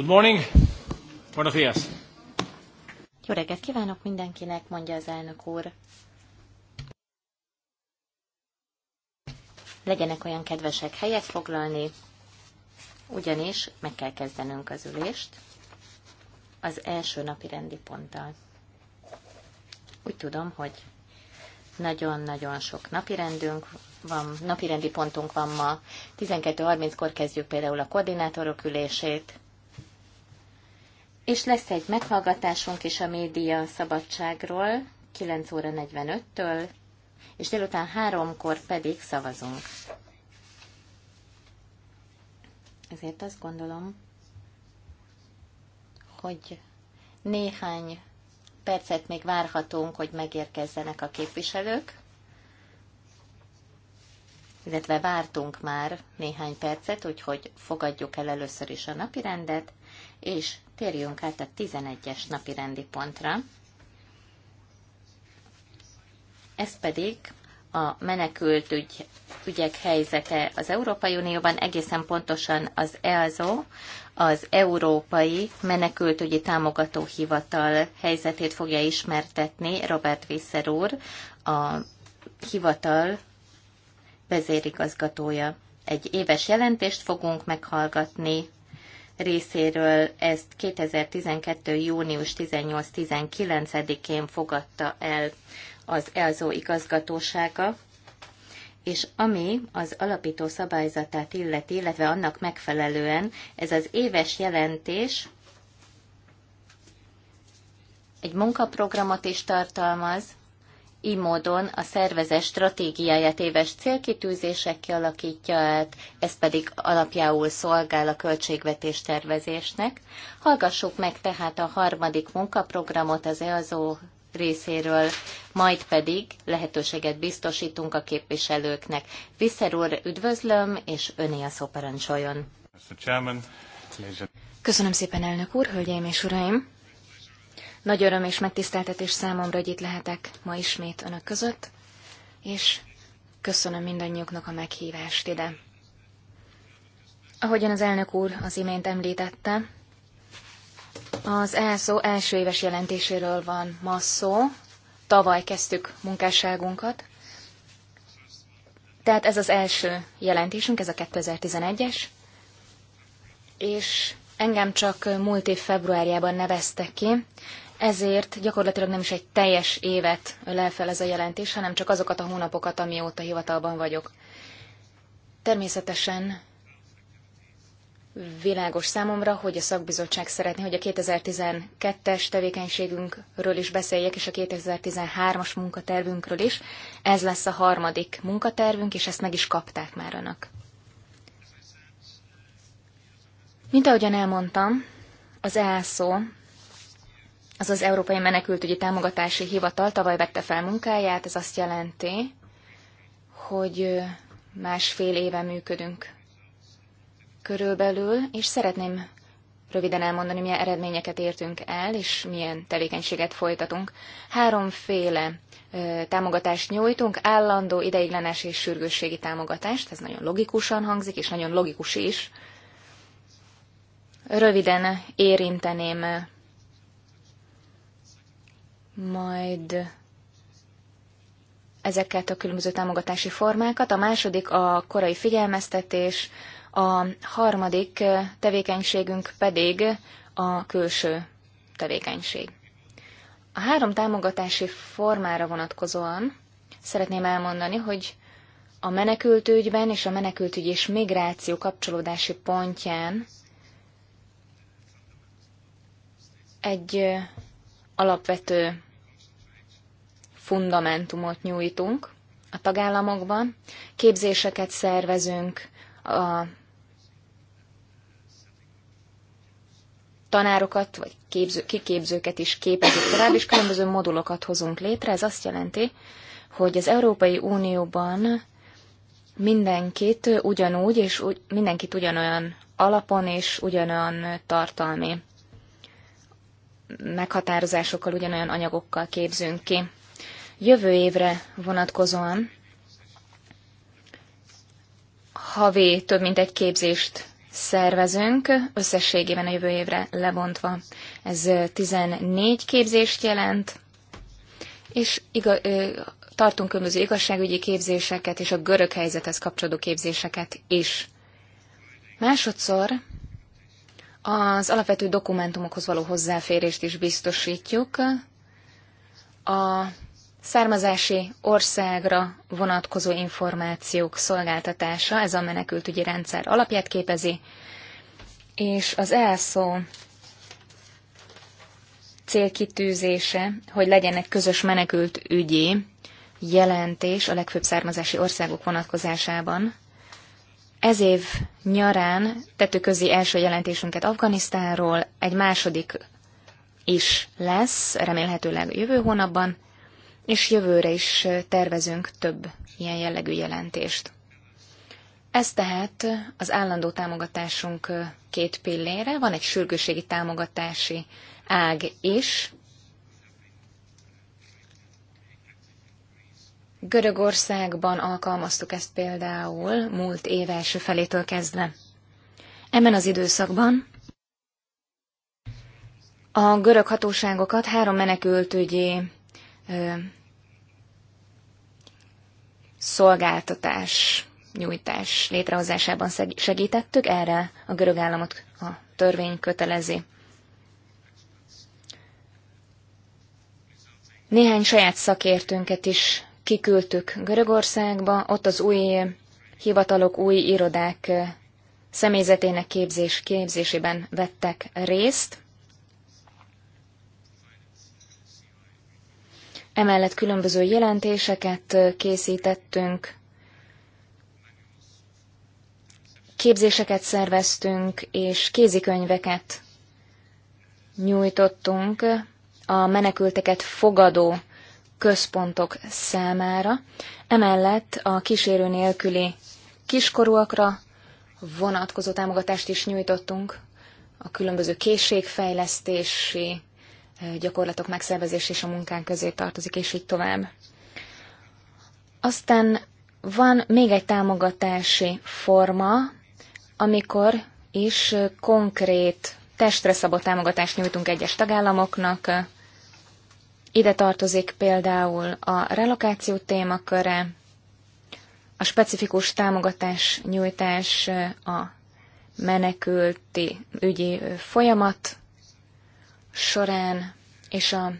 Good morning. Buenos días. Jó reggelt kívánok mindenkinek, mondja az elnök úr. Legyenek olyan kedvesek helyet foglalni, ugyanis meg kell kezdenünk az ülést az első napi rendi ponttal. Úgy tudom, hogy nagyon-nagyon sok napirendünk van, napirendi pontunk van ma. 12.30-kor kezdjük például a koordinátorok ülését, és lesz egy meghallgatásunk is a média szabadságról 9 óra 45-től, és délután háromkor pedig szavazunk. Ezért azt gondolom, hogy néhány percet még várhatunk, hogy megérkezzenek a képviselők, illetve vártunk már néhány percet, úgyhogy fogadjuk el először is a napirendet, és térjünk át a 11-es napi rendi pontra. Ez pedig a menekült ügy, ügyek helyzete az Európai Unióban, egészen pontosan az EASO, az Európai Menekültügyi Támogató Hivatal helyzetét fogja ismertetni Robert Visser úr, a hivatal vezérigazgatója. Egy éves jelentést fogunk meghallgatni részéről ezt 2012. június 18-19-én fogadta el az ELZO igazgatósága, és ami az alapító szabályzatát illeti, illetve annak megfelelően ez az éves jelentés egy munkaprogramot is tartalmaz, így módon a szervezet stratégiáját éves célkitűzések kialakítja át, ez pedig alapjául szolgál a költségvetés tervezésnek. Hallgassuk meg tehát a harmadik munkaprogramot az EAZO részéről, majd pedig lehetőséget biztosítunk a képviselőknek. Viszer úr, üdvözlöm, és öné a szó parancsoljon. Köszönöm szépen, elnök úr, hölgyeim és uraim! Nagy öröm és megtiszteltetés számomra, hogy itt lehetek ma ismét önök között, és köszönöm mindannyiuknak a meghívást ide. Ahogyan az elnök úr az imént említette, az ESO első éves jelentéséről van ma szó. Tavaly kezdtük munkásságunkat. Tehát ez az első jelentésünk, ez a 2011-es. És engem csak múlt év februárjában neveztek ki ezért gyakorlatilag nem is egy teljes évet ölel fel ez a jelentés, hanem csak azokat a hónapokat, amióta hivatalban vagyok. Természetesen világos számomra, hogy a szakbizottság szeretné, hogy a 2012-es tevékenységünkről is beszéljek, és a 2013-as munkatervünkről is. Ez lesz a harmadik munkatervünk, és ezt meg is kapták már annak. Mint ahogyan elmondtam, az ELSZO az az Európai Menekültügyi Támogatási Hivatal tavaly vette fel munkáját, ez azt jelenti, hogy másfél éve működünk körülbelül, és szeretném röviden elmondani, milyen eredményeket értünk el, és milyen tevékenységet folytatunk. Háromféle támogatást nyújtunk, állandó, ideiglenes és sürgősségi támogatást, ez nagyon logikusan hangzik, és nagyon logikus is. Röviden érinteném majd ezeket a különböző támogatási formákat. A második a korai figyelmeztetés, a harmadik tevékenységünk pedig a külső tevékenység. A három támogatási formára vonatkozóan szeretném elmondani, hogy a menekültügyben és a menekültügy és migráció kapcsolódási pontján egy alapvető fundamentumot nyújtunk a tagállamokban, képzéseket szervezünk a tanárokat, vagy képző, kiképzőket is képezünk tovább, és különböző modulokat hozunk létre. Ez azt jelenti, hogy az Európai Unióban mindenkit ugyanúgy, és úgy, mindenkit ugyanolyan alapon és ugyanolyan tartalmi meghatározásokkal, ugyanolyan anyagokkal képzünk ki jövő évre vonatkozóan havi több mint egy képzést szervezünk, összességében a jövő évre lebontva. Ez 14 képzést jelent, és iga, ö, tartunk különböző igazságügyi képzéseket és a görög helyzethez kapcsolódó képzéseket is. Másodszor az alapvető dokumentumokhoz való hozzáférést is biztosítjuk. A származási országra vonatkozó információk szolgáltatása, ez a menekültügyi rendszer alapját képezi, és az elszó célkitűzése, hogy legyen egy közös menekültügyi jelentés a legfőbb származási országok vonatkozásában. Ez év nyarán tettük közé első jelentésünket Afganisztánról, egy második is lesz, remélhetőleg jövő hónapban, és jövőre is tervezünk több ilyen jellegű jelentést. Ez tehát az állandó támogatásunk két pillére, van egy sürgőségi támogatási ág is. Görögországban alkalmaztuk ezt például múlt év első felétől kezdve. Ebben az időszakban a görög hatóságokat három menekültügyi szolgáltatás nyújtás létrehozásában segítettük, erre a görög államot a törvény kötelezi. Néhány saját szakértőnket is kiküldtük Görögországba, ott az új hivatalok, új irodák eh, személyzetének képzés, képzésében vettek részt. Emellett különböző jelentéseket készítettünk, képzéseket szerveztünk, és kézikönyveket nyújtottunk a menekülteket fogadó központok számára. Emellett a kísérő nélküli kiskorúakra vonatkozó támogatást is nyújtottunk a különböző készségfejlesztési gyakorlatok megszervezés és a munkánk közé tartozik, és így tovább. Aztán van még egy támogatási forma, amikor is konkrét testre szabott támogatást nyújtunk egyes tagállamoknak. Ide tartozik például a relokáció témaköre, a specifikus támogatás nyújtás a menekülti ügyi folyamat során és a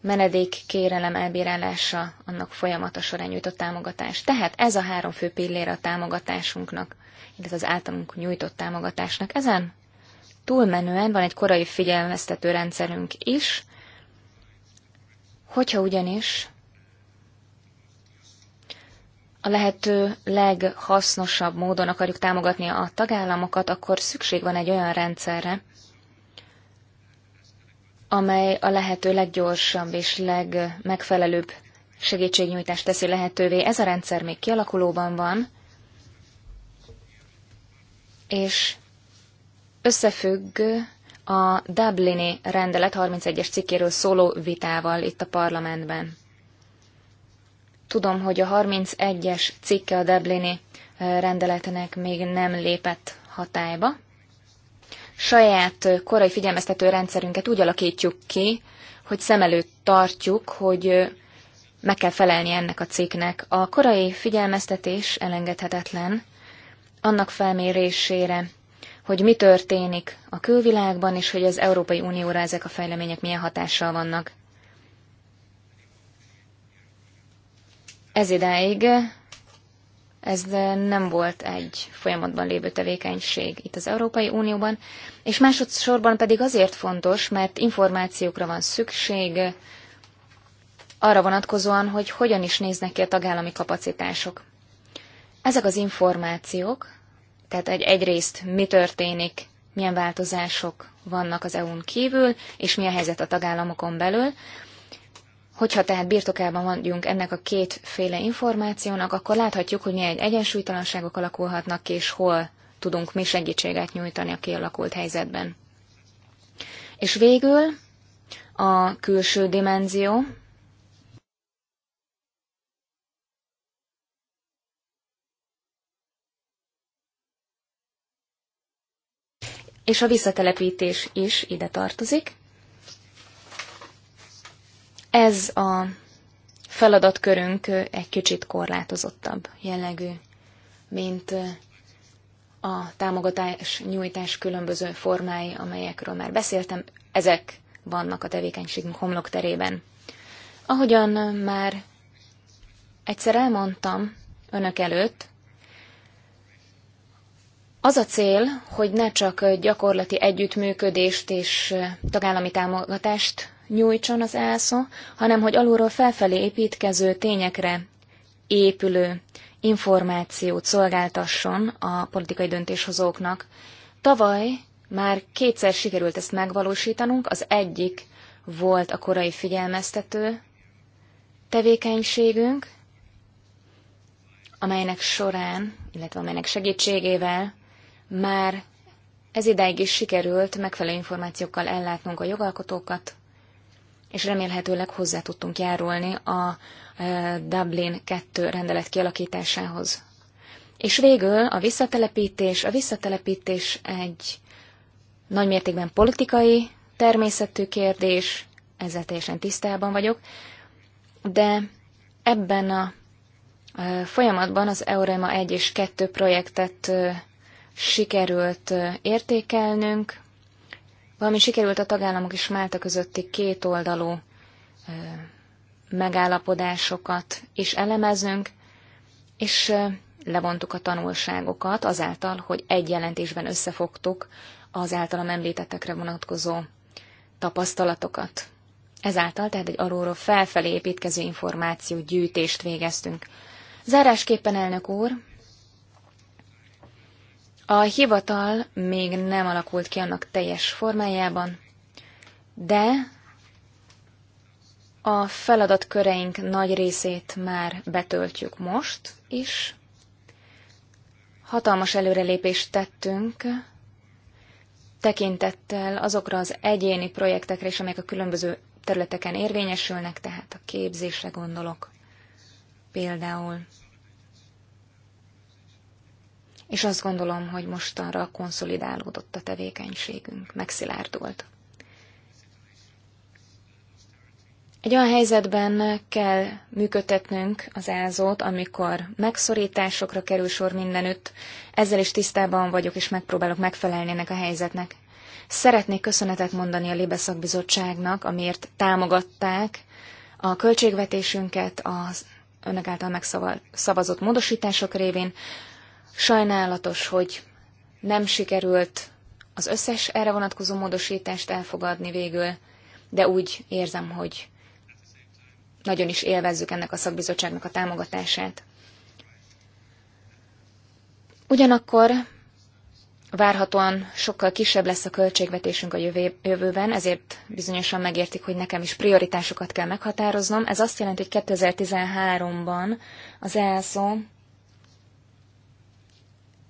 menedék kérelem elbírálása annak folyamata során nyújtott támogatás. Tehát ez a három fő pillére a támogatásunknak, illetve az általunk nyújtott támogatásnak. Ezen túlmenően van egy korai figyelmeztető rendszerünk is, hogyha ugyanis a lehető leghasznosabb módon akarjuk támogatni a tagállamokat, akkor szükség van egy olyan rendszerre, amely a lehető leggyorsabb és legmegfelelőbb segítségnyújtást teszi lehetővé. Ez a rendszer még kialakulóban van, és összefügg a Dublini rendelet 31-es cikkéről szóló vitával itt a parlamentben. Tudom, hogy a 31-es cikke a Dublini rendeletnek még nem lépett hatályba, saját korai figyelmeztető rendszerünket úgy alakítjuk ki, hogy szem előtt tartjuk, hogy meg kell felelni ennek a cikknek. A korai figyelmeztetés elengedhetetlen annak felmérésére, hogy mi történik a külvilágban, és hogy az Európai Unióra ezek a fejlemények milyen hatással vannak. Ez idáig ez nem volt egy folyamatban lévő tevékenység itt az Európai Unióban, és másodszorban pedig azért fontos, mert információkra van szükség arra vonatkozóan, hogy hogyan is néznek ki a tagállami kapacitások. Ezek az információk, tehát egy, egyrészt mi történik, milyen változások vannak az EU-n kívül, és mi a helyzet a tagállamokon belül, Hogyha tehát birtokában vagyunk ennek a kétféle információnak, akkor láthatjuk, hogy milyen egyensúlytalanságok alakulhatnak ki, és hol tudunk mi segítséget nyújtani a kialakult helyzetben. És végül a külső dimenzió. És a visszatelepítés is ide tartozik. Ez a feladatkörünk egy kicsit korlátozottabb jellegű, mint a támogatás nyújtás különböző formái, amelyekről már beszéltem, ezek vannak a tevékenységünk homlokterében. Ahogyan már egyszer elmondtam önök előtt, az a cél, hogy ne csak gyakorlati együttműködést és tagállami támogatást nyújtson az ELSA, hanem hogy alulról felfelé építkező tényekre épülő információt szolgáltasson a politikai döntéshozóknak. Tavaly már kétszer sikerült ezt megvalósítanunk, az egyik volt a korai figyelmeztető tevékenységünk, amelynek során, illetve amelynek segítségével már ez idáig is sikerült megfelelő információkkal ellátnunk a jogalkotókat, és remélhetőleg hozzá tudtunk járulni a e, Dublin 2 rendelet kialakításához. És végül a visszatelepítés. A visszatelepítés egy nagymértékben politikai természetű kérdés, ezzel teljesen tisztában vagyok, de ebben a e, folyamatban az Eurema 1 és 2 projektet e, sikerült értékelnünk, valami sikerült a tagállamok és Málta közötti kétoldalú megállapodásokat is elemeznünk, és levontuk a tanulságokat azáltal, hogy egy jelentésben összefogtuk az általam említettekre vonatkozó tapasztalatokat. Ezáltal tehát egy alulról felfelé építkező információ gyűjtést végeztünk. Zárásképpen, elnök úr, a hivatal még nem alakult ki annak teljes formájában, de a feladatköreink nagy részét már betöltjük most is. Hatalmas előrelépést tettünk tekintettel azokra az egyéni projektekre is, amelyek a különböző területeken érvényesülnek, tehát a képzésre gondolok például és azt gondolom, hogy mostanra konszolidálódott a tevékenységünk, megszilárdult. Egy olyan helyzetben kell működtetnünk az ázót, amikor megszorításokra kerül sor mindenütt. Ezzel is tisztában vagyok, és megpróbálok megfelelni ennek a helyzetnek. Szeretnék köszönetet mondani a Libeszakbizottságnak, amiért támogatták a költségvetésünket az önök által megszavazott módosítások révén. Sajnálatos, hogy nem sikerült az összes erre vonatkozó módosítást elfogadni végül, de úgy érzem, hogy nagyon is élvezzük ennek a szakbizottságnak a támogatását. Ugyanakkor várhatóan sokkal kisebb lesz a költségvetésünk a jövőben, ezért bizonyosan megértik, hogy nekem is prioritásokat kell meghatároznom. Ez azt jelenti, hogy 2013-ban az ELSZO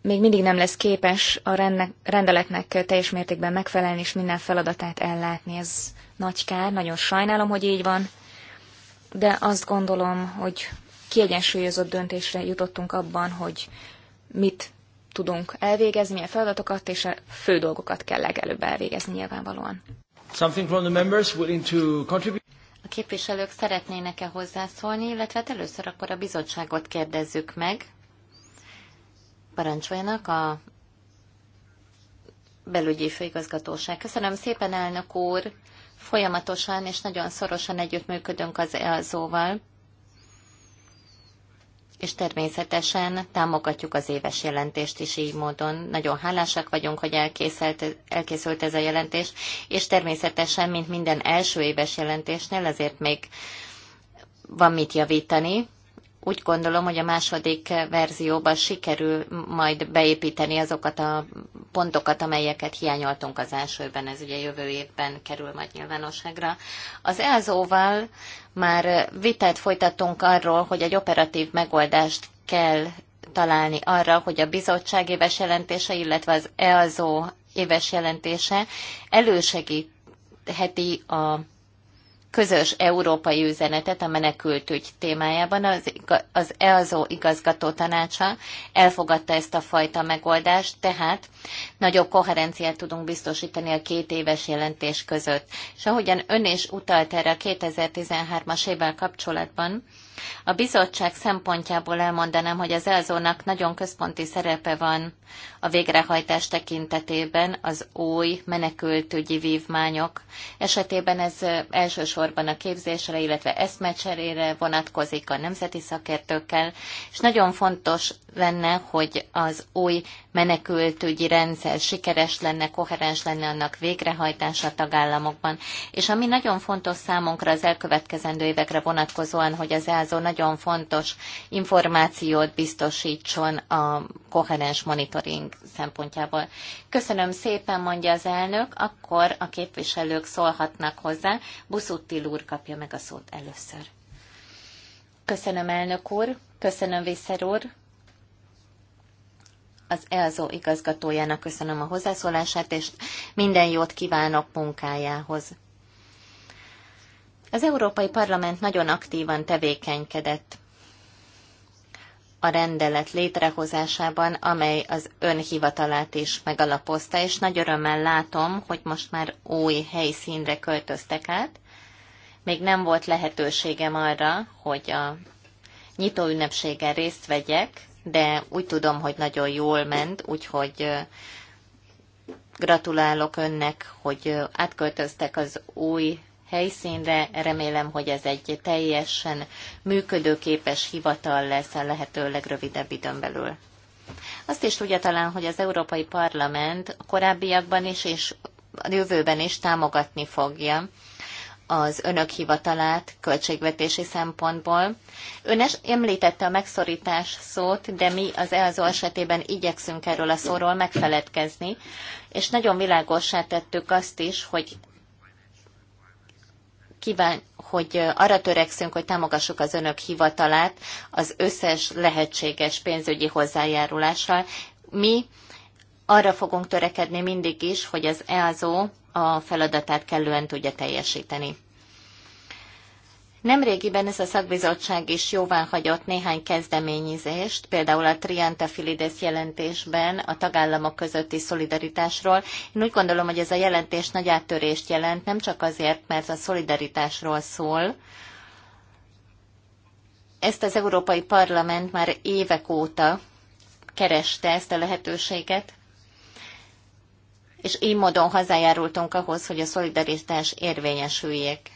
még mindig nem lesz képes a rendnek, rendeletnek teljes mértékben megfelelni és minden feladatát ellátni. Ez nagy kár, nagyon sajnálom, hogy így van, de azt gondolom, hogy kiegyensúlyozott döntésre jutottunk abban, hogy mit tudunk elvégezni, milyen feladatokat, és a fő dolgokat kell legelőbb elvégezni nyilvánvalóan. Something from the members willing to contribute? A képviselők szeretnének-e hozzászólni, illetve hát először akkor a bizottságot kérdezzük meg. Parancsoljanak a belügyi főigazgatóság. Köszönöm szépen, elnök úr! Folyamatosan és nagyon szorosan együttműködünk az EASO-val, és természetesen támogatjuk az éves jelentést is így módon. Nagyon hálásak vagyunk, hogy elkészült, elkészült ez a jelentés, és természetesen, mint minden első éves jelentésnél, azért még van mit javítani, úgy gondolom, hogy a második verzióban sikerül majd beépíteni azokat a pontokat, amelyeket hiányoltunk az elsőben, ez ugye jövő évben kerül majd nyilvánosságra. Az ELZO-val már vitát folytattunk arról, hogy egy operatív megoldást kell találni arra, hogy a bizottság éves jelentése, illetve az EAZO éves jelentése elősegítheti a közös európai üzenetet a menekültügy témájában. Az, az EAZO igazgató tanácsa elfogadta ezt a fajta megoldást, tehát nagyobb koherenciát tudunk biztosítani a két éves jelentés között. És ahogyan ön is utalt erre a 2013-as évvel kapcsolatban, a bizottság szempontjából elmondanám, hogy az elzónak nagyon központi szerepe van a végrehajtás tekintetében az új menekültügyi vívmányok esetében ez elsősorban a képzésre, illetve eszmecserére vonatkozik a nemzeti szakértőkkel, és nagyon fontos lenne, hogy az új menekültügyi rendszer sikeres lenne, koherens lenne annak végrehajtása a tagállamokban. És ami nagyon fontos számunkra az elkövetkezendő évekre vonatkozóan, hogy az EASO nagyon fontos információt biztosítson a koherens monitoring szempontjából. Köszönöm szépen, mondja az elnök, akkor a képviselők szólhatnak hozzá. Buszuttil úr kapja meg a szót először. Köszönöm, elnök úr, köszönöm, Vészer úr, az ELZO igazgatójának köszönöm a hozzászólását, és minden jót kívánok munkájához. Az Európai Parlament nagyon aktívan tevékenykedett a rendelet létrehozásában, amely az önhivatalát is megalapozta, és nagy örömmel látom, hogy most már új helyszínre költöztek át. Még nem volt lehetőségem arra, hogy a nyitó ünnepségen részt vegyek, de úgy tudom, hogy nagyon jól ment, úgyhogy gratulálok önnek, hogy átköltöztek az új helyszínre. Remélem, hogy ez egy teljesen működőképes hivatal lesz a lehető legrövidebb időn belül. Azt is tudja talán, hogy az Európai Parlament korábbiakban is és a jövőben is támogatni fogja az önök hivatalát költségvetési szempontból. Ön es említette a megszorítás szót, de mi az EAZO esetében igyekszünk erről a szóról megfeledkezni, és nagyon világosá tettük azt is, hogy kíván, hogy arra törekszünk, hogy támogassuk az önök hivatalát az összes lehetséges pénzügyi hozzájárulással. Mi arra fogunk törekedni mindig is, hogy az EAZO a feladatát kellően tudja teljesíteni. Nemrégiben ez a szakbizottság is jóvá hagyott néhány kezdeményezést, például a Trianta Filides jelentésben a tagállamok közötti szolidaritásról. Én úgy gondolom, hogy ez a jelentés nagy áttörést jelent, nem csak azért, mert a szolidaritásról szól, ezt az Európai Parlament már évek óta kereste ezt a lehetőséget, és így módon hozzájárultunk ahhoz, hogy a szolidaritás érvényesüljék.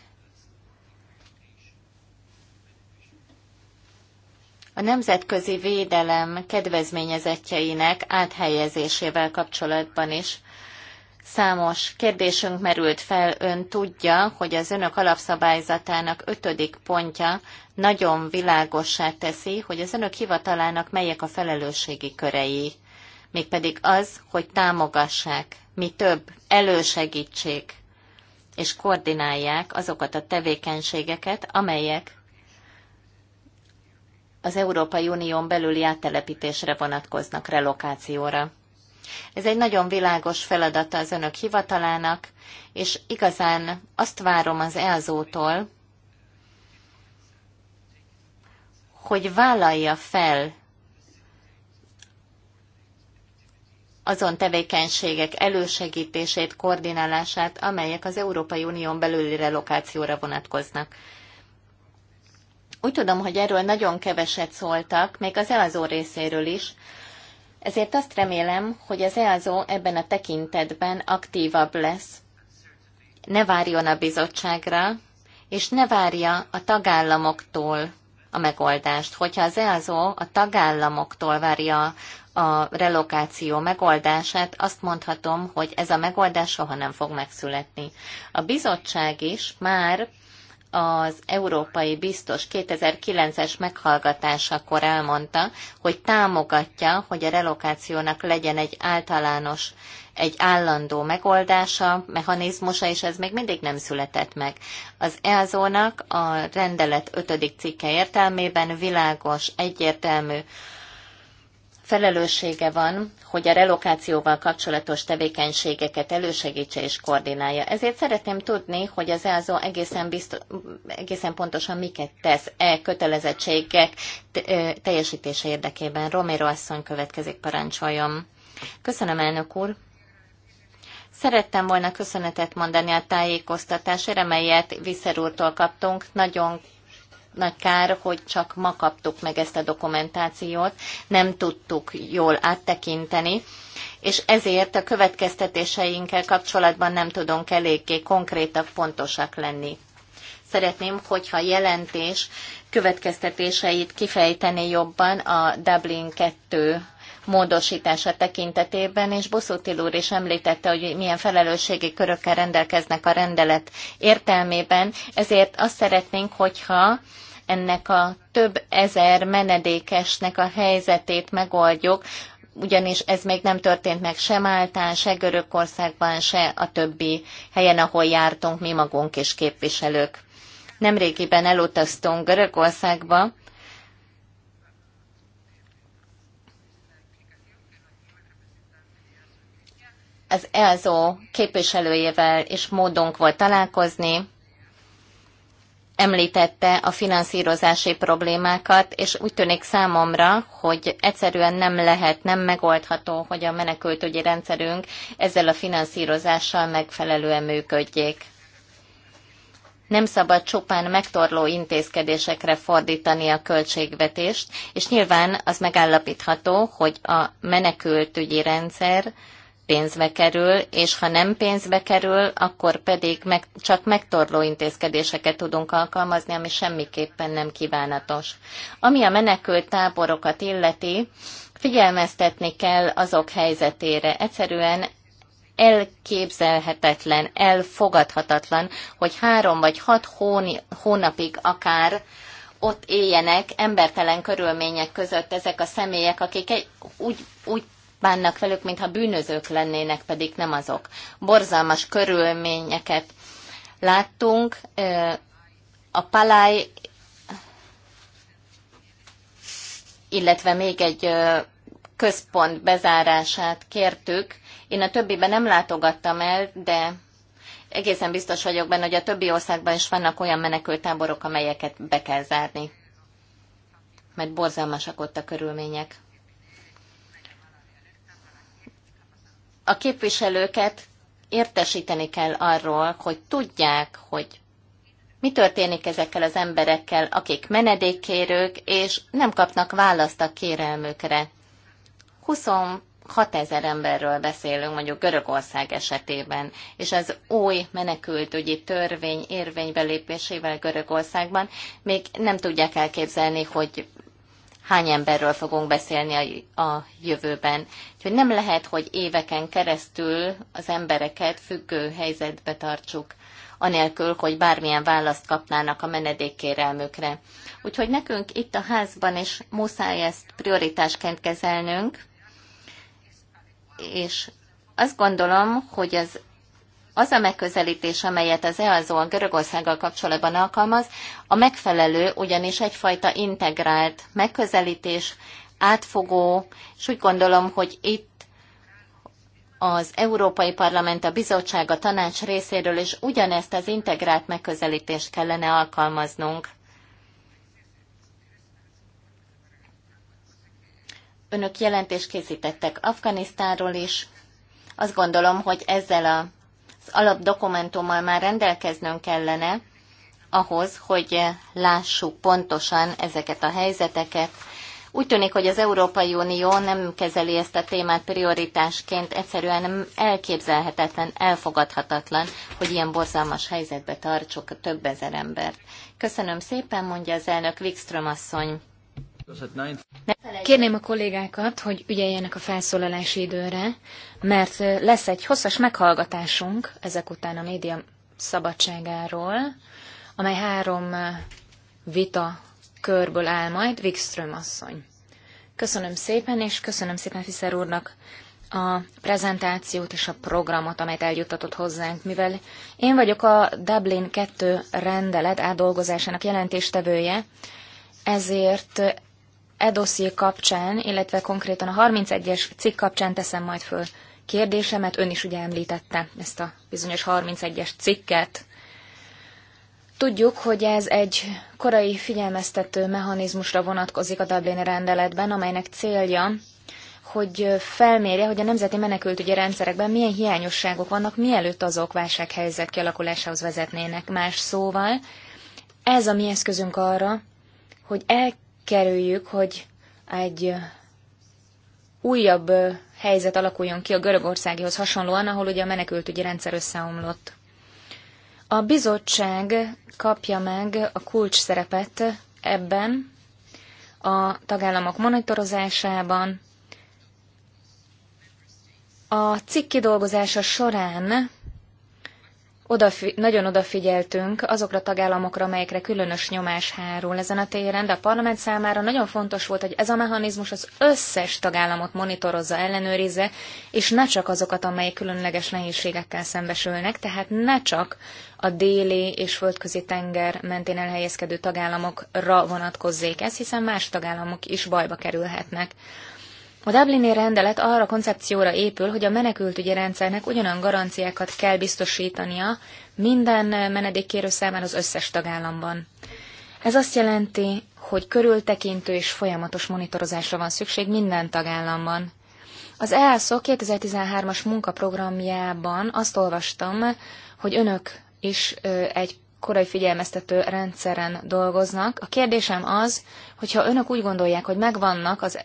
A nemzetközi védelem kedvezményezettjeinek áthelyezésével kapcsolatban is számos kérdésünk merült fel. Ön tudja, hogy az önök alapszabályzatának ötödik pontja nagyon világossá teszi, hogy az önök hivatalának melyek a felelősségi körei mégpedig az, hogy támogassák, mi több, elősegítsék és koordinálják azokat a tevékenységeket, amelyek az Európai Unión belüli áttelepítésre vonatkoznak relokációra. Ez egy nagyon világos feladata az önök hivatalának, és igazán azt várom az EAZO-tól, hogy vállalja fel azon tevékenységek elősegítését, koordinálását, amelyek az Európai Unión belüli relokációra vonatkoznak. Úgy tudom, hogy erről nagyon keveset szóltak, még az EASO részéről is, ezért azt remélem, hogy az EASO ebben a tekintetben aktívabb lesz. Ne várjon a bizottságra, és ne várja a tagállamoktól a megoldást. Hogyha az EASO a tagállamoktól várja a relokáció megoldását, azt mondhatom, hogy ez a megoldás soha nem fog megszületni. A bizottság is már az európai biztos 2009-es meghallgatásakor elmondta, hogy támogatja, hogy a relokációnak legyen egy általános, egy állandó megoldása, mechanizmusa, és ez még mindig nem született meg. Az EASO-nak a rendelet 5. cikke értelmében világos, egyértelmű felelőssége van, hogy a relokációval kapcsolatos tevékenységeket elősegítse és koordinálja. Ezért szeretném tudni, hogy az EASO egészen, biztos, egészen pontosan miket tesz e kötelezettségek teljesítése érdekében. Romero asszony következik, parancsoljon. Köszönöm, elnök úr! Szerettem volna köszönetet mondani a tájékoztatásért, amelyet Viszer úrtól kaptunk. Nagyon nagy kár, hogy csak ma kaptuk meg ezt a dokumentációt, nem tudtuk jól áttekinteni, és ezért a következtetéseinkkel kapcsolatban nem tudunk eléggé konkrétak, pontosak lenni. Szeretném, hogyha jelentés következtetéseit kifejteni jobban a Dublin 2 módosítása tekintetében, és Buszutil úr is említette, hogy milyen felelősségi körökkel rendelkeznek a rendelet értelmében, ezért azt szeretnénk, hogyha ennek a több ezer menedékesnek a helyzetét megoldjuk, ugyanis ez még nem történt meg se Máltán, se Görögországban, se a többi helyen, ahol jártunk mi magunk is képviselők. Nemrégiben elutaztunk Görögországba, az ELZO képviselőjével is módunk volt találkozni, említette a finanszírozási problémákat, és úgy tűnik számomra, hogy egyszerűen nem lehet, nem megoldható, hogy a menekültügyi rendszerünk ezzel a finanszírozással megfelelően működjék. Nem szabad csupán megtorló intézkedésekre fordítani a költségvetést, és nyilván az megállapítható, hogy a menekültügyi rendszer pénzbe kerül, és ha nem pénzbe kerül, akkor pedig meg, csak megtorló intézkedéseket tudunk alkalmazni, ami semmiképpen nem kívánatos. Ami a menekült táborokat illeti, figyelmeztetni kell azok helyzetére. Egyszerűen elképzelhetetlen, elfogadhatatlan, hogy három vagy hat hóni, hónapig akár ott éljenek embertelen körülmények között ezek a személyek, akik egy, úgy, úgy bánnak velük, mintha bűnözők lennének, pedig nem azok. Borzalmas körülményeket láttunk. A paláj, illetve még egy központ bezárását kértük. Én a többiben nem látogattam el, de egészen biztos vagyok benne, hogy a többi országban is vannak olyan menekültáborok, amelyeket be kell zárni, mert borzalmasak ott a körülmények. a képviselőket értesíteni kell arról, hogy tudják, hogy mi történik ezekkel az emberekkel, akik menedékkérők, és nem kapnak választ a kérelmükre. 26 ezer emberről beszélünk mondjuk Görögország esetében, és az új menekültügyi törvény érvénybelépésével Görögországban még nem tudják elképzelni, hogy hány emberről fogunk beszélni a, a jövőben. Úgyhogy nem lehet, hogy éveken keresztül az embereket függő helyzetbe tartsuk, anélkül, hogy bármilyen választ kapnának a menedékkérelmükre. Úgyhogy nekünk itt a házban is muszáj ezt prioritásként kezelnünk, és azt gondolom, hogy az az a megközelítés, amelyet az EASO a Görögországgal kapcsolatban alkalmaz, a megfelelő, ugyanis egyfajta integrált megközelítés, átfogó, és úgy gondolom, hogy itt az Európai Parlament, a Bizottság, a Tanács részéről is ugyanezt az integrált megközelítést kellene alkalmaznunk. Önök jelentést készítettek Afganisztánról is. Azt gondolom, hogy ezzel a alapdokumentummal már rendelkeznünk kellene, ahhoz, hogy lássuk pontosan ezeket a helyzeteket. Úgy tűnik, hogy az Európai Unió nem kezeli ezt a témát prioritásként, egyszerűen elképzelhetetlen, elfogadhatatlan, hogy ilyen borzalmas helyzetbe tartsuk a több ezer embert. Köszönöm szépen, mondja az elnök Wikström asszony. Kérném a kollégákat, hogy ügyeljenek a felszólalási időre, mert lesz egy hosszas meghallgatásunk ezek után a média szabadságáról, amely három vita körből áll majd Wikström asszony. Köszönöm szépen, és köszönöm szépen Fiszer úrnak a prezentációt és a programot, amelyet eljuttatott hozzánk, mivel én vagyok a Dublin 2 rendelet átdolgozásának jelentéstevője, ezért e dosszié kapcsán, illetve konkrétan a 31-es cikk kapcsán teszem majd föl kérdésemet. Ön is ugye említette ezt a bizonyos 31-es cikket. Tudjuk, hogy ez egy korai figyelmeztető mechanizmusra vonatkozik a Dublini rendeletben, amelynek célja, hogy felmérje, hogy a nemzeti menekültügyi rendszerekben milyen hiányosságok vannak, mielőtt azok válsághelyzet kialakulásához vezetnének. Más szóval, ez a mi eszközünk arra, hogy el kerüljük, hogy egy újabb helyzet alakuljon ki a Görögországihoz hasonlóan, ahol ugye a menekültügyi rendszer összeomlott. A bizottság kapja meg a kulcs szerepet ebben, a tagállamok monitorozásában. A cikk kidolgozása során odafi- nagyon odafigyeltünk azokra a tagállamokra, amelyekre különös nyomás hárul ezen a téren, de a parlament számára nagyon fontos volt, hogy ez a mechanizmus az összes tagállamot monitorozza, ellenőrizze, és ne csak azokat, amelyek különleges nehézségekkel szembesülnek, tehát ne csak a déli és földközi tenger mentén elhelyezkedő tagállamokra vonatkozzék ez, hiszen más tagállamok is bajba kerülhetnek. A Dublini rendelet arra koncepcióra épül, hogy a menekültügyi rendszernek ugyanolyan garanciákat kell biztosítania minden menedékkérő számára az összes tagállamban. Ez azt jelenti, hogy körültekintő és folyamatos monitorozásra van szükség minden tagállamban. Az EASZO 2013-as munkaprogramjában azt olvastam, hogy önök is egy korai figyelmeztető rendszeren dolgoznak. A kérdésem az, hogyha önök úgy gondolják, hogy megvannak az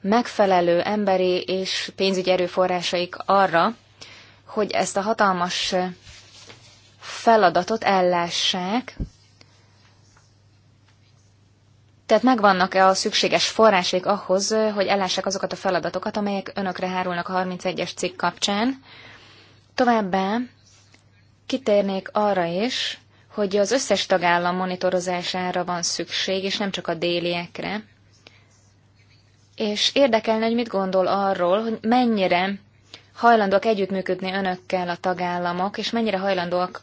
megfelelő emberi és pénzügyi erőforrásaik arra, hogy ezt a hatalmas feladatot ellássák. Tehát megvannak-e a szükséges forrásék ahhoz, hogy ellássák azokat a feladatokat, amelyek önökre hárulnak a 31-es cikk kapcsán. Továbbá kitérnék arra is, hogy az összes tagállam monitorozására van szükség, és nem csak a déliekre, és érdekelne, hogy mit gondol arról, hogy mennyire hajlandóak együttműködni önökkel a tagállamok, és mennyire hajlandóak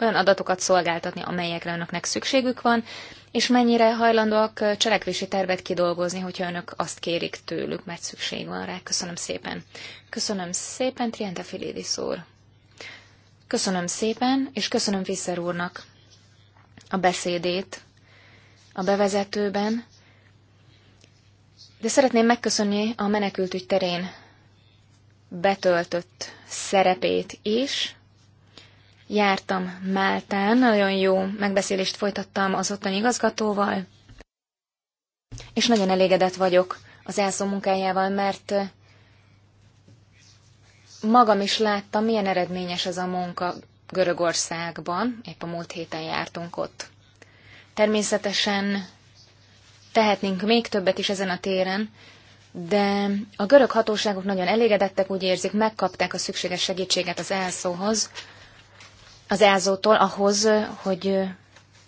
olyan adatokat szolgáltatni, amelyekre önöknek szükségük van, és mennyire hajlandóak cselekvési tervet kidolgozni, hogyha önök azt kérik tőlük, mert szükség van rá. Köszönöm szépen. Köszönöm szépen, Triente Filidis úr. Köszönöm szépen, és köszönöm Viszer úrnak a beszédét a bevezetőben. De szeretném megköszönni a menekültügy terén betöltött szerepét is. Jártam Máltán, nagyon jó megbeszélést folytattam az ottani igazgatóval, és nagyon elégedett vagyok az elszó munkájával, mert magam is láttam, milyen eredményes ez a munka Görögországban, épp a múlt héten jártunk ott. Természetesen tehetnénk még többet is ezen a téren, de a görög hatóságok nagyon elégedettek, úgy érzik, megkapták a szükséges segítséget az elszóhoz, az elzótól ahhoz, hogy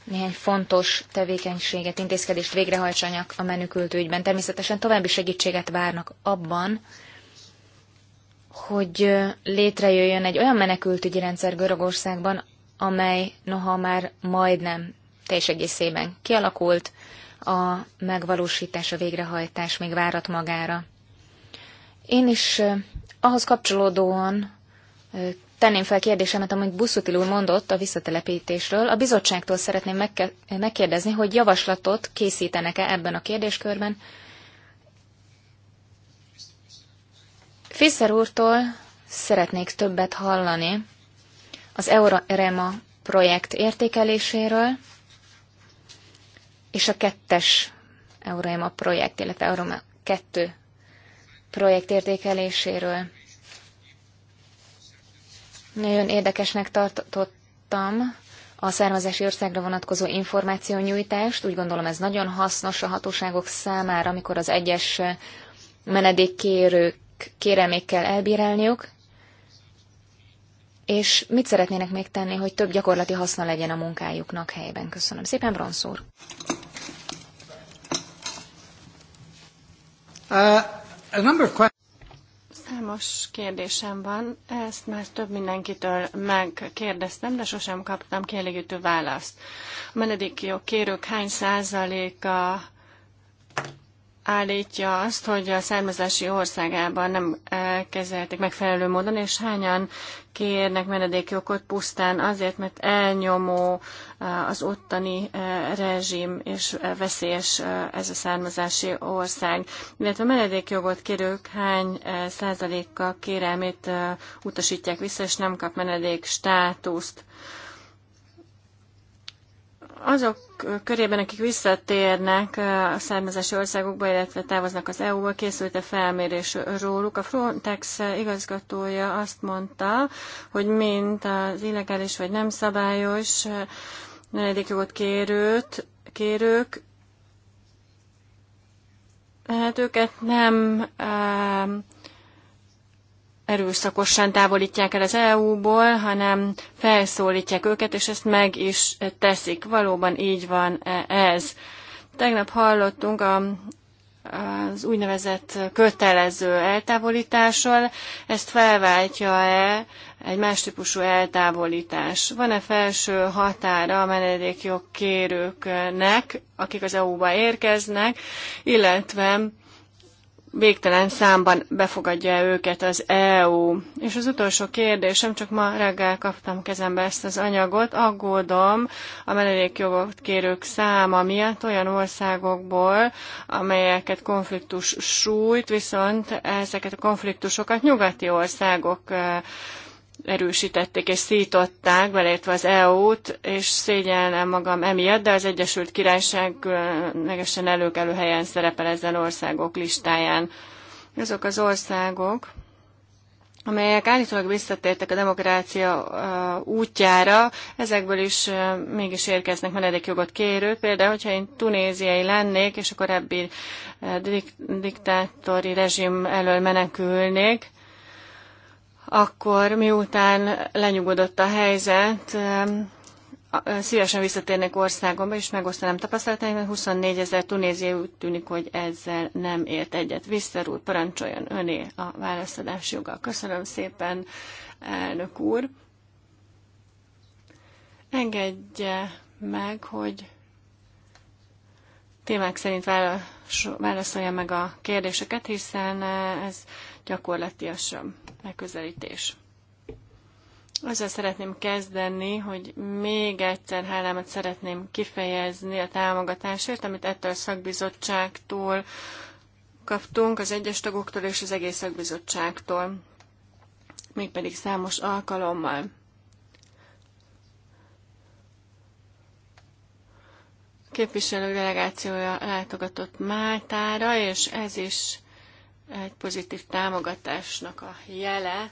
néhány fontos tevékenységet, intézkedést végrehajtsanak a menükült ügyben. Természetesen további segítséget várnak abban, hogy létrejöjjön egy olyan menekültügyi rendszer Görögországban, amely noha már majdnem teljes egészében kialakult, a megvalósítás, a végrehajtás még várat magára. Én is ahhoz kapcsolódóan tenném fel kérdésemet, amit Buszutil úr mondott a visszatelepítésről. A bizottságtól szeretném megkérdezni, hogy javaslatot készítenek-e ebben a kérdéskörben. Fiszer úrtól szeretnék többet hallani az Eurorema projekt értékeléséről, és a kettes Eurema projekt, illetve Eurema kettő projekt értékeléséről. Nagyon érdekesnek tartottam a származási országra vonatkozó információnyújtást. Úgy gondolom ez nagyon hasznos a hatóságok számára, amikor az egyes menedékkérők kérelmékkel elbírálniuk és mit szeretnének még tenni, hogy több gyakorlati haszna legyen a munkájuknak helyben? Köszönöm szépen, Bronsz úr. Uh, Számos kérdésem van, ezt már több mindenkitől megkérdeztem, de sosem kaptam kielégítő választ. A menedékjog kérők hány százaléka állítja azt, hogy a származási országában nem eh, kezelték megfelelő módon, és hányan kérnek menedékjogot pusztán azért, mert elnyomó eh, az ottani eh, rezsim, és veszélyes ez a származási ország. Illetve a menedékjogot kérők hány százalékkal kérelmét utasítják vissza, és nem kap menedék státuszt. Azok körében, akik visszatérnek a származási országokba, illetve távoznak az EU-ba, készült a felmérés róluk. A Frontex igazgatója azt mondta, hogy mint az illegális vagy nem szabályos jogot kérőt, kérők, hát őket nem erőszakosan távolítják el az EU-ból, hanem felszólítják őket, és ezt meg is teszik. Valóban így van e ez. Tegnap hallottunk a az úgynevezett kötelező eltávolításról. ezt felváltja-e egy más típusú eltávolítás? Van-e felső határa a menedékjog kérőknek, akik az EU-ba érkeznek, illetve végtelen számban befogadja őket az EU. És az utolsó kérdésem, csak ma reggel kaptam kezembe ezt az anyagot, aggódom a menedékjogot kérők száma miatt olyan országokból, amelyeket konfliktus sújt, viszont ezeket a konfliktusokat nyugati országok eh, erősítették és szították, beleértve az EU-t, és szégyellem magam emiatt, de az Egyesült Királyság különlegesen előkelő helyen szerepel ezen országok listáján. Azok az országok, amelyek állítólag visszatértek a demokrácia útjára, ezekből is mégis érkeznek menedékjogot kérő Például, hogyha én tunéziai lennék, és a korábbi diktátori rezsim elől menekülnék, akkor miután lenyugodott a helyzet, szívesen visszatérnek országomba, és megosztanám mert 24 ezer Tunézia úgy tűnik, hogy ezzel nem ért egyet. Visszer parancsoljon öné a választadás joga. Köszönöm szépen, elnök úr. Engedje meg, hogy témák szerint válaszolja meg a kérdéseket, hiszen ez gyakorlatilag megközelítés. Azzal szeretném kezdeni, hogy még egyszer hálámat szeretném kifejezni a támogatásért, amit ettől a szakbizottságtól kaptunk, az egyes tagoktól és az egész szakbizottságtól, mégpedig számos alkalommal. A képviselő delegációja látogatott Máltára, és ez is egy pozitív támogatásnak a jele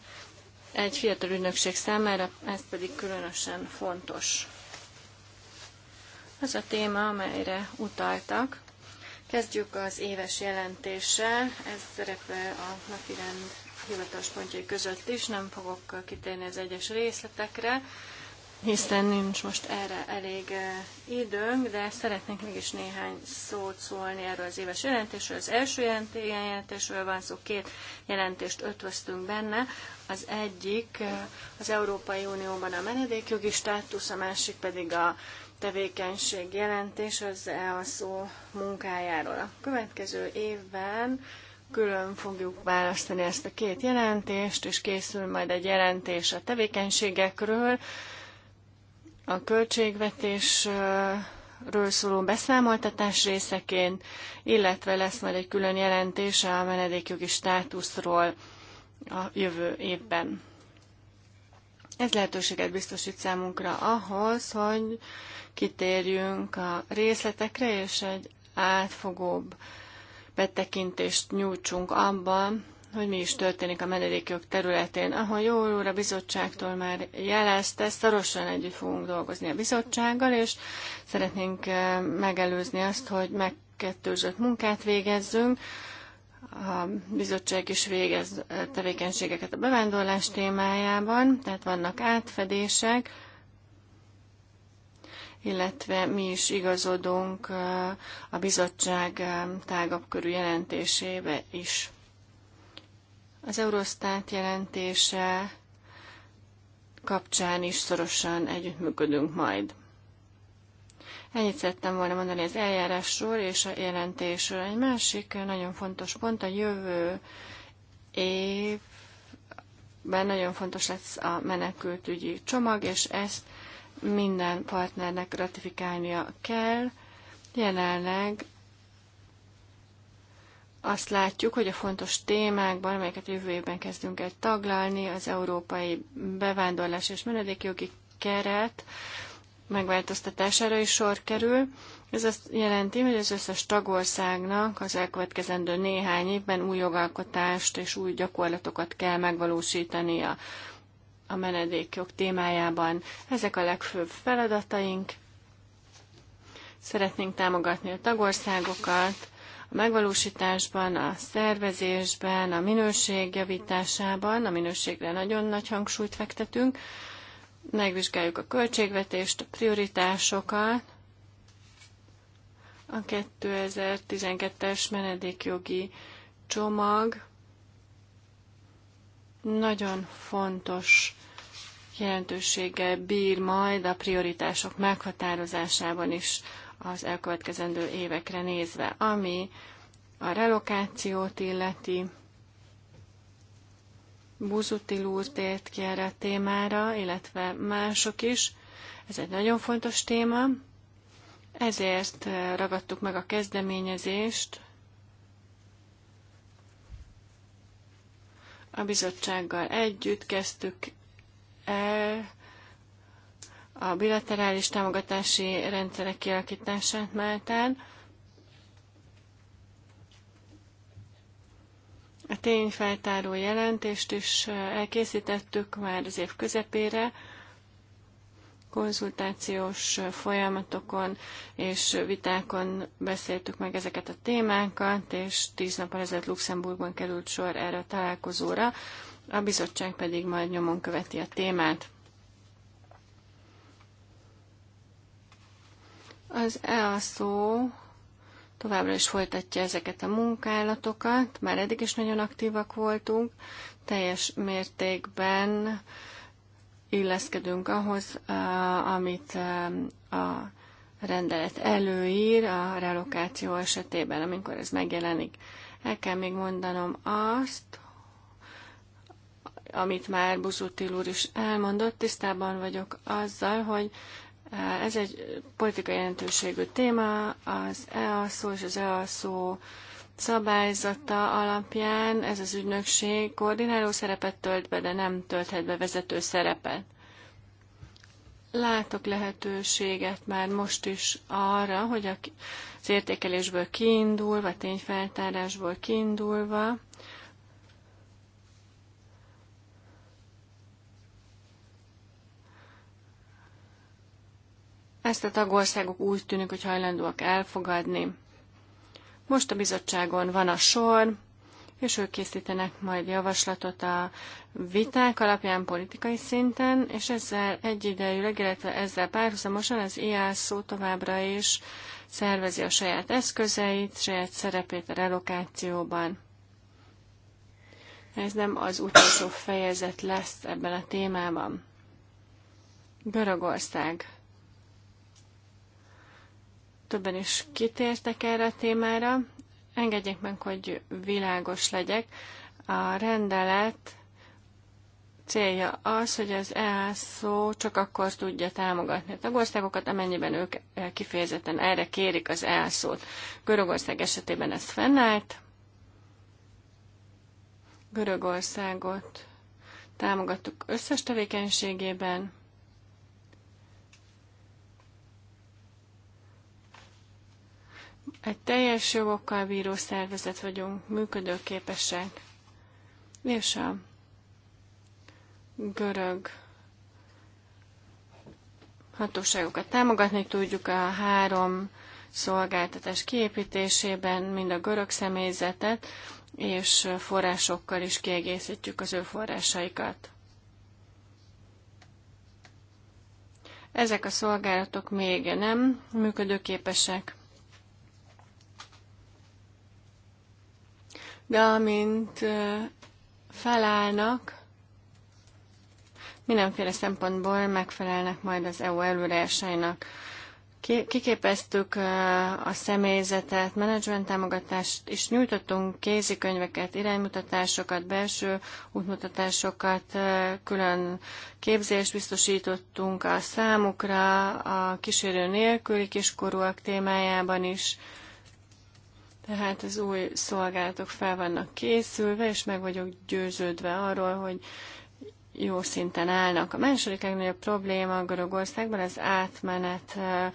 egy fiatal ügynökség számára, ez pedig különösen fontos. Az a téma, amelyre utaltak. Kezdjük az éves jelentéssel. Ez szerepel a napirend hivatalos pontjai között is, nem fogok kitérni az egyes részletekre hiszen nincs most erre elég eh, időnk, de szeretnék mégis néhány szót szólni erről az éves jelentésről. Az első jelentésről van szó, két jelentést ötvöztünk benne. Az egyik eh, az Európai Unióban a menedékjogi státusz, a másik pedig a tevékenység jelentés az EASZO munkájáról. A következő évben külön fogjuk választani ezt a két jelentést, és készül majd egy jelentés a tevékenységekről, a költségvetésről szóló beszámoltatás részeként, illetve lesz majd egy külön jelentés a menedékjogi státuszról a jövő évben. Ez lehetőséget biztosít számunkra ahhoz, hogy kitérjünk a részletekre, és egy átfogóbb betekintést nyújtsunk abban, hogy mi is történik a menedékjog területén. Ahol jól úr a bizottságtól már jelezte, szorosan együtt fogunk dolgozni a bizottsággal, és szeretnénk eh, megelőzni azt, hogy megkettőzött munkát végezzünk. A bizottság is végez eh, tevékenységeket a bevándorlás témájában, tehát vannak átfedések, illetve mi is igazodunk eh, a bizottság tágabb körű jelentésébe is. Az Eurostat jelentése kapcsán is szorosan együttműködünk majd. Ennyit szerettem volna mondani az eljárásról és a jelentésről. Egy másik nagyon fontos pont a jövő évben nagyon fontos lesz a menekültügyi csomag, és ezt minden partnernek ratifikálnia kell. Jelenleg azt látjuk, hogy a fontos témákban, amelyeket évben kezdünk el taglalni, az európai bevándorlás és menedékjogi keret megváltoztatására is sor kerül. Ez azt jelenti, hogy az összes tagországnak az elkövetkezendő néhány évben új jogalkotást és új gyakorlatokat kell megvalósítania a menedékjog témájában. Ezek a legfőbb feladataink. Szeretnénk támogatni a tagországokat, megvalósításban, a szervezésben, a minőség javításában, a minőségre nagyon nagy hangsúlyt fektetünk, megvizsgáljuk a költségvetést, a prioritásokat, a 2012-es menedékjogi csomag nagyon fontos jelentőséggel bír majd a prioritások meghatározásában is az elkövetkezendő évekre nézve, ami a relokációt illeti. Buzutil úr tért ki erre a témára, illetve mások is. Ez egy nagyon fontos téma. Ezért eh, ragadtuk meg a kezdeményezést, a bizottsággal együtt kezdtük el a bilaterális támogatási rendszerek kialakítását Máltán. A tényfeltáró jelentést is elkészítettük már az év közepére, konzultációs folyamatokon és vitákon beszéltük meg ezeket a témákat, és tíz nap ezelőtt Luxemburgban került sor erre a találkozóra, a bizottság pedig majd nyomon követi a témát. Az EASZO továbbra is folytatja ezeket a munkálatokat, már eddig is nagyon aktívak voltunk, teljes mértékben illeszkedünk ahhoz, amit a rendelet előír a relokáció esetében, amikor ez megjelenik. El kell még mondanom azt, amit már Buzutil úr is elmondott, tisztában vagyok azzal, hogy Eh, ez egy politikai jelentőségű téma, az EASZO és az EASZO szabályzata alapján ez az ügynökség koordináló szerepet tölt be, de nem tölthet be vezető szerepet. Látok lehetőséget már most is arra, hogy az értékelésből kiindulva, tényfeltárásból kiindulva, Ezt a tagországok úgy tűnik, hogy hajlandóak elfogadni. Most a bizottságon van a sor, és ők készítenek majd javaslatot a viták alapján politikai szinten, és ezzel egyidejűleg, illetve ezzel párhuzamosan az IASZO továbbra is szervezi a saját eszközeit, saját szerepét a relokációban. Ez nem az utolsó fejezet lesz ebben a témában. Görögország Többen is kitértek erre a témára. Engedjék meg, hogy világos legyek. A rendelet célja az, hogy az elszó csak akkor tudja támogatni a tagországokat, amennyiben ők kifejezetten erre kérik az elszót. Görögország esetében ez fennállt. Görögországot támogattuk összes tevékenységében. Egy teljes jogokkal bíró szervezet vagyunk, működőképesek, és a görög hatóságokat támogatni tudjuk a három szolgáltatás kiépítésében, mind a görög személyzetet, és forrásokkal is kiegészítjük az ő forrásaikat. Ezek a szolgálatok még nem működőképesek. de amint felállnak, mindenféle szempontból megfelelnek majd az EU előírásainak. Kiképeztük a személyzetet, menedzsment támogatást is nyújtottunk, kézikönyveket, iránymutatásokat, belső útmutatásokat, külön képzést biztosítottunk a számukra, a kísérő nélküli kiskorúak témájában is. Tehát az új szolgálatok fel vannak készülve, és meg vagyok győződve arról, hogy jó szinten állnak. A második legnagyobb probléma Görögországban az átmenettől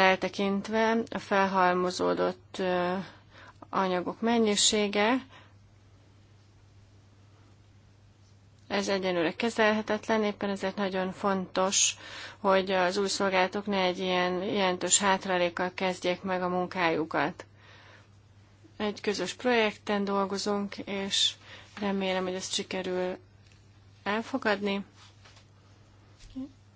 eltekintve a felhalmozódott anyagok mennyisége. Ez egyenlőre kezelhetetlen, éppen ezért nagyon fontos, hogy az új szolgálatok ne egy ilyen jelentős hátralékkal kezdjék meg a munkájukat. Egy közös projekten dolgozunk, és remélem, hogy ezt sikerül elfogadni,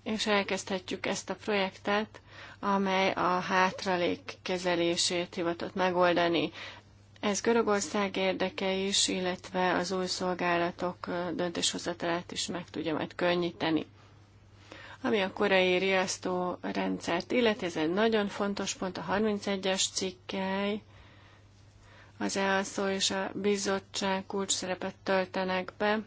és elkezdhetjük ezt a projektet, amely a hátralék kezelését hivatott megoldani. Ez Görögország érdeke is, illetve az új szolgálatok döntéshozatalát is meg tudja majd könnyíteni. Ami a korai riasztó rendszert illeti, ez egy nagyon fontos pont, a 31-es cikkely az elszó és a bizottság kulcs szerepet töltenek be.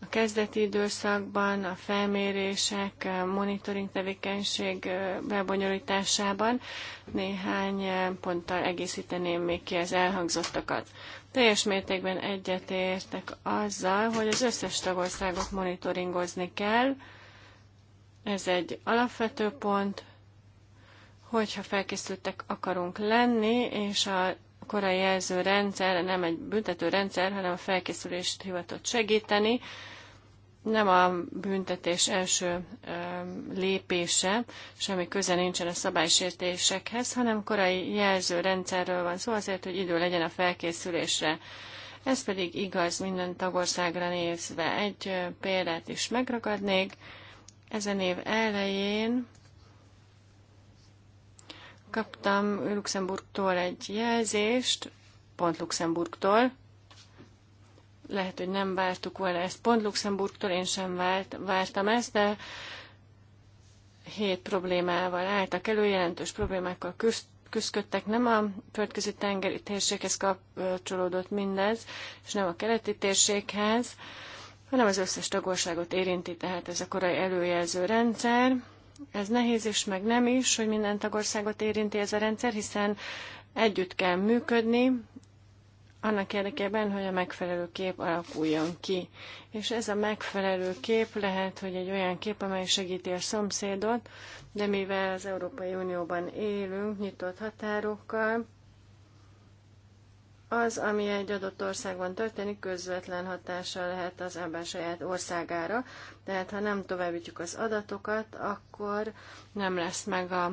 A kezdeti időszakban, a felmérések, a monitoring tevékenység bebonyolításában néhány ponttal egészíteném még ki az elhangzottakat. Teljes mértékben egyetértek azzal, hogy az összes tagországot monitoringozni kell. Ez egy alapvető pont, hogyha felkészültek akarunk lenni, és a korai jelző rendszer nem egy büntető rendszer, hanem a felkészülést hivatott segíteni, nem a büntetés első ö, lépése, semmi köze nincsen a szabálysértésekhez, hanem korai jelző rendszerről van szó azért, hogy idő legyen a felkészülésre. Ez pedig igaz minden tagországra nézve. Egy példát is megragadnék. Ezen év elején Kaptam Luxemburgtól egy jelzést, pont Luxemburgtól. Lehet, hogy nem vártuk volna ezt pont Luxemburgtól, én sem várt, vártam ezt, de hét problémával álltak elő, jelentős problémákkal küzd, küzdködtek, nem a földközi tengeri térséghez kapcsolódott mindez, és nem a keleti térséghez, hanem az összes tagországot érinti, tehát ez a korai előjelző rendszer ez nehéz is, meg nem is, hogy minden tagországot érinti ez a rendszer, hiszen együtt kell működni, annak érdekében, hogy a megfelelő kép alakuljon ki. És ez a megfelelő kép lehet, hogy egy olyan kép, amely segíti a szomszédot, de mivel az Európai Unióban élünk nyitott határokkal, az, ami egy adott országban történik, közvetlen hatással lehet az ember saját országára. Tehát ha nem továbbítjuk az adatokat, akkor nem lesz meg a,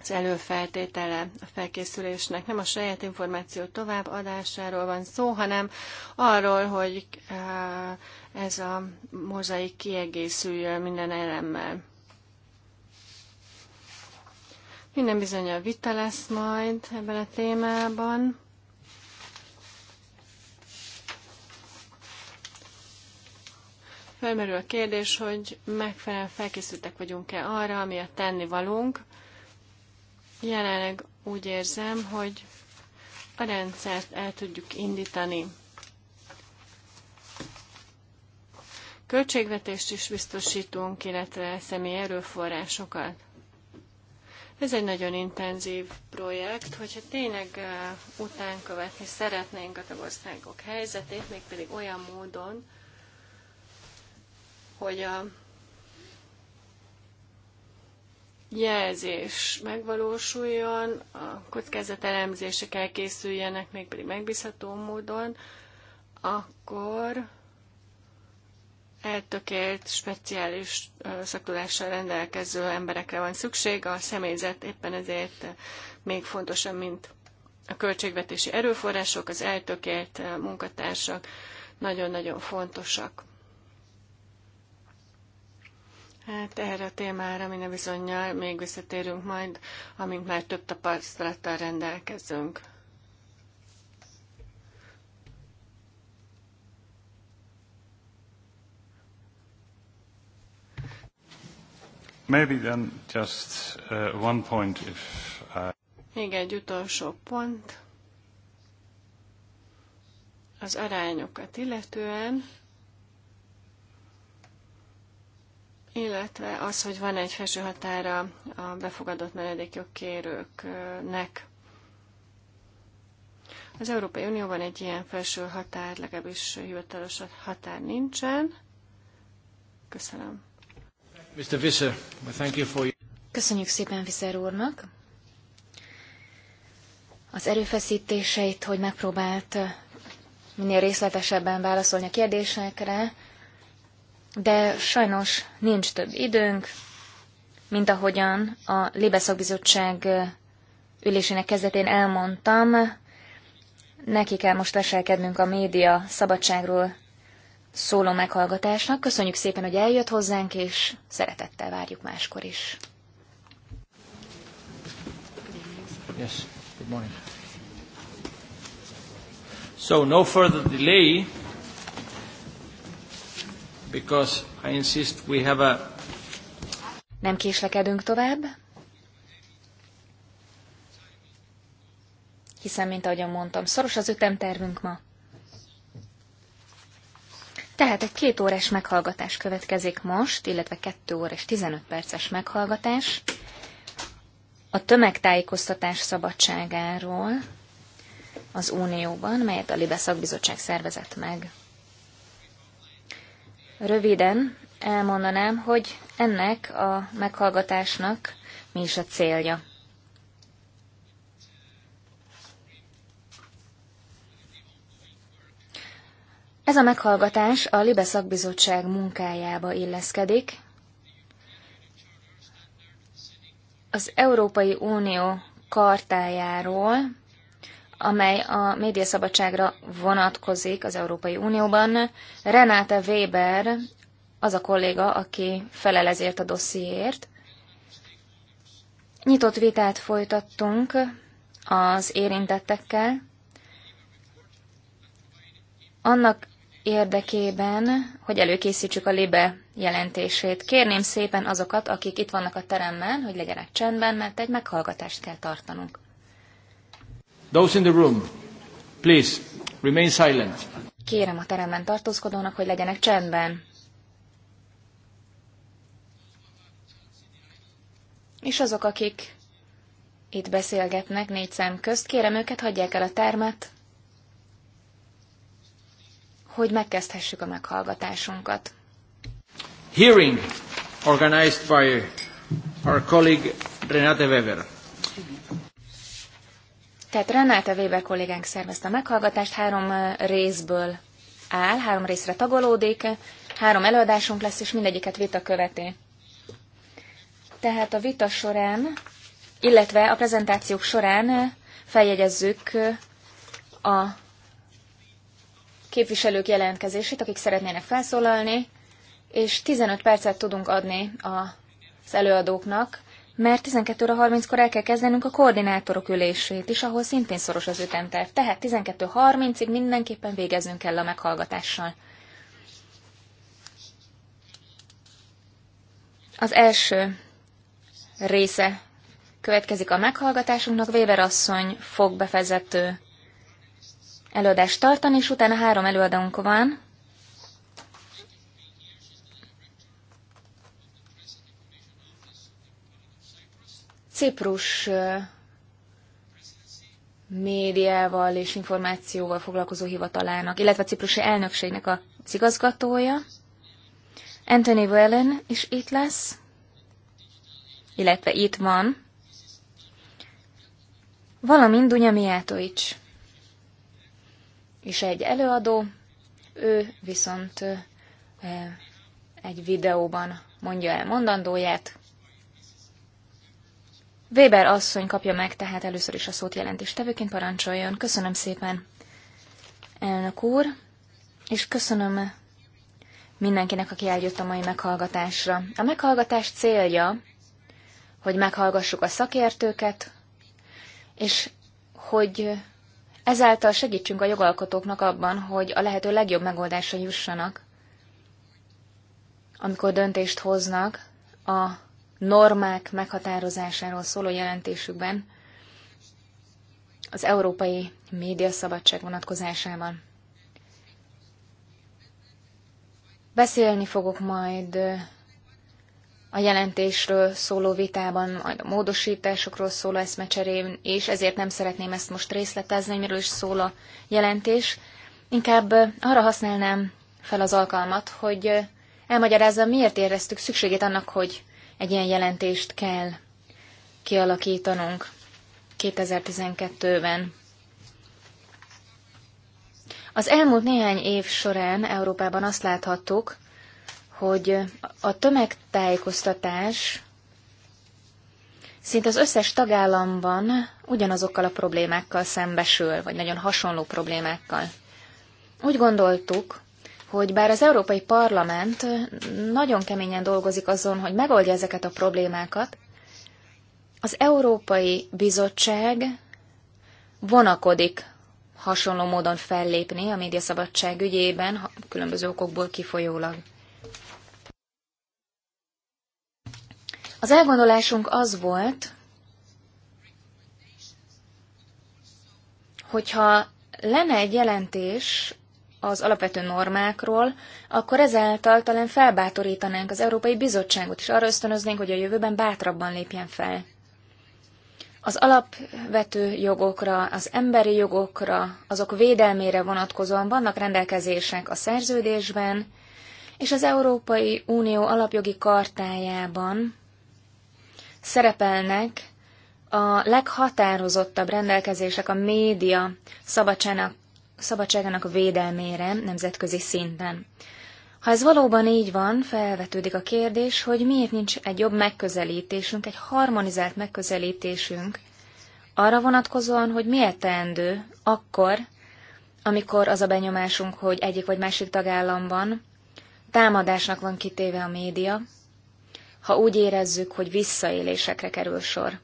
az előfeltétele a felkészülésnek. Nem a saját információ továbbadásáról van szó, hanem arról, hogy eh, ez a mozaik kiegészüljön minden elemmel. Minden bizony a vita lesz majd ebben a témában. Felmerül a kérdés, hogy megfelelően felkészültek vagyunk-e arra, ami a tennivalónk. Jelenleg úgy érzem, hogy a rendszert el tudjuk indítani. Költségvetést is biztosítunk, illetve személy erőforrásokat. Ez egy nagyon intenzív projekt, hogyha tényleg utánkövetni szeretnénk a tagországok helyzetét, mégpedig olyan módon, hogy a jelzés megvalósuljon, a kockázatelemzések elkészüljenek még pedig megbízható módon, akkor eltökélt, speciális szaktudással rendelkező emberekre van szükség. A személyzet éppen ezért még fontosabb, mint a költségvetési erőforrások, az eltökélt munkatársak nagyon-nagyon fontosak. Hát erre a témára minden bizonyal még visszatérünk majd, amint már több tapasztalattal rendelkezünk. Maybe then just uh, one point if I... Még egy utolsó pont. Az arányokat illetően illetve az, hogy van egy felső határa a befogadott menedékjogkérőknek. Az Európai Unióban egy ilyen felső határ, legalábbis hivatalos határ nincsen. Köszönöm. Mr. Visser, thank you for... Köszönjük szépen Visser úrnak az erőfeszítéseit, hogy megpróbált minél részletesebben válaszolni a kérdésekre, de sajnos nincs több időnk, mint ahogyan a Libeszakbizottság ülésének kezdetén elmondtam, neki kell most leselkednünk a média szabadságról szóló meghallgatásnak. Köszönjük szépen, hogy eljött hozzánk, és szeretettel várjuk máskor is. Yes, good morning. So no further delay because I insist we have a... Nem késlekedünk tovább, hiszen, mint ahogyan mondtam, szoros az ütemtervünk ma. Tehát egy két órás meghallgatás következik most, illetve kettő órás 15 perces meghallgatás a tömegtájékoztatás szabadságáról az Unióban, melyet a Libeszakbizottság szervezett meg. Röviden elmondanám, hogy ennek a meghallgatásnak mi is a célja. Ez a meghallgatás a Libe szakbizottság munkájába illeszkedik. Az Európai Unió kartájáról amely a médiaszabadságra vonatkozik az Európai Unióban. Renate Weber az a kolléga, aki felel ezért a dossziért. Nyitott vitát folytattunk az érintettekkel, annak érdekében, hogy előkészítsük a LIBE jelentését. Kérném szépen azokat, akik itt vannak a teremben, hogy legyenek csendben, mert egy meghallgatást kell tartanunk. Those in the room, please, remain silent. Kérem a teremben tartózkodónak, hogy legyenek csendben. És azok, akik itt beszélgetnek négy szem közt, kérem őket, hagyják el a termet, hogy megkezdhessük a meghallgatásunkat. Hearing organized by our colleague Renate Weber. Tehát Renáta Weber kollégánk szervezte a meghallgatást, három részből áll, három részre tagolódik, három előadásunk lesz, és mindegyiket vita követi. Tehát a vita során, illetve a prezentációk során feljegyezzük a képviselők jelentkezését, akik szeretnének felszólalni, és 15 percet tudunk adni az előadóknak, mert 12-30-kor el kell kezdenünk a koordinátorok ülését is, ahol szintén szoros az ütemterv. Tehát 12.30-ig mindenképpen végeznünk kell a meghallgatással. Az első része következik a meghallgatásunknak. Weber asszony fog befezető előadást tartani, és utána három előadónk van. Ciprus médiával és információval foglalkozó hivatalának, illetve a ciprusi elnökségnek a cigazgatója. Anthony Wellen is itt lesz, illetve itt van, valamint Dunya Mijátoics és egy előadó, ő viszont egy videóban mondja el mondandóját, Weber asszony kapja meg tehát először is a szót jelentés tevőként parancsoljon. Köszönöm szépen, elnök úr, és köszönöm mindenkinek, aki eljött a mai meghallgatásra. A meghallgatás célja, hogy meghallgassuk a szakértőket, és hogy ezáltal segítsünk a jogalkotóknak abban, hogy a lehető legjobb megoldásra jussanak, amikor döntést hoznak a normák meghatározásáról szóló jelentésükben az európai médiaszabadság vonatkozásában. Beszélni fogok majd a jelentésről szóló vitában, majd a módosításokról szóló eszmecserén, és ezért nem szeretném ezt most részletezni, miről is szól a jelentés. Inkább arra használnám fel az alkalmat, hogy elmagyarázza, miért éreztük szükségét annak, hogy egy ilyen jelentést kell kialakítanunk 2012-ben. Az elmúlt néhány év során Európában azt láthattuk, hogy a tömegtájékoztatás szinte az összes tagállamban ugyanazokkal a problémákkal szembesül, vagy nagyon hasonló problémákkal. Úgy gondoltuk, hogy bár az Európai Parlament nagyon keményen dolgozik azon, hogy megoldja ezeket a problémákat, az Európai Bizottság vonakodik hasonló módon fellépni a médiaszabadság ügyében, különböző okokból kifolyólag. Az elgondolásunk az volt, hogyha lenne egy jelentés az alapvető normákról, akkor ezáltal talán felbátorítanánk az Európai Bizottságot, és arra ösztönöznénk, hogy a jövőben bátrabban lépjen fel. Az alapvető jogokra, az emberi jogokra, azok védelmére vonatkozóan vannak rendelkezések a szerződésben, és az Európai Unió alapjogi kartájában szerepelnek a leghatározottabb rendelkezések a média szabadságának szabadságának védelmére nemzetközi szinten. Ha ez valóban így van, felvetődik a kérdés, hogy miért nincs egy jobb megközelítésünk, egy harmonizált megközelítésünk arra vonatkozóan, hogy miért teendő akkor, amikor az a benyomásunk, hogy egyik vagy másik tagállamban támadásnak van kitéve a média, ha úgy érezzük, hogy visszaélésekre kerül sor.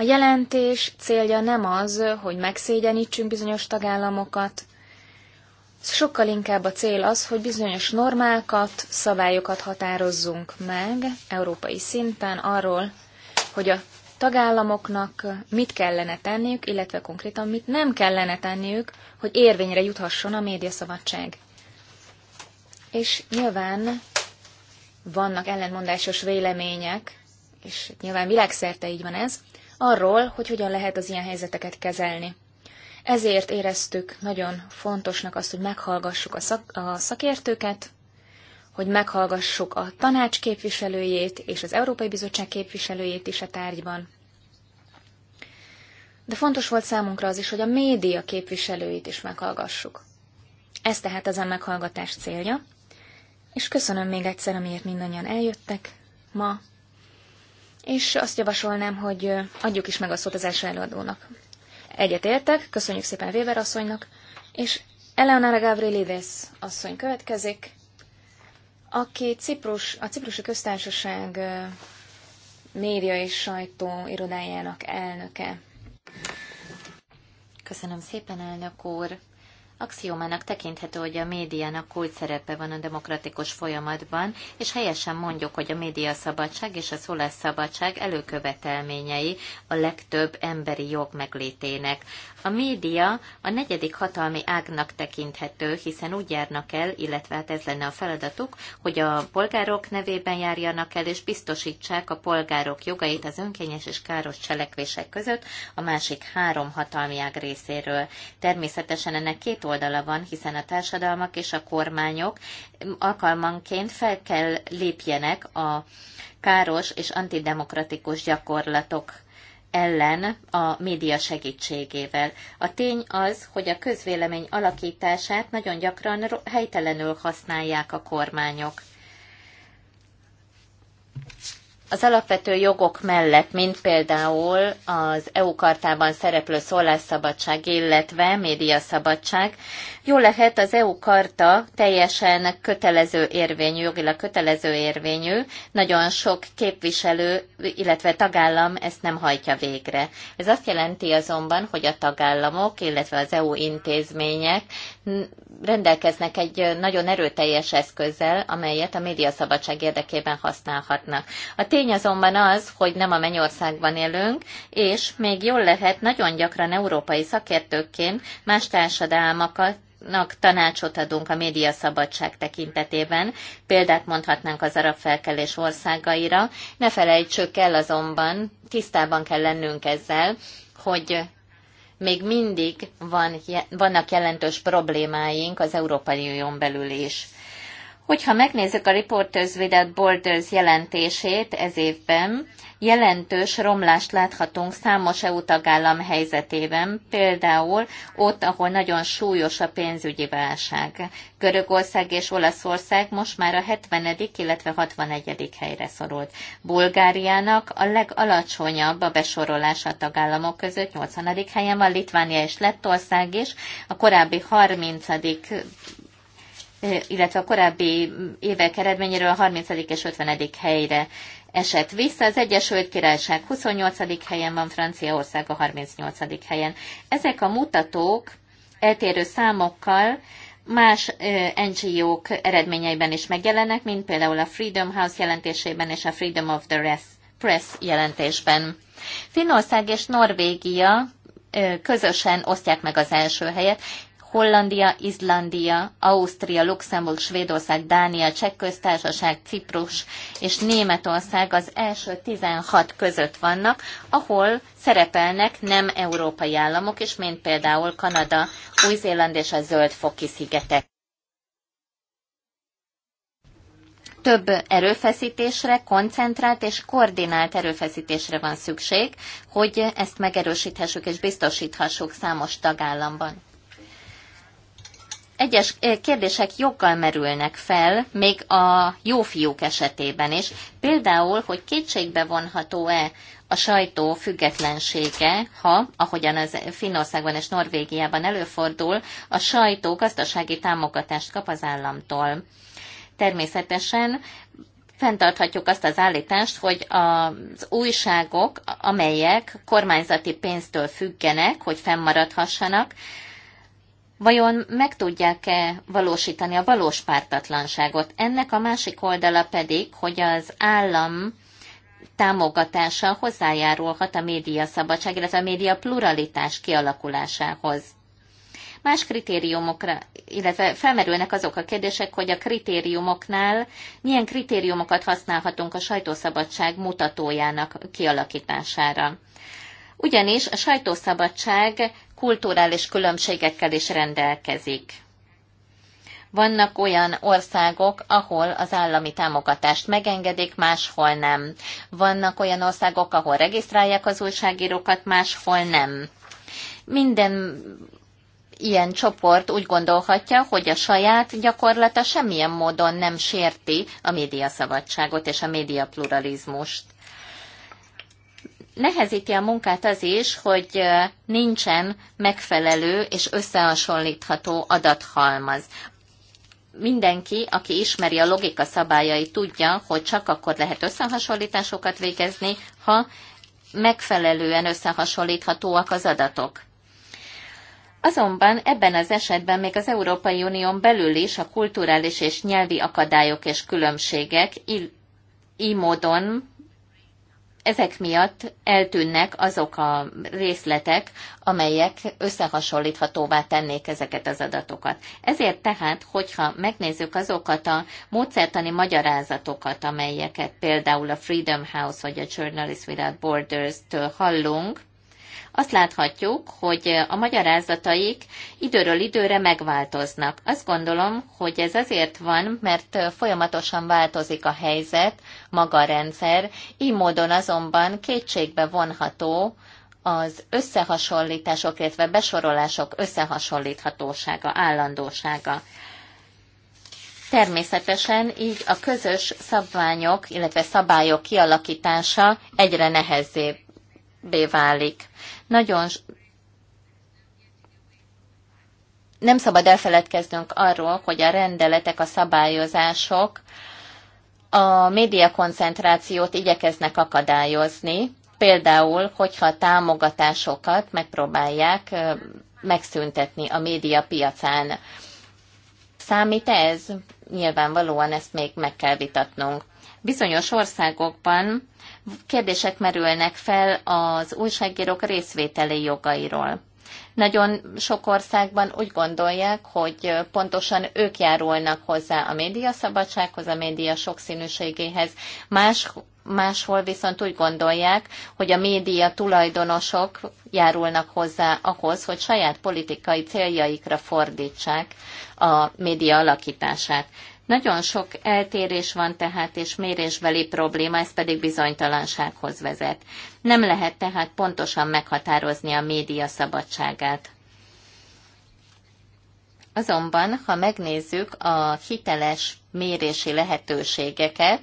A jelentés célja nem az, hogy megszégyenítsünk bizonyos tagállamokat, sokkal inkább a cél az, hogy bizonyos normákat, szabályokat határozzunk meg európai szinten arról, hogy a tagállamoknak mit kellene tenniük, illetve konkrétan mit nem kellene tenniük, hogy érvényre juthasson a médiaszabadság. És nyilván vannak ellenmondásos vélemények, és nyilván világszerte így van ez, arról, hogy hogyan lehet az ilyen helyzeteket kezelni. Ezért éreztük nagyon fontosnak azt, hogy meghallgassuk a, szak, a szakértőket, hogy meghallgassuk a tanács képviselőjét és az Európai Bizottság képviselőjét is a tárgyban. De fontos volt számunkra az is, hogy a média képviselőit is meghallgassuk. Ez tehát ezen meghallgatás célja, és köszönöm még egyszer, amiért mindannyian eljöttek ma, és azt javasolnám, hogy adjuk is meg a szót az első előadónak. Egyetértek, köszönjük szépen Weber asszonynak, és Eleonora Gavrilides asszony következik, aki Ciprus, a Ciprusi Köztársaság média és sajtó irodájának elnöke. Köszönöm szépen, elnök úr! Axiómának tekinthető, hogy a médiának kult szerepe van a demokratikus folyamatban, és helyesen mondjuk, hogy a média szabadság és a szólásszabadság előkövetelményei a legtöbb emberi jog meglétének. A média a negyedik hatalmi ágnak tekinthető, hiszen úgy járnak el, illetve hát ez lenne a feladatuk, hogy a polgárok nevében járjanak el, és biztosítsák a polgárok jogait az önkényes és káros cselekvések között a másik három hatalmi ág részéről. Természetesen ennek két oldala van, hiszen a társadalmak és a kormányok alkalmanként fel kell lépjenek a káros és antidemokratikus gyakorlatok ellen a média segítségével. A tény az, hogy a közvélemény alakítását nagyon gyakran helytelenül használják a kormányok. Az alapvető jogok mellett, mint például az EU kartában szereplő szólásszabadság, illetve médiaszabadság, jó lehet az EU karta teljesen kötelező érvényű, jogilag kötelező érvényű, nagyon sok képviselő, illetve tagállam ezt nem hajtja végre. Ez azt jelenti azonban, hogy a tagállamok, illetve az EU intézmények rendelkeznek egy nagyon erőteljes eszközzel, amelyet a médiaszabadság érdekében használhatnak. A Tény azonban az, hogy nem a mennyországban élünk, és még jól lehet nagyon gyakran európai szakértőként más társadalmakat tanácsot adunk a média szabadság tekintetében, példát mondhatnánk az arab felkelés országaira. Ne felejtsük el azonban, tisztában kell lennünk ezzel, hogy még mindig van, vannak jelentős problémáink az Európai Unión belül is. Hogyha megnézzük a Reporters Without Borders jelentését ez évben, jelentős romlást láthatunk számos EU tagállam helyzetében, például ott, ahol nagyon súlyos a pénzügyi válság. Görögország és Olaszország most már a 70. illetve 61. helyre szorult. Bulgáriának a legalacsonyabb a besorolás a tagállamok között, 80. helyen van Litvánia és Lettország is, a korábbi 30 illetve a korábbi évek eredményéről a 30. és 50. helyre esett vissza. Az Egyesült Királyság 28. helyen van, Franciaország a 38. helyen. Ezek a mutatók eltérő számokkal más NGO-k eredményeiben is megjelennek, mint például a Freedom House jelentésében és a Freedom of the Press jelentésben. Finnország és Norvégia közösen osztják meg az első helyet, Hollandia, Izlandia, Ausztria, Luxemburg, Svédország, Dánia, Cseh köztársaság, Ciprus és Németország az első 16 között vannak, ahol szerepelnek nem európai államok is, mint például Kanada, Új-Zéland és a Zöld-foki szigetek. több erőfeszítésre, koncentrált és koordinált erőfeszítésre van szükség, hogy ezt megerősíthessük és biztosíthassuk számos tagállamban egyes kérdések joggal merülnek fel, még a jó fiúk esetében is. Például, hogy kétségbe vonható-e a sajtó függetlensége, ha, ahogyan az Finnországban és Norvégiában előfordul, a sajtó gazdasági támogatást kap az államtól. Természetesen fenntarthatjuk azt az állítást, hogy az újságok, amelyek kormányzati pénztől függenek, hogy fennmaradhassanak, vajon meg tudják-e valósítani a valós pártatlanságot. Ennek a másik oldala pedig, hogy az állam támogatása hozzájárulhat a média szabadság, illetve a média pluralitás kialakulásához. Más kritériumokra, illetve felmerülnek azok a kérdések, hogy a kritériumoknál milyen kritériumokat használhatunk a sajtószabadság mutatójának kialakítására. Ugyanis a sajtószabadság kulturális különbségekkel is rendelkezik. Vannak olyan országok, ahol az állami támogatást megengedik, máshol nem. Vannak olyan országok, ahol regisztrálják az újságírókat, máshol nem. Minden ilyen csoport úgy gondolhatja, hogy a saját gyakorlata semmilyen módon nem sérti a médiaszabadságot és a médiapluralizmust nehezíti a munkát az is, hogy nincsen megfelelő és összehasonlítható adathalmaz. Mindenki, aki ismeri a logika szabályait, tudja, hogy csak akkor lehet összehasonlításokat végezni, ha megfelelően összehasonlíthatóak az adatok. Azonban ebben az esetben még az Európai Unión belül is a kulturális és nyelvi akadályok és különbségek így módon ezek miatt eltűnnek azok a részletek, amelyek összehasonlíthatóvá tennék ezeket az adatokat. Ezért tehát, hogyha megnézzük azokat a módszertani magyarázatokat, amelyeket például a Freedom House vagy a Journalists Without Borders-től hallunk, azt láthatjuk, hogy a magyarázataik időről időre megváltoznak. Azt gondolom, hogy ez azért van, mert folyamatosan változik a helyzet, maga a rendszer, így módon azonban kétségbe vonható az összehasonlítások, illetve besorolások összehasonlíthatósága, állandósága. Természetesen így a közös szabványok, illetve szabályok kialakítása egyre nehezebbé válik. Nagyon nem szabad elfeledkeznünk arról, hogy a rendeletek, a szabályozások a média koncentrációt igyekeznek akadályozni, például, hogyha a támogatásokat megpróbálják megszüntetni a média piacán. Számít ez? Nyilvánvalóan ezt még meg kell vitatnunk. Bizonyos országokban kérdések merülnek fel az újságírók részvételi jogairól. Nagyon sok országban úgy gondolják, hogy pontosan ők járulnak hozzá a médiaszabadsághoz, a média sokszínűségéhez. Más, máshol viszont úgy gondolják, hogy a média tulajdonosok járulnak hozzá ahhoz, hogy saját politikai céljaikra fordítsák a média alakítását. Nagyon sok eltérés van tehát, és mérésbeli probléma, ez pedig bizonytalansághoz vezet. Nem lehet tehát pontosan meghatározni a média szabadságát. Azonban, ha megnézzük a hiteles mérési lehetőségeket,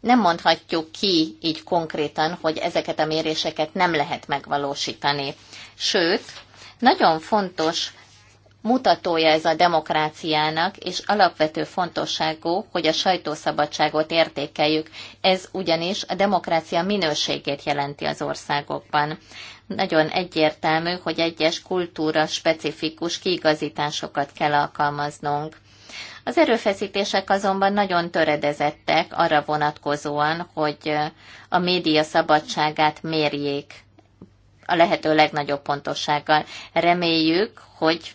nem mondhatjuk ki így konkrétan, hogy ezeket a méréseket nem lehet megvalósítani. Sőt, nagyon fontos mutatója ez a demokráciának, és alapvető fontosságú, hogy a sajtószabadságot értékeljük. Ez ugyanis a demokrácia minőségét jelenti az országokban. Nagyon egyértelmű, hogy egyes kultúra specifikus kiigazításokat kell alkalmaznunk. Az erőfeszítések azonban nagyon töredezettek arra vonatkozóan, hogy a média szabadságát mérjék a lehető legnagyobb pontossággal. Reméljük, hogy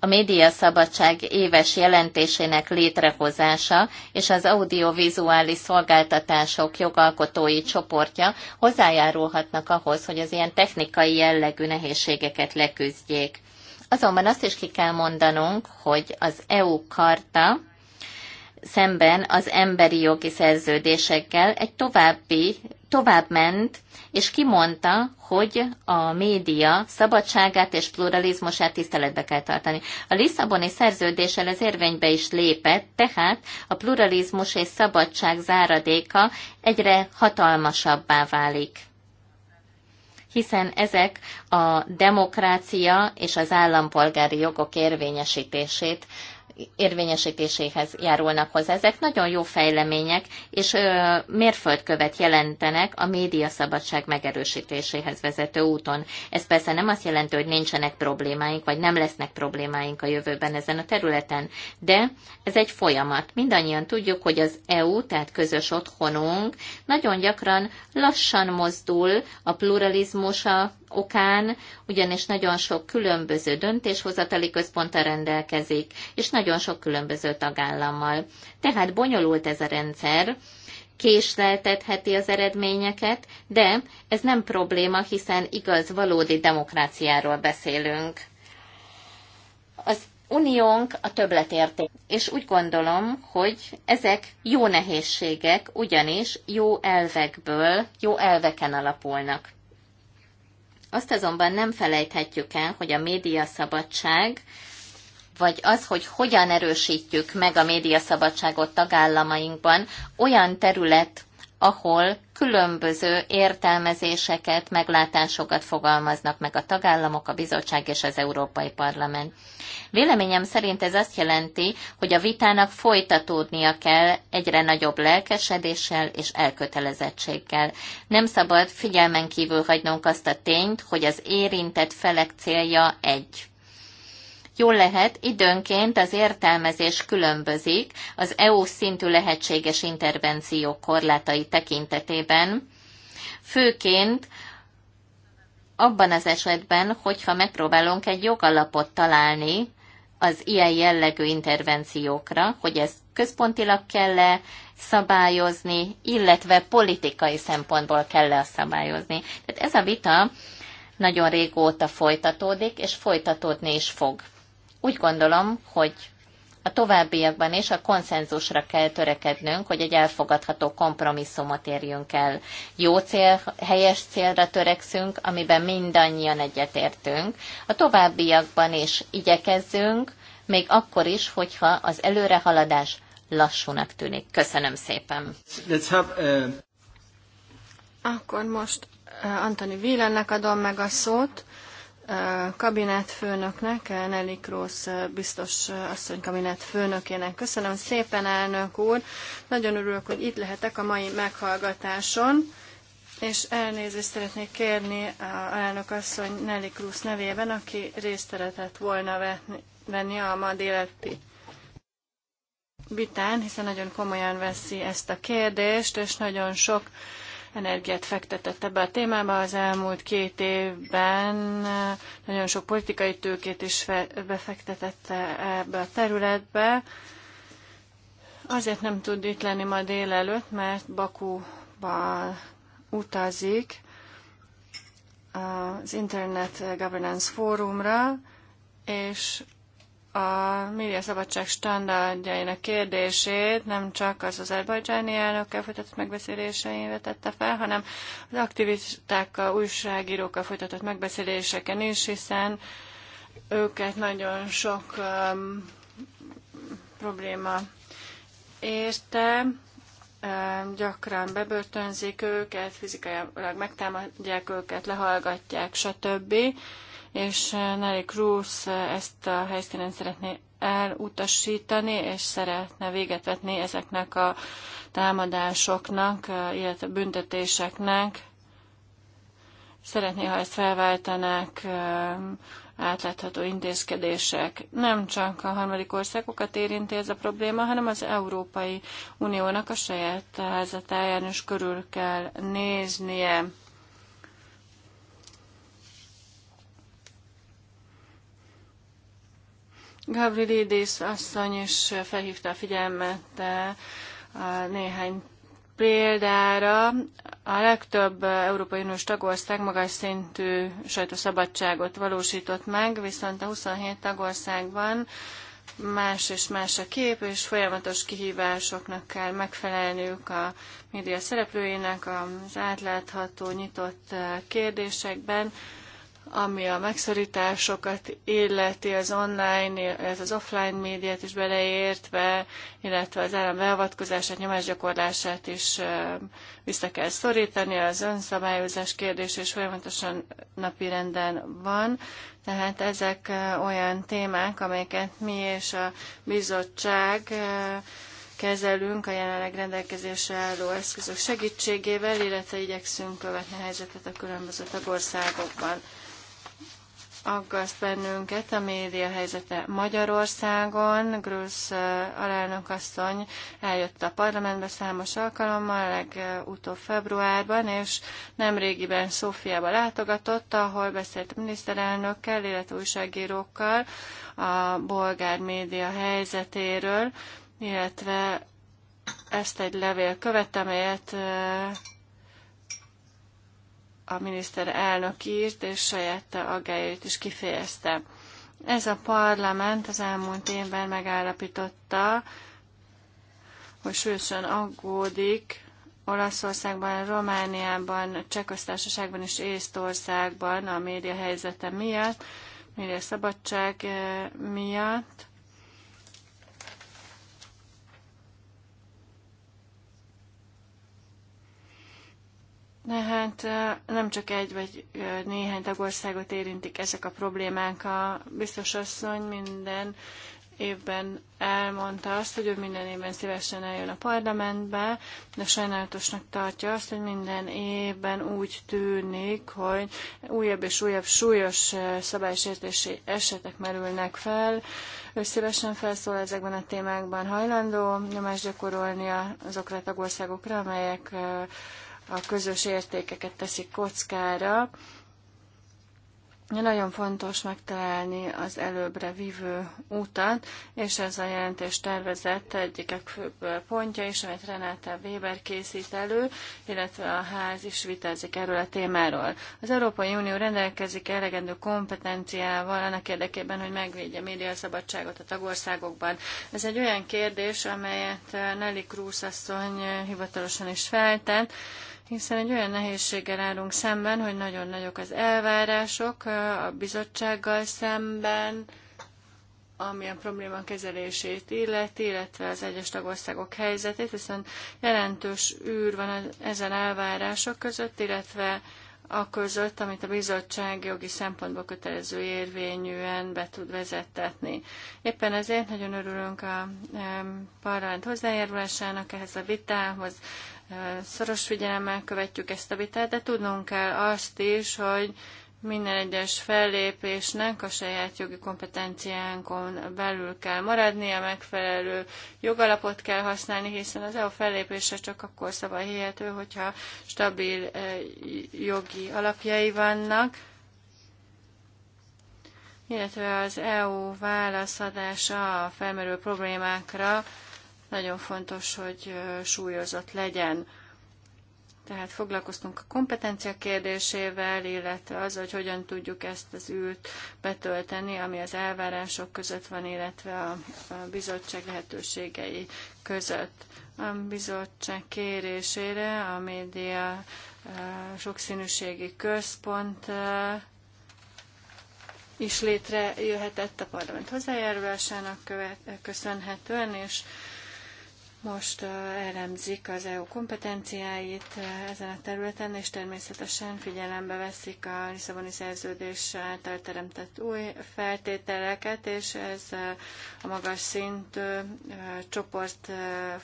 a médiaszabadság éves jelentésének létrehozása és az audiovizuális szolgáltatások jogalkotói csoportja hozzájárulhatnak ahhoz, hogy az ilyen technikai jellegű nehézségeket leküzdjék. Azonban azt is ki kell mondanunk, hogy az EU karta szemben az emberi jogi szerződésekkel egy további tovább ment, és kimondta, hogy a média szabadságát és pluralizmusát tiszteletbe kell tartani. A Lisszaboni szerződéssel ez érvénybe is lépett, tehát a pluralizmus és szabadság záradéka egyre hatalmasabbá válik hiszen ezek a demokrácia és az állampolgári jogok érvényesítését érvényesítéséhez járulnak hozzá. Ezek nagyon jó fejlemények, és ö, mérföldkövet jelentenek a médiaszabadság megerősítéséhez vezető úton. Ez persze nem azt jelenti, hogy nincsenek problémáink, vagy nem lesznek problémáink a jövőben ezen a területen, de ez egy folyamat. Mindannyian tudjuk, hogy az EU, tehát közös otthonunk, nagyon gyakran lassan mozdul a pluralizmus a okán, ugyanis nagyon sok különböző döntéshozatali központtal rendelkezik, és nagyon sok különböző tagállammal. Tehát bonyolult ez a rendszer, késleltetheti az eredményeket, de ez nem probléma, hiszen igaz, valódi demokráciáról beszélünk. Az uniónk a többletérték. És úgy gondolom, hogy ezek jó nehézségek, ugyanis jó elvekből, jó elveken alapulnak. Azt azonban nem felejthetjük el, hogy a média szabadság, vagy az, hogy hogyan erősítjük meg a médiaszabadságot tagállamainkban, olyan terület, ahol különböző értelmezéseket, meglátásokat fogalmaznak meg a tagállamok, a bizottság és az Európai Parlament. Véleményem szerint ez azt jelenti, hogy a vitának folytatódnia kell egyre nagyobb lelkesedéssel és elkötelezettséggel. Nem szabad figyelmen kívül hagynunk azt a tényt, hogy az érintett felek célja egy Jól lehet, időnként az értelmezés különbözik az EU szintű lehetséges intervenciók korlátai tekintetében, főként abban az esetben, hogyha megpróbálunk egy jogalapot találni az ilyen jellegű intervenciókra, hogy ezt központilag kell-e szabályozni, illetve politikai szempontból kell-e szabályozni. Tehát ez a vita nagyon régóta folytatódik, és folytatódni is fog. Úgy gondolom, hogy a továbbiakban is a konszenzusra kell törekednünk, hogy egy elfogadható kompromisszumot érjünk el. Jó cél, helyes célra törekszünk, amiben mindannyian egyetértünk. A továbbiakban is igyekezzünk, még akkor is, hogyha az előrehaladás lassúnak tűnik. Köszönöm szépen. Let's have, uh... Akkor most uh, Antoni Wielennek adom meg a szót kabinetfőnöknek, Nelly Krósz biztos asszony kabinetfőnökének. Köszönöm szépen, elnök úr! Nagyon örülök, hogy itt lehetek a mai meghallgatáson, és elnézést szeretnék kérni a elnök asszony Nelly Krósz nevében, aki részt szeretett volna venni a ma délelőtti vitán, hiszen nagyon komolyan veszi ezt a kérdést, és nagyon sok energiát fektetett ebbe a témába. Az elmúlt két évben eh, nagyon sok politikai tőkét is befektetett ebbe a területbe. Azért nem tud itt lenni ma délelőtt, mert Bakúba utazik az Internet Governance Fórumra, és a médiaszabadság standardjainak kérdését nem csak az azerbajdzsáni elnökkel folytatott megbeszélésein vetette fel, hanem az aktivistákkal, újságírókkal folytatott megbeszéléseken is, hiszen őket nagyon sok um, probléma érte, um, gyakran bebörtönzik őket, fizikailag megtámadják őket, lehallgatják, stb és eh, Nelly Cruz eh, ezt a helyszínen szeretné elutasítani, és szeretne véget vetni ezeknek a támadásoknak, eh, illetve büntetéseknek. Szeretné, ha ezt felváltanák átlátható intézkedések. Nem csak a harmadik országokat érinti ez a probléma, hanem az Európai Uniónak a saját házatáján is körül kell néznie. Gavrilidis asszony is felhívta a figyelmet eh, a néhány példára. A legtöbb Európai Uniós tagország magas szintű sajtószabadságot valósított meg, viszont a 27 tagországban más és más a kép, és folyamatos kihívásoknak kell megfelelniük a média szereplőinek az átlátható, nyitott eh, kérdésekben, ami a megszorításokat illeti az online, ez az offline médiát is beleértve, illetve az állam beavatkozását, nyomásgyakorlását is vissza kell szorítani, az önszabályozás kérdés is folyamatosan napi renden van. Tehát ezek olyan témák, amelyeket mi és a bizottság kezelünk a jelenleg rendelkezésre álló eszközök segítségével, illetve igyekszünk követni a helyzetet a különböző tagországokban aggaszt bennünket a média helyzete Magyarországon. grusz alelnök asszony eljött a parlamentbe számos alkalommal, legutóbb februárban, és nemrégiben Szófiába látogatott, ahol beszélt miniszterelnökkel, illetve újságírókkal a bolgár média helyzetéről, illetve ezt egy levél követte, amelyet a miniszter elnök írt, és saját aggájait is kifejezte. Ez a parlament az elmúlt évben megállapította, hogy sősön aggódik Olaszországban, Romániában, Csekosztársaságban és Észtországban a média helyzete miatt, média szabadság eh, miatt, De hát nem csak egy vagy néhány tagországot érintik ezek a problémák. A biztos asszony minden évben elmondta azt, hogy ő minden évben szívesen eljön a parlamentbe, de sajnálatosnak tartja azt, hogy minden évben úgy tűnik, hogy újabb és újabb súlyos szabálysértési esetek merülnek fel. Ő szívesen felszól ezekben a témákban hajlandó nyomást gyakorolni azokra a tagországokra, amelyek a közös értékeket teszik kockára. Nagyon fontos megtalálni az előbbre vívő útat, és ez a jelentés tervezett egyik főbb pontja is, amit Renáta Weber készít elő, illetve a ház is vitázik erről a témáról. Az Európai Unió rendelkezik elegendő kompetenciával annak érdekében, hogy megvédje médiaszabadságot a tagországokban. Ez egy olyan kérdés, amelyet Nelly Krúz asszony hivatalosan is feltett, hiszen egy olyan nehézséggel állunk szemben, hogy nagyon nagyok az elvárások a bizottsággal szemben, ami a probléma kezelését illeti, illetve az egyes tagországok helyzetét, hiszen jelentős űr van e- ezen elvárások között, illetve a között, amit a bizottság jogi szempontból kötelező érvényűen be tud vezettetni. Éppen ezért nagyon örülünk a parlament hozzájárulásának ehhez a vitához, szoros figyelemmel követjük ezt a vitát, de tudnunk kell azt is, hogy minden egyes fellépésnek a saját jogi kompetenciánkon belül kell maradnia, megfelelő jogalapot kell használni, hiszen az EU fellépése csak akkor szabad hihető, hogyha stabil eh, jogi alapjai vannak, illetve az EU válaszadása a felmerülő problémákra nagyon fontos, hogy súlyozott legyen. Tehát foglalkoztunk a kompetencia kérdésével, illetve az, hogy hogyan tudjuk ezt az ült betölteni, ami az elvárások között van, illetve a, bizottság lehetőségei között. A bizottság kérésére a média sokszínűségi központ is létrejöhetett a parlament hozzájárulásának köszönhetően, és most elemzik az EU kompetenciáit ezen a területen, és természetesen figyelembe veszik a Lisszaboni szerződés által teremtett új feltételeket, és ez a magas szintű csoport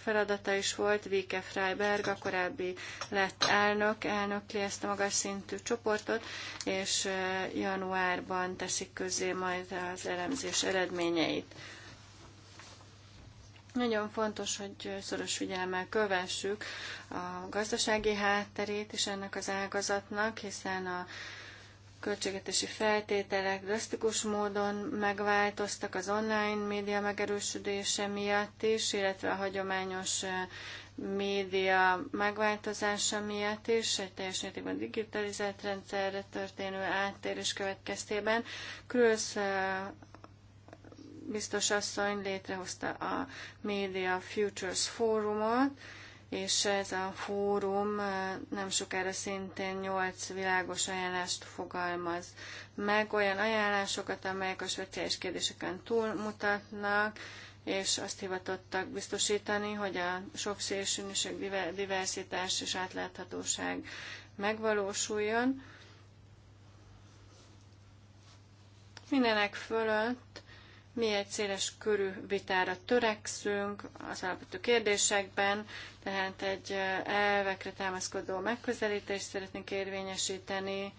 feladata is volt. Vike Freiberg, a korábbi lett elnök, elnökli ezt a magas szintű csoportot, és januárban teszik közé majd az elemzés eredményeit. Nagyon fontos, hogy szoros figyelemmel kövessük a gazdasági hátterét is ennek az ágazatnak, hiszen a költségetési feltételek drasztikus módon megváltoztak az online média megerősödése miatt is, illetve a hagyományos eh, média megváltozása miatt is, egy teljes mértékben digitalizált rendszerre történő áttérés következtében. Krülsz eh, biztos asszony létrehozta a Media Futures Fórumot, és ez a fórum nem sokára szintén nyolc világos ajánlást fogalmaz meg, olyan ajánlásokat, amelyek a speciális kérdéseken túlmutatnak, és azt hivatottak biztosítani, hogy a sokszélsűnűség, diversitás és átláthatóság megvalósuljon. Mindenek fölött mi egy széles körű vitára törekszünk az alapvető kérdésekben, tehát egy elvekre támaszkodó megközelítést szeretnénk érvényesíteni.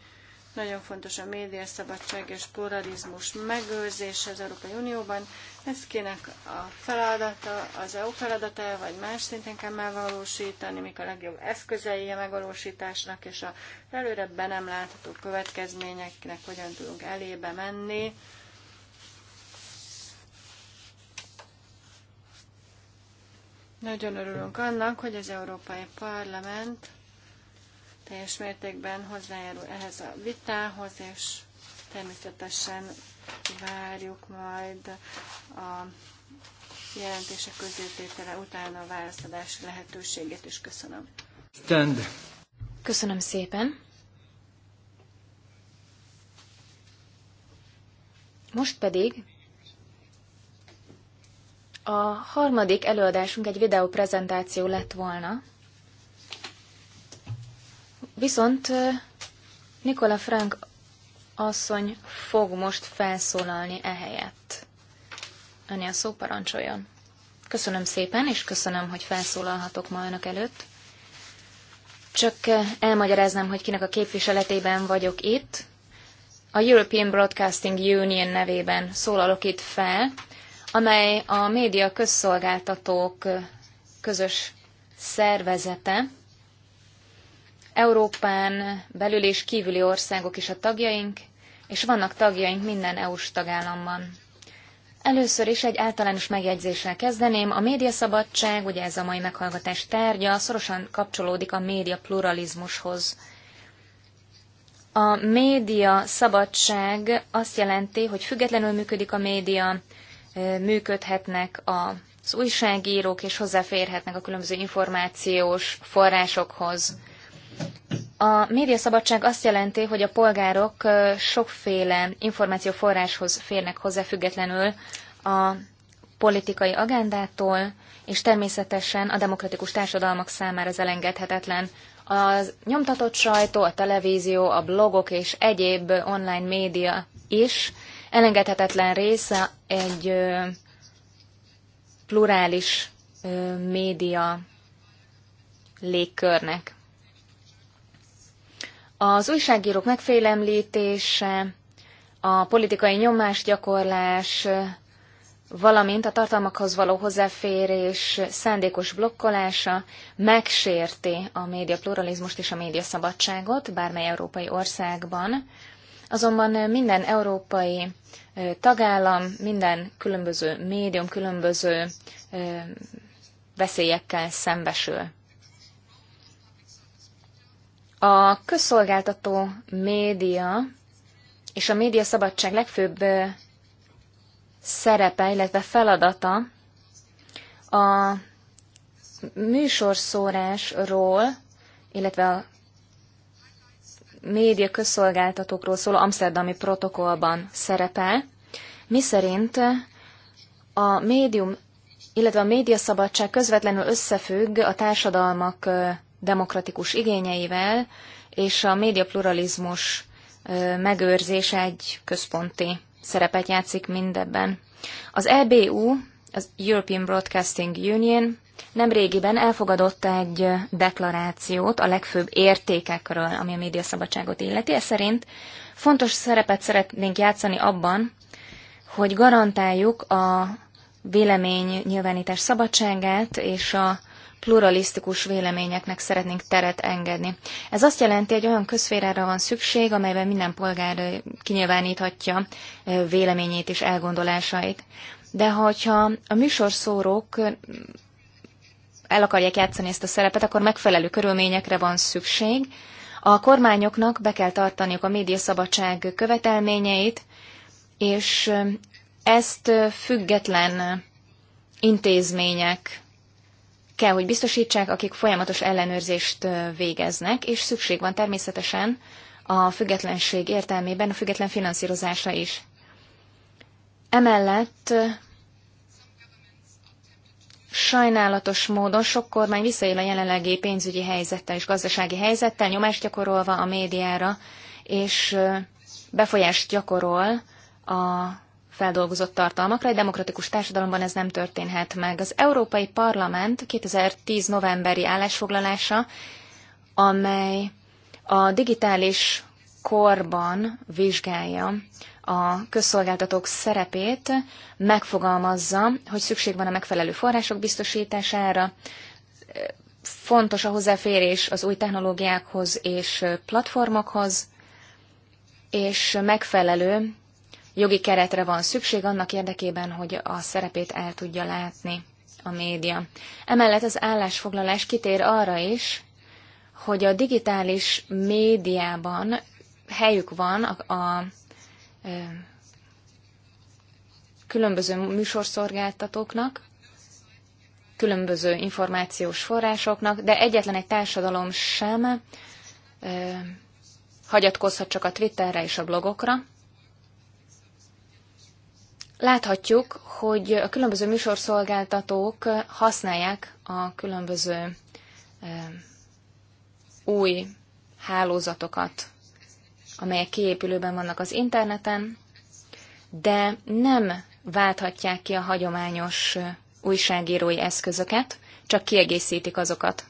Nagyon fontos a médiaszabadság és pluralizmus megőrzése az Európai Unióban. Ez kinek a feladata, az EU feladata, vagy más szinten kell megvalósítani, mik a legjobb eszközei a megvalósításnak, és a előre be nem látható következményeknek hogyan tudunk elébe menni Nagyon örülünk annak, hogy az Európai Parlament teljes mértékben hozzájárul ehhez a vitához, és természetesen várjuk majd a jelentések közététele után a választás lehetőségét is köszönöm. Stand. Köszönöm szépen. Most pedig a harmadik előadásunk egy videóprezentáció lett volna, viszont Nikola Frank asszony fog most felszólalni ehelyett. Önni a szó parancsoljon. Köszönöm szépen, és köszönöm, hogy felszólalhatok ma önök előtt. Csak elmagyaráznám, hogy kinek a képviseletében vagyok itt. A European Broadcasting Union nevében szólalok itt fel, amely a média közszolgáltatók közös szervezete. Európán belül és kívüli országok is a tagjaink, és vannak tagjaink minden EU-s tagállamban. Először is egy általános megjegyzéssel kezdeném. A médiaszabadság, ugye ez a mai meghallgatás tárgya, szorosan kapcsolódik a média pluralizmushoz. A média szabadság azt jelenti, hogy függetlenül működik a média, működhetnek az újságírók, és hozzáférhetnek a különböző információs forrásokhoz. A médiaszabadság azt jelenti, hogy a polgárok sokféle információforráshoz férnek hozzá függetlenül a politikai agendától, és természetesen a demokratikus társadalmak számára ez elengedhetetlen. A nyomtatott sajtó, a televízió, a blogok és egyéb online média is elengedhetetlen része egy plurális média légkörnek. Az újságírók megfélemlítése, a politikai nyomásgyakorlás, valamint a tartalmakhoz való hozzáférés szándékos blokkolása megsérti a média pluralizmust és a média szabadságot bármely európai országban, Azonban eh, minden európai eh, tagállam, minden különböző médium, különböző eh, veszélyekkel szembesül. A közszolgáltató média és a média szabadság legfőbb szerepe, illetve feladata a műsorszórásról, illetve a média közszolgáltatókról szóló amsterdami protokollban szerepel, miszerint a médium, illetve a médiaszabadság közvetlenül összefügg a társadalmak demokratikus igényeivel, és a médiapluralizmus megőrzése egy központi szerepet játszik mindebben. Az EBU, az European Broadcasting Union Nemrégiben elfogadott egy deklarációt a legfőbb értékekről, ami a médiaszabadságot illeti. Ez szerint fontos szerepet szeretnénk játszani abban, hogy garantáljuk a vélemény nyilvánítás szabadságát és a pluralisztikus véleményeknek szeretnénk teret engedni. Ez azt jelenti, hogy olyan közférára van szükség, amelyben minden polgár kinyilváníthatja véleményét és elgondolásait. De hogyha a műsorszórók el akarják játszani ezt a szerepet, akkor megfelelő körülményekre van szükség. A kormányoknak be kell tartaniuk a médiaszabadság követelményeit, és ezt független intézmények kell, hogy biztosítsák, akik folyamatos ellenőrzést végeznek, és szükség van természetesen a függetlenség értelmében a független finanszírozásra is. Emellett Sajnálatos módon sok kormány visszaél a jelenlegi pénzügyi helyzettel és gazdasági helyzettel, nyomást gyakorolva a médiára, és befolyást gyakorol a feldolgozott tartalmakra. Egy demokratikus társadalomban ez nem történhet meg. Az Európai Parlament 2010 novemberi állásfoglalása, amely a digitális korban vizsgálja a közszolgáltatók szerepét megfogalmazza, hogy szükség van a megfelelő források biztosítására, fontos a hozzáférés az új technológiákhoz és platformokhoz, és megfelelő jogi keretre van szükség annak érdekében, hogy a szerepét el tudja látni a média. Emellett az állásfoglalás kitér arra is, hogy a digitális médiában helyük van a, a különböző műsorszolgáltatóknak, különböző információs forrásoknak, de egyetlen egy társadalom sem hagyatkozhat csak a Twitterre és a blogokra. Láthatjuk, hogy a különböző műsorszolgáltatók használják a különböző új hálózatokat amelyek kiépülőben vannak az interneten, de nem válthatják ki a hagyományos újságírói eszközöket, csak kiegészítik azokat.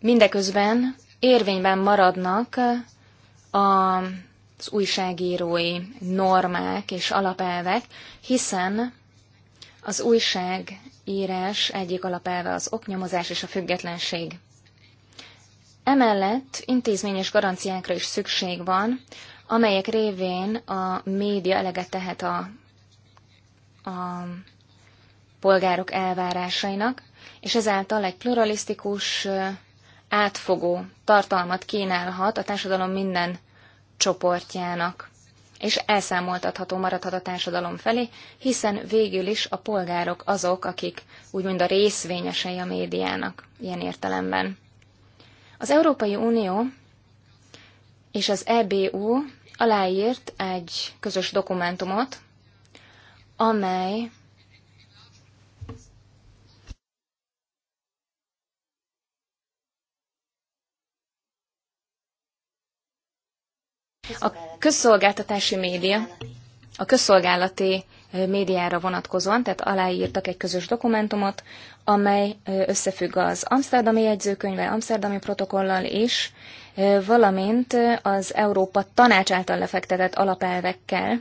Mindeközben érvényben maradnak az újságírói normák és alapelvek, hiszen az újságírás egyik alapelve az oknyomozás és a függetlenség. Emellett intézményes garanciákra is szükség van, amelyek révén a média eleget tehet a, a polgárok elvárásainak, és ezáltal egy pluralisztikus, átfogó tartalmat kínálhat a társadalom minden csoportjának, és elszámoltatható maradhat a társadalom felé, hiszen végül is a polgárok azok, akik úgymond a részvényesei a médiának ilyen értelemben. Az Európai Unió és az EBU aláírt egy közös dokumentumot, amely a közszolgáltatási média, a közszolgálati médiára vonatkozóan, tehát aláírtak egy közös dokumentumot, amely összefügg az Amsterdami jegyzőkönyvvel, Amsterdami protokollal és valamint az Európa tanács által lefektetett alapelvekkel,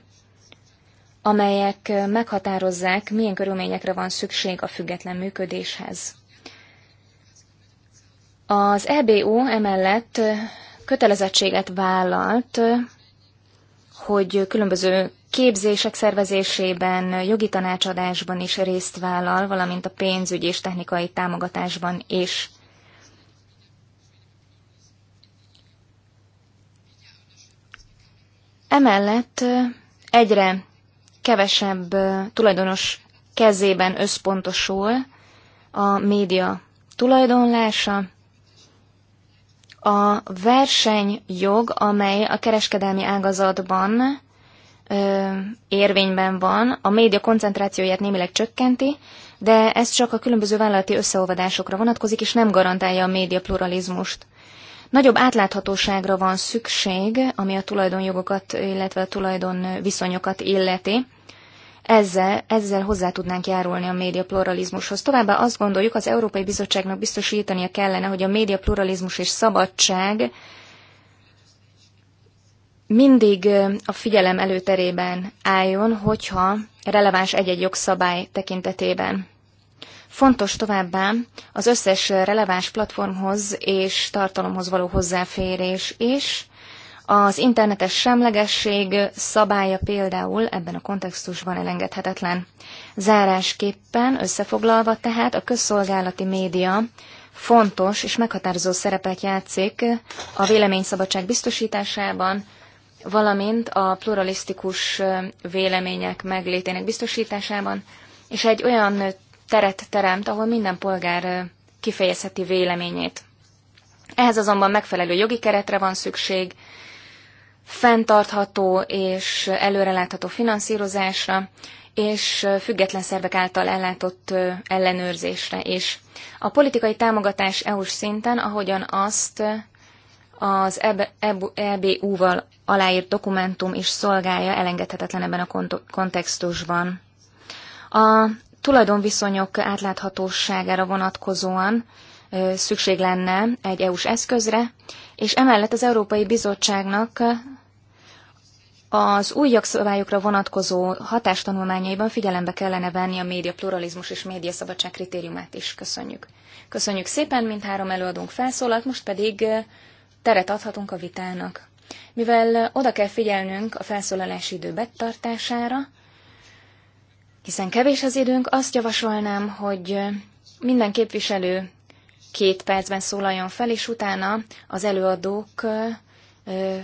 amelyek meghatározzák, milyen körülményekre van szükség a független működéshez. Az EBU emellett kötelezettséget vállalt, hogy különböző képzések szervezésében, jogi tanácsadásban is részt vállal, valamint a pénzügyi és technikai támogatásban is. Emellett egyre kevesebb tulajdonos kezében összpontosul a média tulajdonlása, a versenyjog, amely a kereskedelmi ágazatban ö, érvényben van, a média koncentrációját némileg csökkenti, de ez csak a különböző vállalati összeolvadásokra vonatkozik, és nem garantálja a média pluralizmust. Nagyobb átláthatóságra van szükség, ami a tulajdonjogokat, illetve a tulajdon viszonyokat illeti. Ezzel, ezzel hozzá tudnánk járulni a média pluralizmushoz. Továbbá azt gondoljuk, az Európai Bizottságnak biztosítania kellene, hogy a média pluralizmus és szabadság mindig a figyelem előterében álljon, hogyha releváns egy-egy jogszabály tekintetében. Fontos továbbá az összes releváns platformhoz és tartalomhoz való hozzáférés is. Az internetes semlegesség szabálya például ebben a kontextusban elengedhetetlen. Zárásképpen összefoglalva tehát a közszolgálati média fontos és meghatározó szerepet játszik a véleményszabadság biztosításában, valamint a pluralisztikus vélemények meglétének biztosításában, és egy olyan teret teremt, ahol minden polgár kifejezheti véleményét. Ehhez azonban megfelelő jogi keretre van szükség, fenntartható és előrelátható finanszírozásra, és független szervek által ellátott ellenőrzésre is. A politikai támogatás EU-s szinten, ahogyan azt az EBU-val e e aláírt dokumentum is szolgálja elengedhetetlen ebben a kontextusban. A tulajdonviszonyok átláthatóságára vonatkozóan szükség lenne egy EU-s eszközre, és emellett az Európai Bizottságnak az új jogszabályokra vonatkozó hatástanulmányaiban figyelembe kellene venni a média pluralizmus és médiaszabadság kritériumát is. Köszönjük. Köszönjük szépen, mint három előadónk felszólalt, most pedig teret adhatunk a vitának. Mivel oda kell figyelnünk a felszólalási idő betartására, hiszen kevés az időnk, azt javasolnám, hogy minden képviselő két percben szólaljon fel, és utána az előadók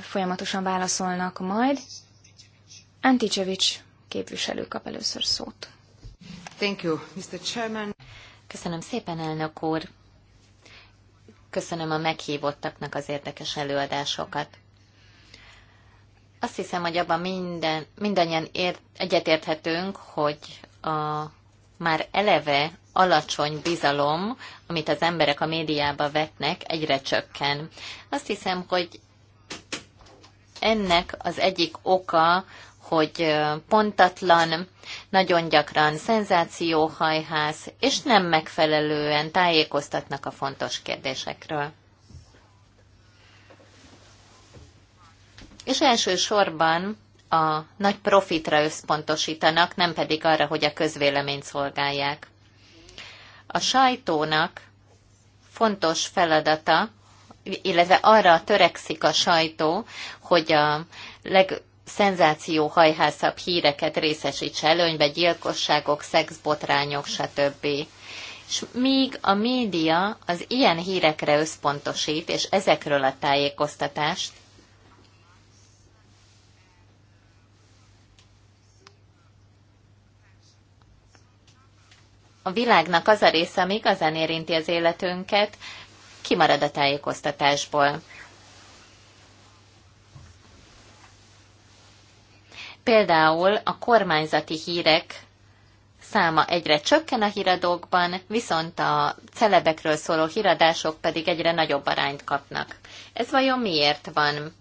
folyamatosan válaszolnak majd. Anticevics képviselő kap először szót. Thank you, Mr. Chairman. Köszönöm szépen, elnök úr. Köszönöm a meghívottaknak az érdekes előadásokat. Azt hiszem, hogy abban minden, mindannyian ért, egyetérthetünk, hogy a már eleve alacsony bizalom, amit az emberek a médiába vetnek, egyre csökken. Azt hiszem, hogy ennek az egyik oka, hogy pontatlan, nagyon gyakran szenzációhajház, és nem megfelelően tájékoztatnak a fontos kérdésekről. és elsősorban a nagy profitra összpontosítanak, nem pedig arra, hogy a közvéleményt szolgálják. A sajtónak fontos feladata, illetve arra törekszik a sajtó, hogy a leg, híreket részesítse előnybe, gyilkosságok, szexbotrányok, stb. És míg a média az ilyen hírekre összpontosít, és ezekről a tájékoztatást, a világnak az a része, ami igazán érinti az életünket, kimarad a tájékoztatásból. Például a kormányzati hírek száma egyre csökken a híradókban, viszont a celebekről szóló híradások pedig egyre nagyobb arányt kapnak. Ez vajon miért van?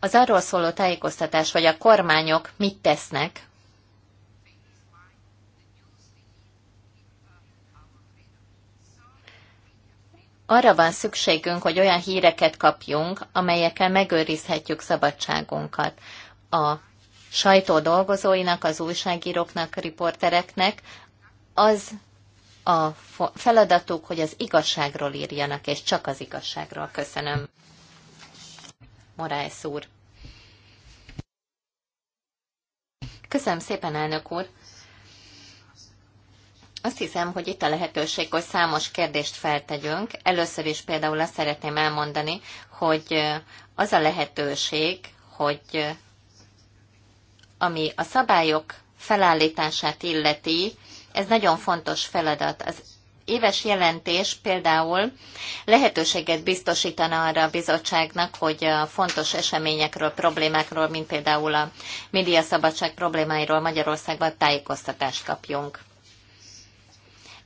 az arról szóló tájékoztatás, hogy a kormányok mit tesznek, arra van szükségünk, hogy olyan híreket kapjunk, amelyekkel megőrizhetjük szabadságunkat. A sajtó dolgozóinak, az újságíróknak, riportereknek az a feladatuk, hogy az igazságról írjanak, és csak az igazságról. Köszönöm. Moráes úr. Köszönöm szépen, elnök úr. Azt hiszem, hogy itt a lehetőség, hogy számos kérdést feltegyünk. Először is például azt szeretném elmondani, hogy az a lehetőség, hogy ami a szabályok felállítását illeti, ez nagyon fontos feladat. Az éves jelentés például lehetőséget biztosítana arra a bizottságnak, hogy a fontos eseményekről, problémákról, mint például a médiaszabadság problémáiról Magyarországban tájékoztatást kapjunk.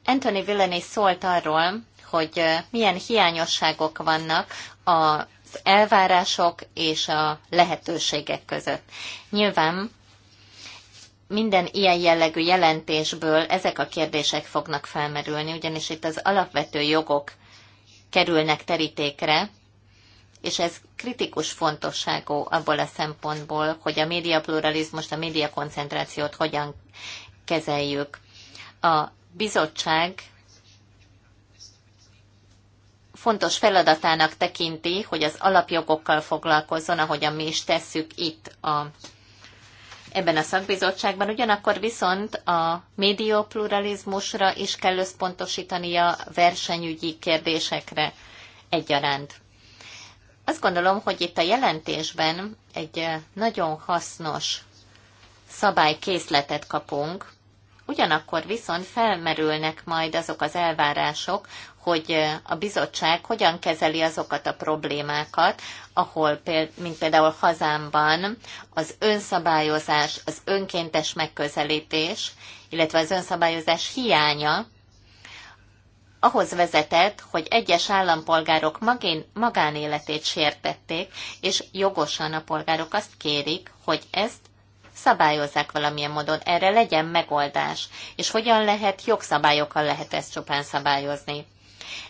Anthony Villani szólt arról, hogy milyen hiányosságok vannak a elvárások és a lehetőségek között. Nyilván minden ilyen jellegű jelentésből ezek a kérdések fognak felmerülni, ugyanis itt az alapvető jogok kerülnek terítékre, és ez kritikus fontosságú abból a szempontból, hogy a médiapluralizmust, a médiakoncentrációt hogyan kezeljük. A bizottság fontos feladatának tekinti, hogy az alapjogokkal foglalkozzon, ahogyan mi is tesszük itt a ebben a szakbizottságban, ugyanakkor viszont a médiopluralizmusra is kell összpontosítania versenyügyi kérdésekre egyaránt. Azt gondolom, hogy itt a jelentésben egy eh, nagyon hasznos szabálykészletet kapunk, ugyanakkor viszont felmerülnek majd azok az elvárások, hogy a bizottság hogyan kezeli azokat a problémákat, ahol, mint például hazámban, az önszabályozás, az önkéntes megközelítés, illetve az önszabályozás hiánya ahhoz vezetett, hogy egyes állampolgárok magén, magánéletét sértették, és jogosan a polgárok azt kérik, hogy ezt szabályozzák valamilyen módon, erre legyen megoldás, és hogyan lehet, jogszabályokkal lehet ezt csupán szabályozni.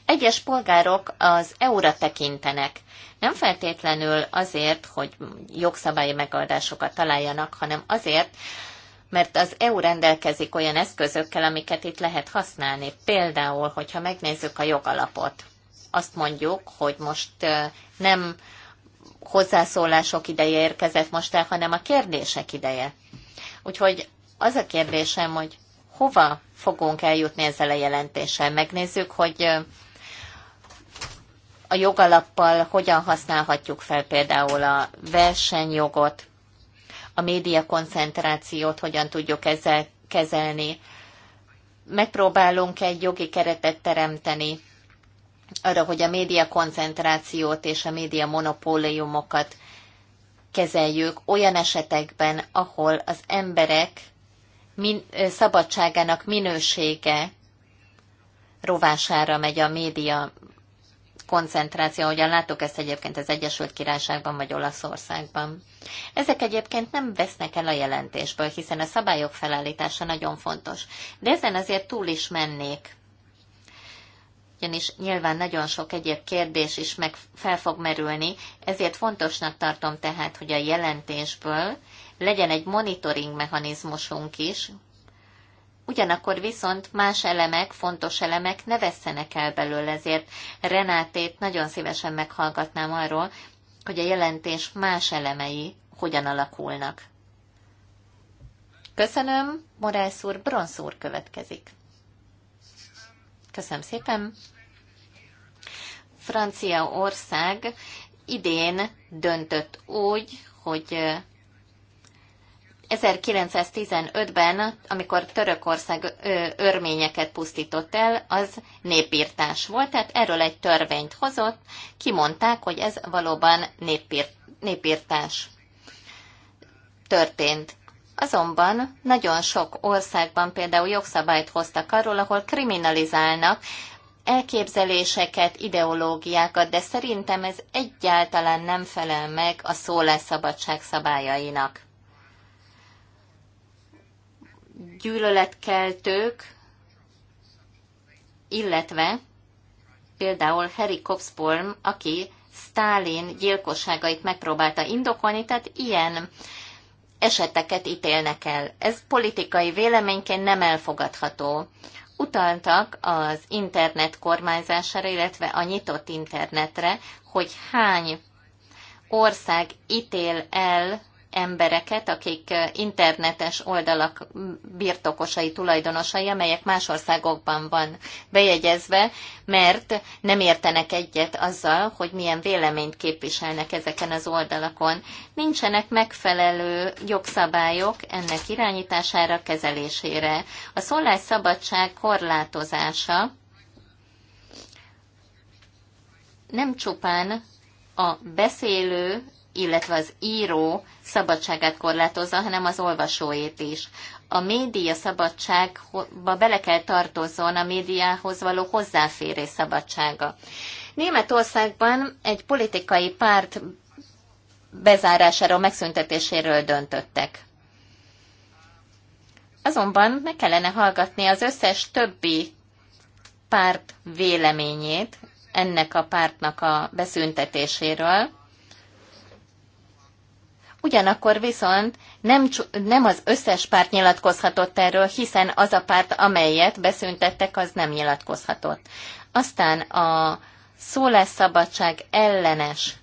Egyes polgárok az EU-ra tekintenek. Nem feltétlenül azért, hogy jogszabályi megoldásokat találjanak, hanem azért, mert az EU rendelkezik olyan eszközökkel, amiket itt lehet használni. Például, hogyha megnézzük a jogalapot, azt mondjuk, hogy most nem hozzászólások ideje érkezett most el, hanem a kérdések ideje. Úgyhogy az a kérdésem, hogy hova fogunk eljutni ezzel a jelentéssel. Megnézzük, hogy a jogalappal hogyan használhatjuk fel például a versenyjogot, a média koncentrációt hogyan tudjuk ezzel kezelni. Megpróbálunk egy jogi keretet teremteni arra, hogy a média koncentrációt és a média monopóliumokat kezeljük olyan esetekben, ahol az emberek min, szabadságának minősége rovására megy a média koncentráció, ahogyan látok ezt egyébként az Egyesült Királyságban vagy Olaszországban. Ezek egyébként nem vesznek el a jelentésből, hiszen a szabályok felállítása nagyon fontos. De ezen azért túl is mennék. Ugyanis nyilván nagyon sok egyéb kérdés is meg fel fog merülni, ezért fontosnak tartom tehát, hogy a jelentésből legyen egy monitoring mechanizmusunk is, Ugyanakkor viszont más elemek, fontos elemek ne vesszenek el belőle, ezért Renátét nagyon szívesen meghallgatnám arról, hogy a jelentés más elemei hogyan alakulnak. Köszönöm, Morász úr, Bronsz úr következik. Köszönöm szépen. Franciaország idén döntött úgy, hogy 1915-ben, amikor Törökország örményeket pusztított el, az népírtás volt, tehát erről egy törvényt hozott, kimondták, hogy ez valóban népírt, népírtás történt. Azonban nagyon sok országban például jogszabályt hoztak arról, ahol kriminalizálnak elképzeléseket, ideológiákat, de szerintem ez egyáltalán nem felel meg a szólásszabadság szabályainak gyűlöletkeltők, illetve például Harry Kopsborn, aki Stalin gyilkosságait megpróbálta indokolni, tehát ilyen eseteket ítélnek el. Ez politikai véleményként nem elfogadható. Utaltak az internet kormányzására, illetve a nyitott internetre, hogy hány ország ítél el embereket, akik eh, internetes oldalak birtokosai, tulajdonosai, amelyek más országokban van bejegyezve, mert nem értenek egyet azzal, hogy milyen véleményt képviselnek ezeken az oldalakon. Nincsenek megfelelő jogszabályok ennek irányítására, kezelésére. A szólásszabadság korlátozása nem csupán a beszélő illetve az író szabadságát korlátozza, hanem az olvasóét is. A média szabadságba bele kell tartozzon a médiához való hozzáférés szabadsága. Németországban egy politikai párt bezárásáról, megszüntetéséről döntöttek. Azonban meg kellene hallgatni az összes többi párt véleményét ennek a pártnak a beszüntetéséről, Ugyanakkor viszont nem, nem az összes párt nyilatkozhatott erről, hiszen az a párt, amelyet beszüntettek, az nem nyilatkozhatott. Aztán a szólásszabadság ellenes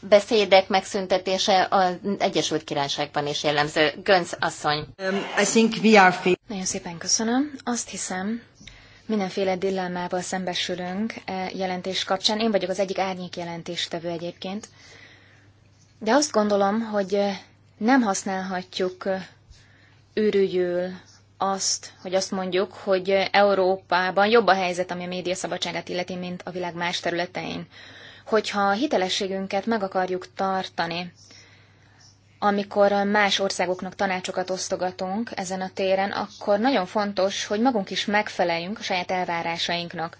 beszédek megszüntetése az Egyesült Királyságban is jellemző. Gönc asszony. Um, I think we are Nagyon szépen köszönöm. Azt hiszem, mindenféle dilemmával szembesülünk e jelentés kapcsán. Én vagyok az egyik árnyék jelentéstevő egyébként. De azt gondolom, hogy nem használhatjuk ürügyül azt, hogy azt mondjuk, hogy Európában jobb a helyzet, ami a média szabadságát illeti, mint a világ más területein. Hogyha hitelességünket meg akarjuk tartani, amikor más országoknak tanácsokat osztogatunk ezen a téren, akkor nagyon fontos, hogy magunk is megfeleljünk a saját elvárásainknak.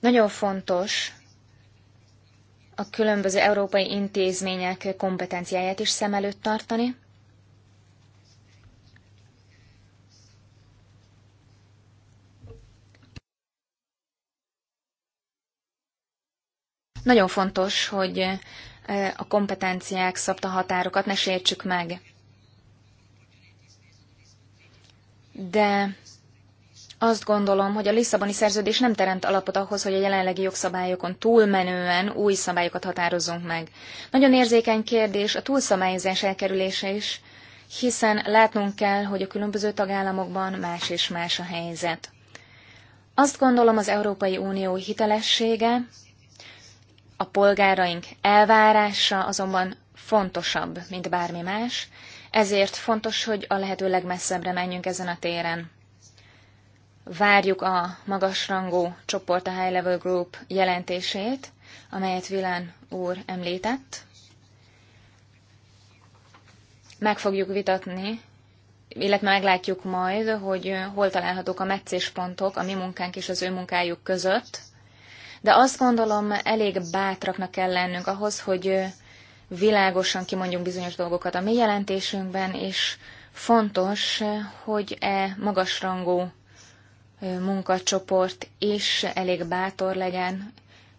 Nagyon fontos, a különböző európai intézmények kompetenciáját is szem előtt tartani. Nagyon fontos, hogy eh, a kompetenciák szabta határokat ne sértsük meg. De azt gondolom, hogy a Lisszaboni szerződés nem teremt alapot ahhoz, hogy a jelenlegi jogszabályokon túlmenően új szabályokat határozzunk meg. Nagyon érzékeny kérdés a túlszabályozás elkerülése is, hiszen látnunk kell, hogy a különböző tagállamokban más és más a helyzet. Azt gondolom az Európai Unió hitelessége, a polgáraink elvárása azonban fontosabb, mint bármi más, ezért fontos, hogy a lehető legmesszebbre menjünk ezen a téren várjuk a magasrangú csoport, a High Level Group jelentését, amelyet Vilán úr említett. Meg fogjuk vitatni, illetve meglátjuk majd, hogy hol találhatók a meccéspontok a mi munkánk és az ő munkájuk között. De azt gondolom, elég bátraknak kell lennünk ahhoz, hogy világosan kimondjunk bizonyos dolgokat a mi jelentésünkben, és fontos, hogy e magasrangú munkacsoport is elég bátor legyen,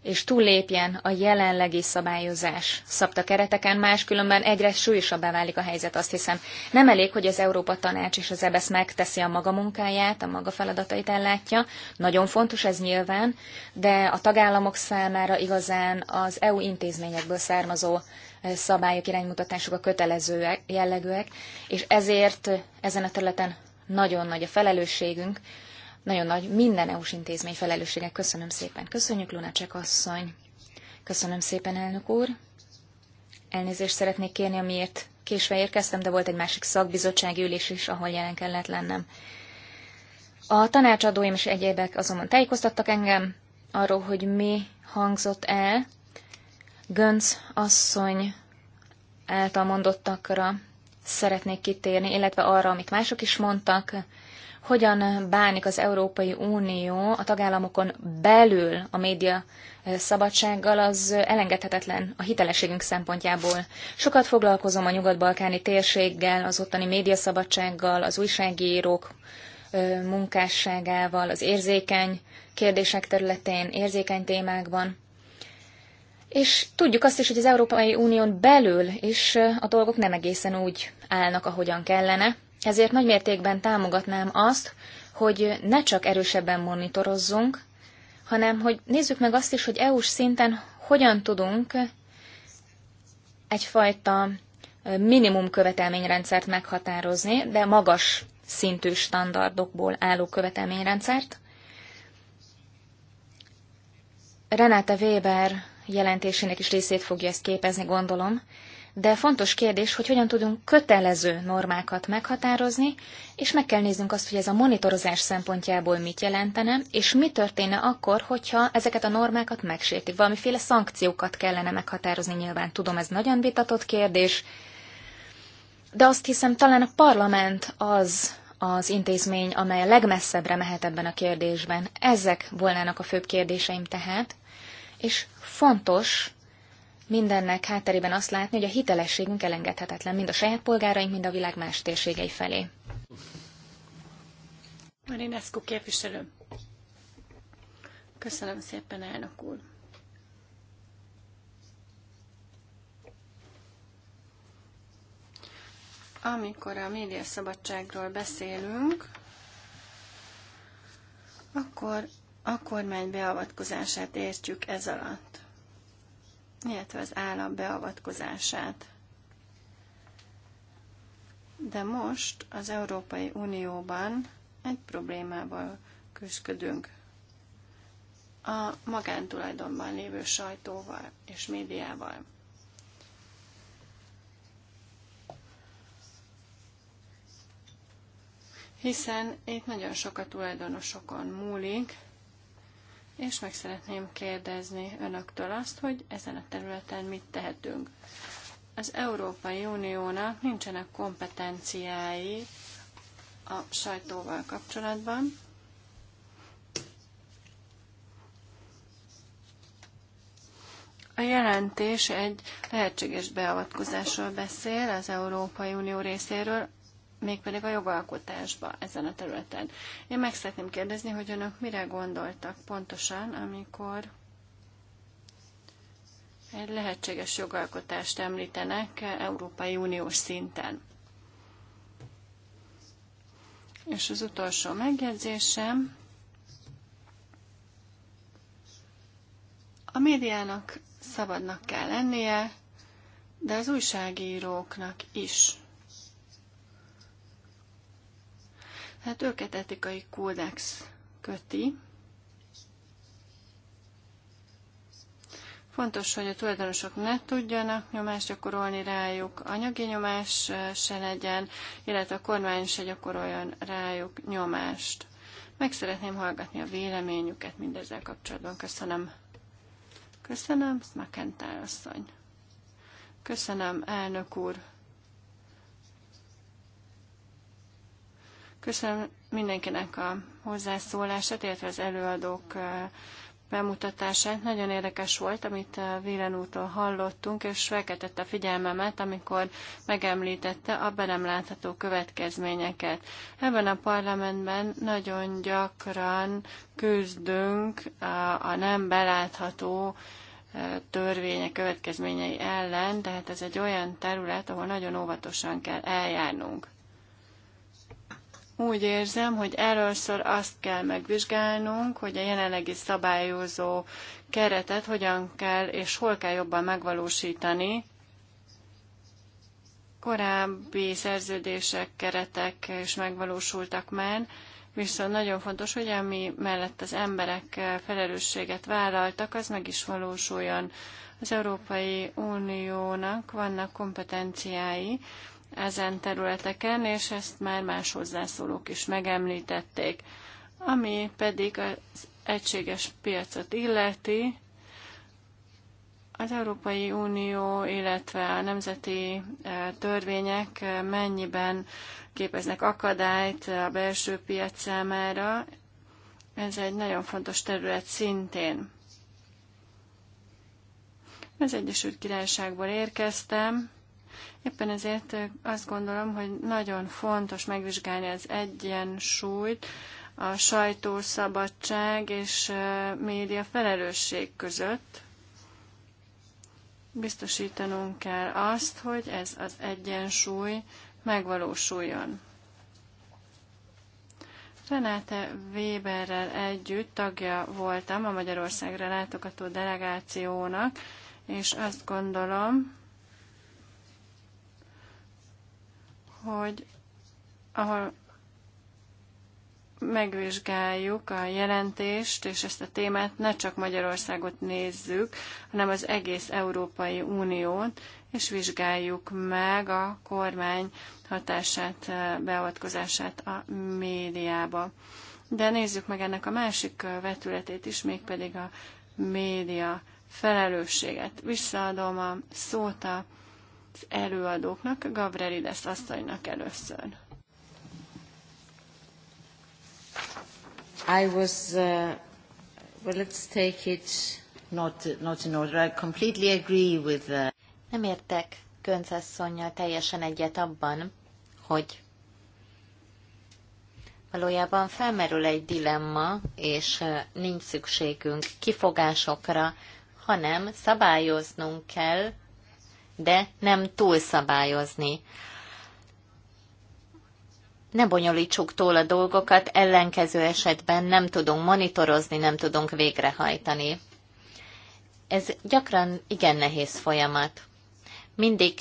és túllépjen a jelenlegi szabályozás szabta kereteken, máskülönben egyre súlyosabbá válik a helyzet, azt hiszem. Nem elég, hogy az Európa Tanács és az EBSZ e megteszi a maga munkáját, a maga feladatait ellátja, nagyon fontos ez nyilván, de a tagállamok számára igazán az EU intézményekből származó szabályok, iránymutatások a kötelező jellegűek, és ezért ezen a területen nagyon nagy a felelősségünk, nagyon nagy minden EU-s intézmény felelőssége. Köszönöm szépen. Köszönjük, Lunacek asszony. Köszönöm szépen, elnök úr. Elnézést szeretnék kérni, amiért késve érkeztem, de volt egy másik szakbizottsági ülés is, ahol jelen kellett lennem. A tanácsadóim és egyébek azonban tájékoztattak engem arról, hogy mi hangzott el Gönc asszony által mondottakra szeretnék kitérni, illetve arra, amit mások is mondtak, hogyan bánik az Európai Unió a tagállamokon belül a média eh, szabadsággal, az eh, elengedhetetlen a hitelességünk szempontjából. Sokat foglalkozom a nyugat-balkáni térséggel, az ottani médiaszabadsággal, az újságírók eh, munkásságával, az érzékeny kérdések területén, érzékeny témákban. És tudjuk azt is, hogy az Európai Unión belül is a dolgok nem egészen úgy állnak, ahogyan kellene. Ezért nagy mértékben támogatnám azt, hogy ne csak erősebben monitorozzunk, hanem hogy nézzük meg azt is, hogy EU-s szinten hogyan tudunk egyfajta minimum követelményrendszert meghatározni, de magas szintű standardokból álló követelményrendszert. Renate Weber jelentésének is részét fogja ezt képezni, gondolom, de fontos kérdés, hogy hogyan tudunk kötelező normákat meghatározni, és meg kell néznünk azt, hogy ez a monitorozás szempontjából mit jelentene, és mi történne akkor, hogyha ezeket a normákat megsértik. Valamiféle szankciókat kellene meghatározni nyilván. Tudom, ez nagyon vitatott kérdés, de azt hiszem talán a parlament az az intézmény, amely a legmesszebbre mehet ebben a kérdésben. Ezek volnának a főbb kérdéseim tehát, és fontos, mindennek hátterében azt látni, hogy a hitelességünk elengedhetetlen mind a saját polgáraink, mind a világ más térségei felé. Marinescu képviselő. Köszönöm szépen, elnök úr. Amikor a médiaszabadságról beszélünk, akkor a kormány beavatkozását értjük ez alatt illetve az állam beavatkozását. De most az Európai Unióban egy problémával küzdködünk. A magántulajdonban lévő sajtóval és médiával. Hiszen itt nagyon sok a tulajdonosokon múlik, és meg szeretném kérdezni önöktől azt, hogy ezen a területen mit tehetünk. Az Európai Uniónak nincsenek kompetenciái a sajtóval kapcsolatban, A jelentés egy lehetséges beavatkozásról beszél az Európai Unió részéről, mégpedig a jogalkotásba ezen a területen. Én meg szeretném kérdezni, hogy önök mire gondoltak pontosan, amikor egy lehetséges jogalkotást említenek Európai Uniós szinten. És az utolsó megjegyzésem, a médiának szabadnak kell lennie, de az újságíróknak is. Hát őket etikai kódex köti. Fontos, hogy a tulajdonosok ne tudjanak nyomást gyakorolni rájuk, anyagi nyomás eh, se legyen, illetve a kormány se gyakoroljon rájuk nyomást. Meg szeretném hallgatni a véleményüket mindezzel kapcsolatban. Köszönöm. Köszönöm, Smakentál asszony. Köszönöm, elnök úr. Köszönöm mindenkinek a hozzászólását, illetve az előadók bemutatását. Nagyon érdekes volt, amit Vélen úrtól hallottunk, és felkeltette a figyelmemet, amikor megemlítette a be nem látható következményeket. Ebben a parlamentben nagyon gyakran küzdünk a nem belátható törvények következményei ellen, tehát ez egy olyan terület, ahol nagyon óvatosan kell eljárnunk. Úgy érzem, hogy először azt kell megvizsgálnunk, hogy a jelenlegi szabályozó keretet hogyan kell és hol kell jobban megvalósítani. Korábbi szerződések, keretek is megvalósultak már, viszont nagyon fontos, hogy ami mellett az emberek felelősséget vállaltak, az meg is valósuljon. Az Európai Uniónak vannak kompetenciái, ezen területeken, és ezt már más hozzászólók is megemlítették. Ami pedig az egységes piacot illeti, az Európai Unió, illetve a nemzeti e, törvények e, mennyiben képeznek akadályt a belső piac számára, ez egy nagyon fontos terület szintén. Az Egyesült Királyságból érkeztem, Éppen ezért azt gondolom, hogy nagyon fontos megvizsgálni az egyensúlyt a sajtószabadság és média felelősség között. Biztosítanunk kell azt, hogy ez az egyensúly megvalósuljon. Renáte Weberrel együtt tagja voltam a Magyarországra látogató delegációnak, és azt gondolom, hogy ahol megvizsgáljuk a jelentést és ezt a témát, ne csak Magyarországot nézzük, hanem az egész Európai Uniót, és vizsgáljuk meg a kormány hatását, eh, beavatkozását a médiába. De nézzük meg ennek a másik eh, vetületét is, mégpedig a média felelősséget. Visszaadom a szót a előadóknak, Gavrelides asszonynak először. I was, uh, well, let's take it not, not in order. I completely agree with the... Uh, Nem értek Göncasszonynal teljesen egyet abban, hogy valójában felmerül egy dilemma, és uh, nincs szükségünk kifogásokra, hanem szabályoznunk kell de nem túlszabályozni. Ne bonyolítsuk túl a dolgokat, ellenkező esetben nem tudunk monitorozni, nem tudunk végrehajtani. Ez gyakran igen nehéz folyamat. Mindig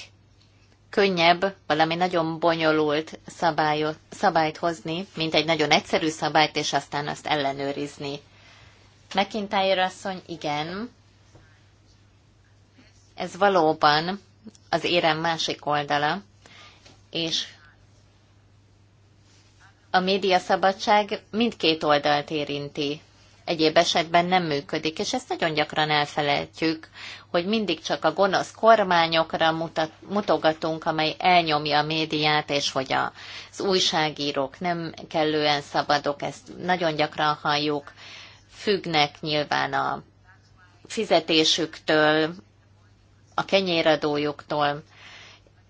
könnyebb valami nagyon bonyolult szabályot, szabályt hozni, mint egy nagyon egyszerű szabályt, és aztán azt ellenőrizni. McIntyre asszony, igen, ez valóban az érem másik oldala, és a médiaszabadság mindkét oldalt érinti. Egyéb esetben nem működik, és ezt nagyon gyakran elfelejtjük, hogy mindig csak a gonosz kormányokra mutat, mutogatunk, amely elnyomja a médiát, és hogy az újságírók nem kellően szabadok, ezt nagyon gyakran halljuk, függnek nyilván a fizetésüktől, a kenyéradójuktól,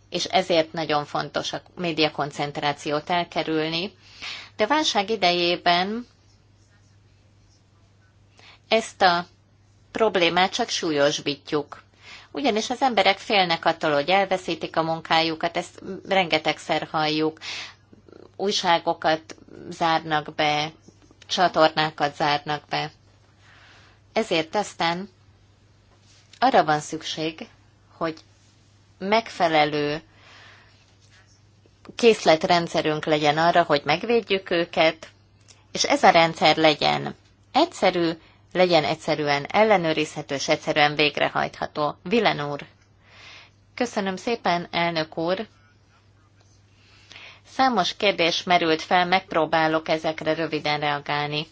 és ezért nagyon fontos a médiakoncentrációt elkerülni. De válság idejében ezt a problémát csak súlyosbítjuk. Ugyanis az emberek félnek attól, hogy elveszítik a munkájukat, ezt rengetegszer halljuk, újságokat zárnak be, csatornákat zárnak be. Ezért aztán arra van szükség, hogy megfelelő készletrendszerünk legyen arra, hogy megvédjük őket, és ez a rendszer legyen egyszerű, legyen egyszerűen ellenőrizhető és egyszerűen végrehajtható. Vilen úr! Köszönöm szépen, elnök úr! Számos kérdés merült fel, megpróbálok ezekre röviden reagálni.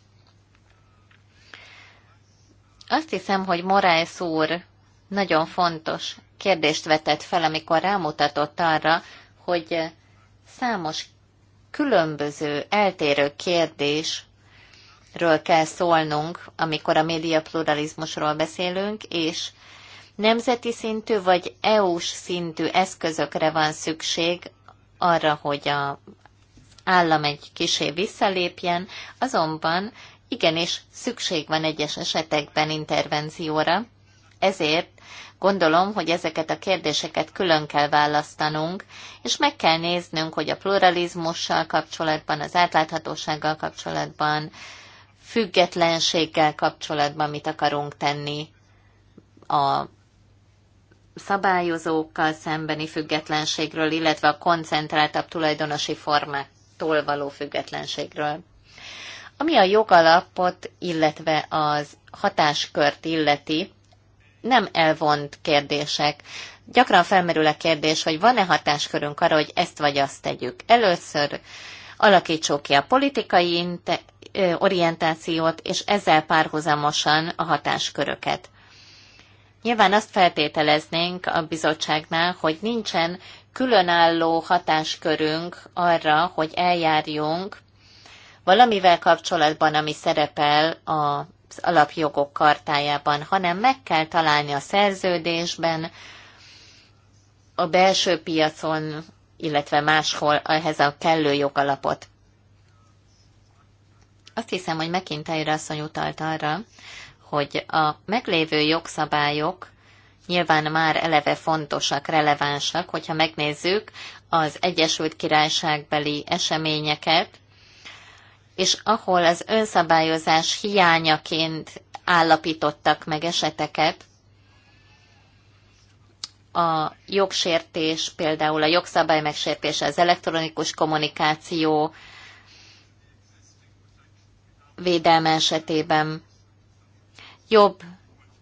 Azt hiszem, hogy Moraes úr nagyon fontos kérdést vetett fel, amikor rámutatott arra, hogy számos különböző, eltérő kérdésről kell szólnunk, amikor a média pluralizmusról beszélünk, és nemzeti szintű vagy EU-s szintű eszközökre van szükség arra, hogy a állam egy kisé visszalépjen, azonban igenis szükség van egyes esetekben intervencióra, ezért Gondolom, hogy ezeket a kérdéseket külön kell választanunk, és meg kell néznünk, hogy a pluralizmussal kapcsolatban, az átláthatósággal kapcsolatban, függetlenséggel kapcsolatban mit akarunk tenni a szabályozókkal szembeni függetlenségről, illetve a koncentráltabb tulajdonosi formáktól való függetlenségről. Ami a jogalapot, illetve az hatáskört illeti, nem elvont kérdések. Gyakran felmerül a kérdés, hogy van-e hatáskörünk arra, hogy ezt vagy azt tegyük. Először alakítsuk ki a politikai orientációt, és ezzel párhuzamosan a hatásköröket. Nyilván azt feltételeznénk a bizottságnál, hogy nincsen különálló hatáskörünk arra, hogy eljárjunk valamivel kapcsolatban, ami szerepel a alapjogok kartájában, hanem meg kell találni a szerződésben, a belső piacon, illetve máshol ehhez a kellő jogalapot. Azt hiszem, hogy McIntyre asszony utalt arra, hogy a meglévő jogszabályok nyilván már eleve fontosak, relevánsak, hogyha megnézzük az Egyesült Királyságbeli eseményeket, és ahol az önszabályozás hiányaként állapítottak meg eseteket, a jogsértés, például a jogszabály megsértése, az elektronikus kommunikáció védelme esetében jobb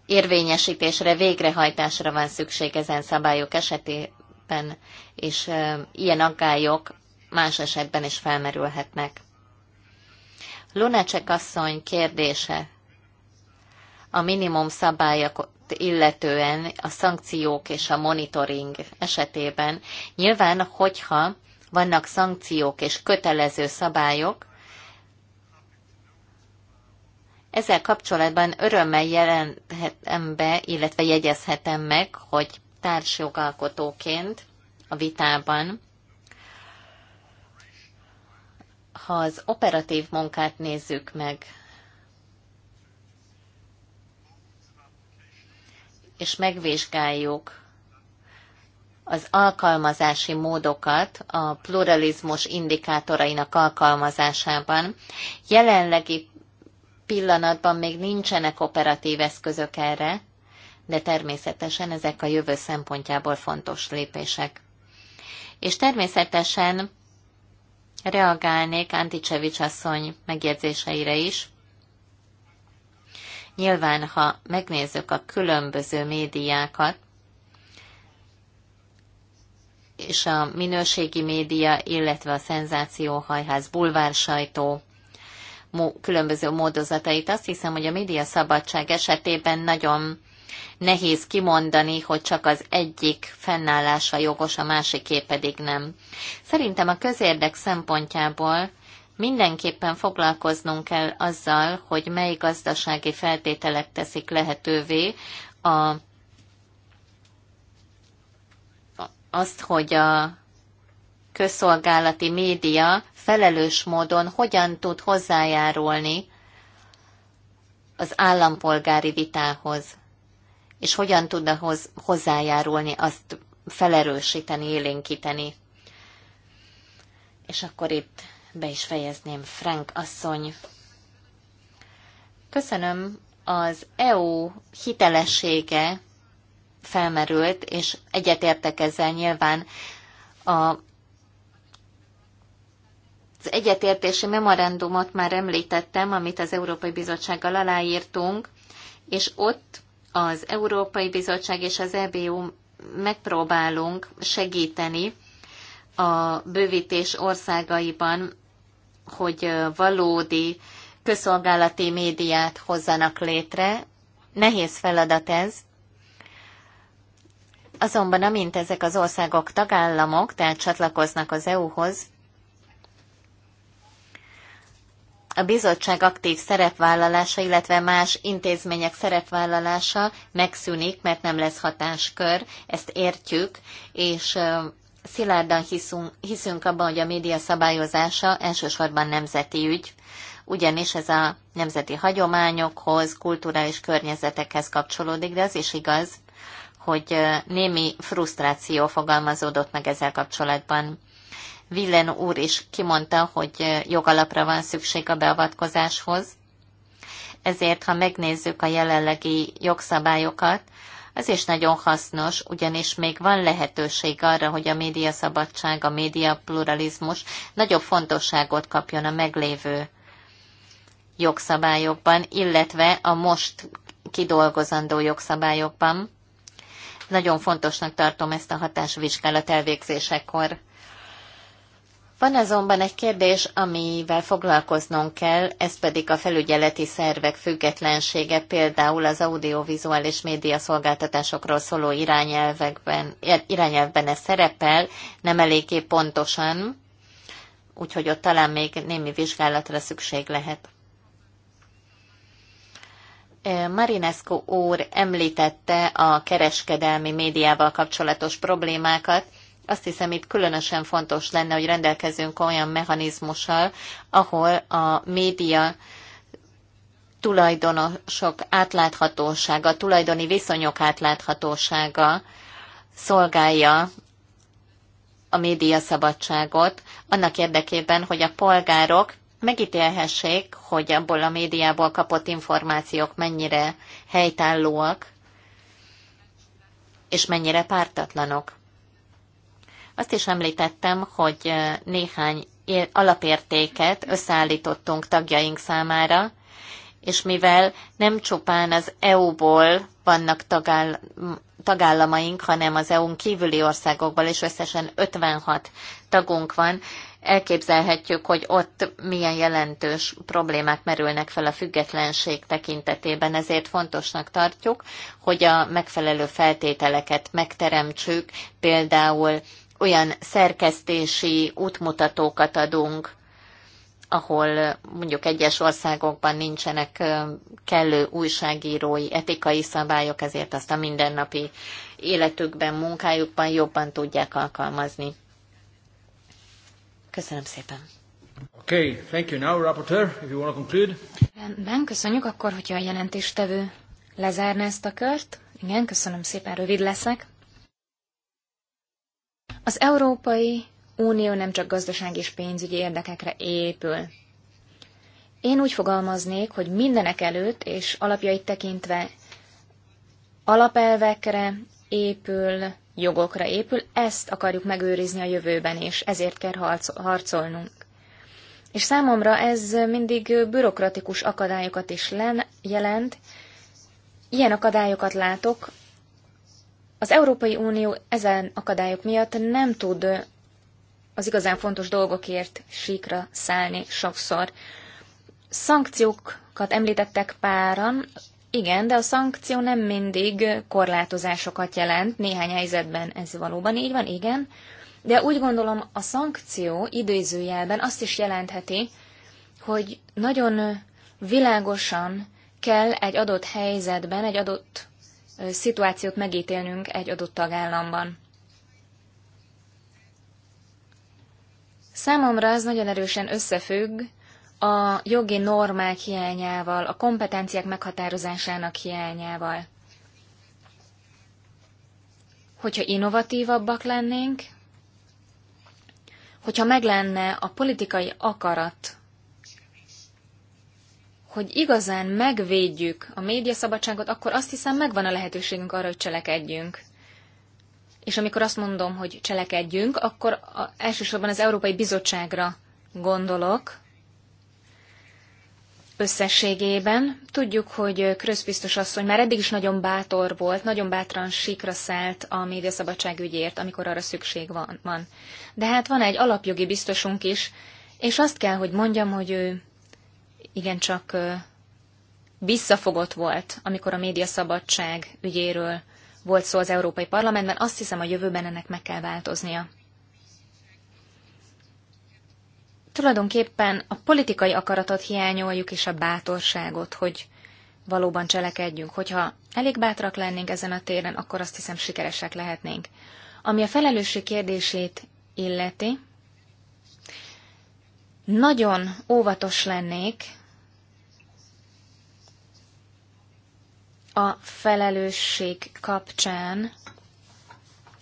érvényesítésre, végrehajtásra van szükség ezen szabályok esetében, és ilyen aggályok más esetben is felmerülhetnek. Lunacek asszony kérdése a minimum szabályokat illetően a szankciók és a monitoring esetében. Nyilván, hogyha vannak szankciók és kötelező szabályok, ezzel kapcsolatban örömmel jelenthetem be, illetve jegyezhetem meg, hogy társjogalkotóként a vitában Ha az operatív munkát nézzük meg, és megvizsgáljuk az alkalmazási módokat a pluralizmus indikátorainak alkalmazásában. Jelenlegi pillanatban még nincsenek operatív eszközök erre, de természetesen ezek a jövő szempontjából fontos lépések. És természetesen reagálnék Anticsevics asszony megjegyzéseire is. Nyilván, ha megnézzük a különböző médiákat, és a minőségi média, illetve a szenzációhajház, bulvár sajtó különböző módozatait, azt hiszem, hogy a média szabadság esetében nagyon nehéz kimondani, hogy csak az egyik fennállása jogos, a másiké pedig nem. Szerintem a közérdek szempontjából mindenképpen foglalkoznunk kell azzal, hogy mely gazdasági feltételek teszik lehetővé a, azt, hogy a közszolgálati média felelős módon hogyan tud hozzájárulni az állampolgári vitához és hogyan tudna hoz, hozzájárulni, azt felerősíteni, élénkíteni. És akkor itt be is fejezném, Frank asszony. Köszönöm, az EU hitelessége felmerült, és egyetértek ezzel nyilván a az egyetértési memorandumot már említettem, amit az Európai Bizottsággal aláírtunk, és ott az Európai Bizottság és az EBU megpróbálunk segíteni a bővítés országaiban, hogy valódi közszolgálati médiát hozzanak létre. Nehéz feladat ez, Azonban amint ezek az országok tagállamok, tehát csatlakoznak az EU-hoz, a bizottság aktív szerepvállalása, illetve más intézmények szerepvállalása megszűnik, mert nem lesz hatáskör, ezt értjük, és szilárdan hiszünk, hiszünk abban, hogy a média szabályozása elsősorban nemzeti ügy, ugyanis ez a nemzeti hagyományokhoz, kulturális környezetekhez kapcsolódik, de az is igaz, hogy némi frusztráció fogalmazódott meg ezzel kapcsolatban. Villen úr is kimondta, hogy jogalapra van szükség a beavatkozáshoz, ezért ha megnézzük a jelenlegi jogszabályokat, az is nagyon hasznos, ugyanis még van lehetőség arra, hogy a médiaszabadság, a média pluralizmus nagyobb fontosságot kapjon a meglévő jogszabályokban, illetve a most kidolgozandó jogszabályokban. Nagyon fontosnak tartom ezt a hatásvizsgálat elvégzésekor. Van azonban egy kérdés, amivel foglalkoznunk kell, ez pedig a felügyeleti szervek függetlensége, például az audiovizuális média szolgáltatásokról szóló irányelvekben, e- irányelvben ez szerepel, nem eléggé pontosan, úgyhogy ott talán még némi vizsgálatra szükség lehet. E, Marinescu úr említette a kereskedelmi médiával kapcsolatos problémákat, azt hiszem, itt különösen fontos lenne, hogy rendelkezünk olyan mechanizmussal, ahol a média tulajdonosok átláthatósága, tulajdoni viszonyok átláthatósága szolgálja a média szabadságot, annak érdekében, hogy a polgárok megítélhessék, hogy abból a médiából kapott információk mennyire helytállóak, és mennyire pártatlanok. Azt is említettem, hogy néhány alapértéket összeállítottunk tagjaink számára, és mivel nem csupán az EU-ból vannak tagáll- tagállamaink, hanem az EU-n kívüli országokból, és összesen 56 tagunk van, elképzelhetjük, hogy ott milyen jelentős problémák merülnek fel a függetlenség tekintetében, ezért fontosnak tartjuk, hogy a megfelelő feltételeket megteremtsük, például olyan szerkesztési útmutatókat adunk, ahol mondjuk egyes országokban nincsenek kellő újságírói etikai szabályok, ezért azt a mindennapi életükben, munkájukban jobban tudják alkalmazni. Köszönöm szépen. Okay, thank you now, rapporteur, if you want to conclude. Rendben, köszönjük akkor, hogyha a jelentéstevő lezárná ezt a kört. Igen, köszönöm szépen, rövid leszek. Az Európai Unió nem csak gazdasági és pénzügyi érdekekre épül. Én úgy fogalmaznék, hogy mindenek előtt és alapjait tekintve alapelvekre épül, jogokra épül, ezt akarjuk megőrizni a jövőben, és ezért kell harcolnunk. És számomra ez mindig bürokratikus akadályokat is len, jelent. Ilyen akadályokat látok az Európai Unió ezen akadályok miatt nem tud az igazán fontos dolgokért síkra szállni sokszor. Szankciókat említettek páran, igen, de a szankció nem mindig korlátozásokat jelent, néhány helyzetben ez valóban így van, igen, de úgy gondolom a szankció időzőjelben azt is jelentheti, hogy nagyon világosan kell egy adott helyzetben, egy adott szituációt megítélnünk egy adott tagállamban. Számomra ez nagyon erősen összefügg a jogi normák hiányával, a kompetenciák meghatározásának hiányával. Hogyha innovatívabbak lennénk, hogyha meglenne a politikai akarat hogy igazán megvédjük a médiaszabadságot, akkor azt hiszem megvan a lehetőségünk arra, hogy cselekedjünk. És amikor azt mondom, hogy cselekedjünk, akkor a, elsősorban az Európai Bizottságra gondolok, összességében. Tudjuk, hogy közbiztos asszony már eddig is nagyon bátor volt, nagyon bátran síkra szállt a médiaszabadság ügyért, amikor arra szükség van. De hát van egy alapjogi biztosunk is, és azt kell, hogy mondjam, hogy ő igencsak visszafogott volt, amikor a médiaszabadság ügyéről volt szó az Európai Parlamentben. Azt hiszem, a jövőben ennek meg kell változnia. Tulajdonképpen a politikai akaratot hiányoljuk, és a bátorságot, hogy valóban cselekedjünk. Hogyha elég bátrak lennénk ezen a téren, akkor azt hiszem sikeresek lehetnénk. Ami a felelősség kérdését illeti, nagyon óvatos lennék a felelősség kapcsán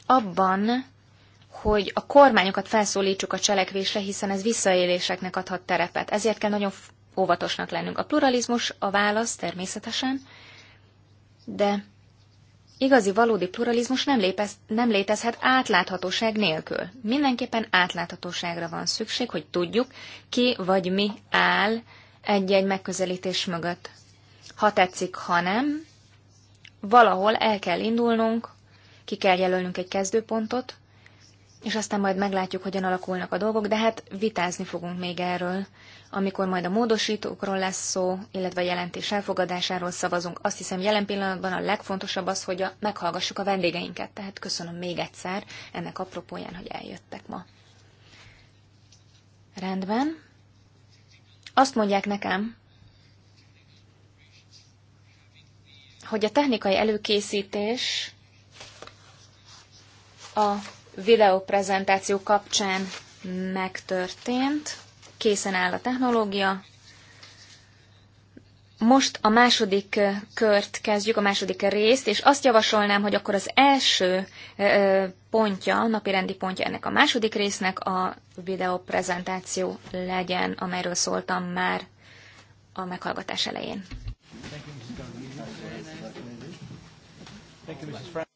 abban, hogy a kormányokat felszólítsuk a cselekvésre, hiszen ez visszaéléseknek adhat terepet. Ezért kell nagyon óvatosnak lennünk. A pluralizmus a válasz természetesen, de igazi, valódi pluralizmus nem, lépez, nem létezhet átláthatóság nélkül. Mindenképpen átláthatóságra van szükség, hogy tudjuk, ki vagy mi áll egy-egy megközelítés mögött. Ha tetszik, ha nem, valahol el kell indulnunk, ki kell jelölnünk egy kezdőpontot, és aztán majd meglátjuk, hogyan alakulnak a dolgok, de hát vitázni fogunk még erről. Amikor majd a módosítókról lesz szó, illetve a jelentés elfogadásáról szavazunk, azt hiszem jelen pillanatban a legfontosabb az, hogy a, meghallgassuk a vendégeinket. Tehát köszönöm még egyszer ennek apropóján, hogy eljöttek ma. Rendben. Azt mondják nekem, hogy a technikai előkészítés a videóprezentáció kapcsán megtörtént, készen áll a technológia. Most a második kört kezdjük, a második részt, és azt javasolnám, hogy akkor az első pontja, napirendi pontja ennek a második résznek a videóprezentáció legyen, amelyről szóltam már a meghallgatás elején. Thank you, Mrs. Frank.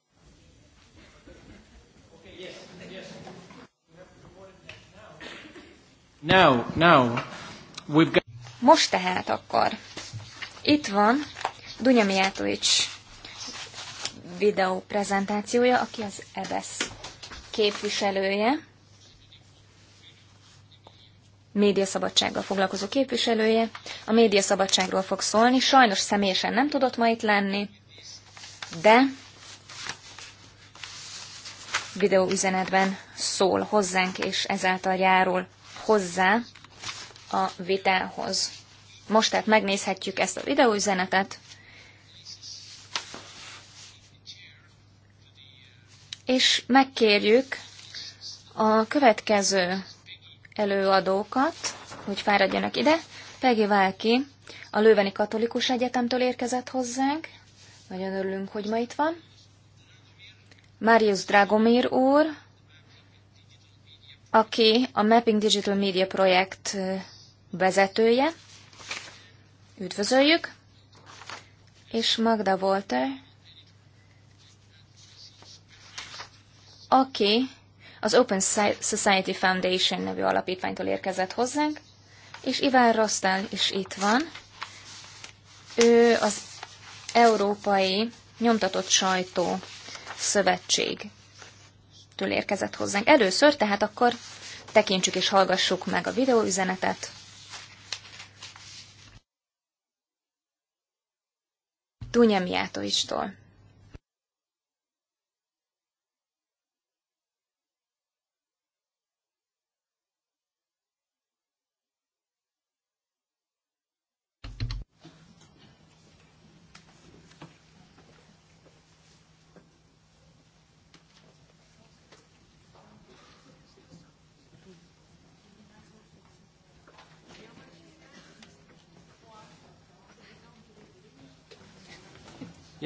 Now, now, we've got... Most tehát akkor. Itt van Dunya Mijatovics videó prezentációja, aki az EBESZ képviselője, médiaszabadsággal foglalkozó képviselője. A médiaszabadságról fog szólni. Sajnos személyesen nem tudott ma itt lenni, de videóüzenetben szól hozzánk, és ezáltal járul hozzá a vitához. Most tehát megnézhetjük ezt a videóüzenetet, és megkérjük a következő előadókat, hogy fáradjanak ide. Peggy Valki, a Lőveni Katolikus Egyetemtől érkezett hozzánk, nagyon örülünk, hogy ma itt van. Marius Dragomir úr, aki a Mapping Digital Media projekt vezetője. Üdvözöljük! És Magda Volter, aki az Open Society Foundation nevű alapítványtól érkezett hozzánk, és Iván Rostel is itt van. Ő az Európai Nyomtatott Sajtó Szövetség től érkezett hozzánk. Először tehát akkor tekintsük és hallgassuk meg a videóüzenetet. Dunja Mijátovistól.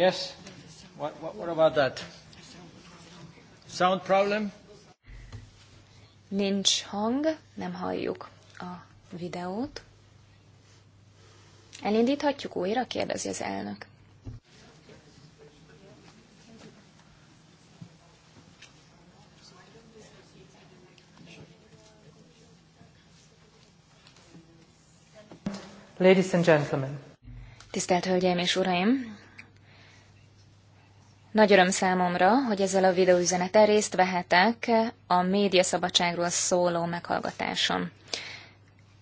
Yes? What, what, what about that? Sound problem? Nincs hang, nem halljuk a videót. Elindíthatjuk újra, kérdezi az elnök. Ladies and gentlemen. Tisztelt Hölgyeim és Uraim! Nagy öröm számomra, hogy ezzel a videóüzenetel részt vehetek a média szabadságról szóló meghallgatáson.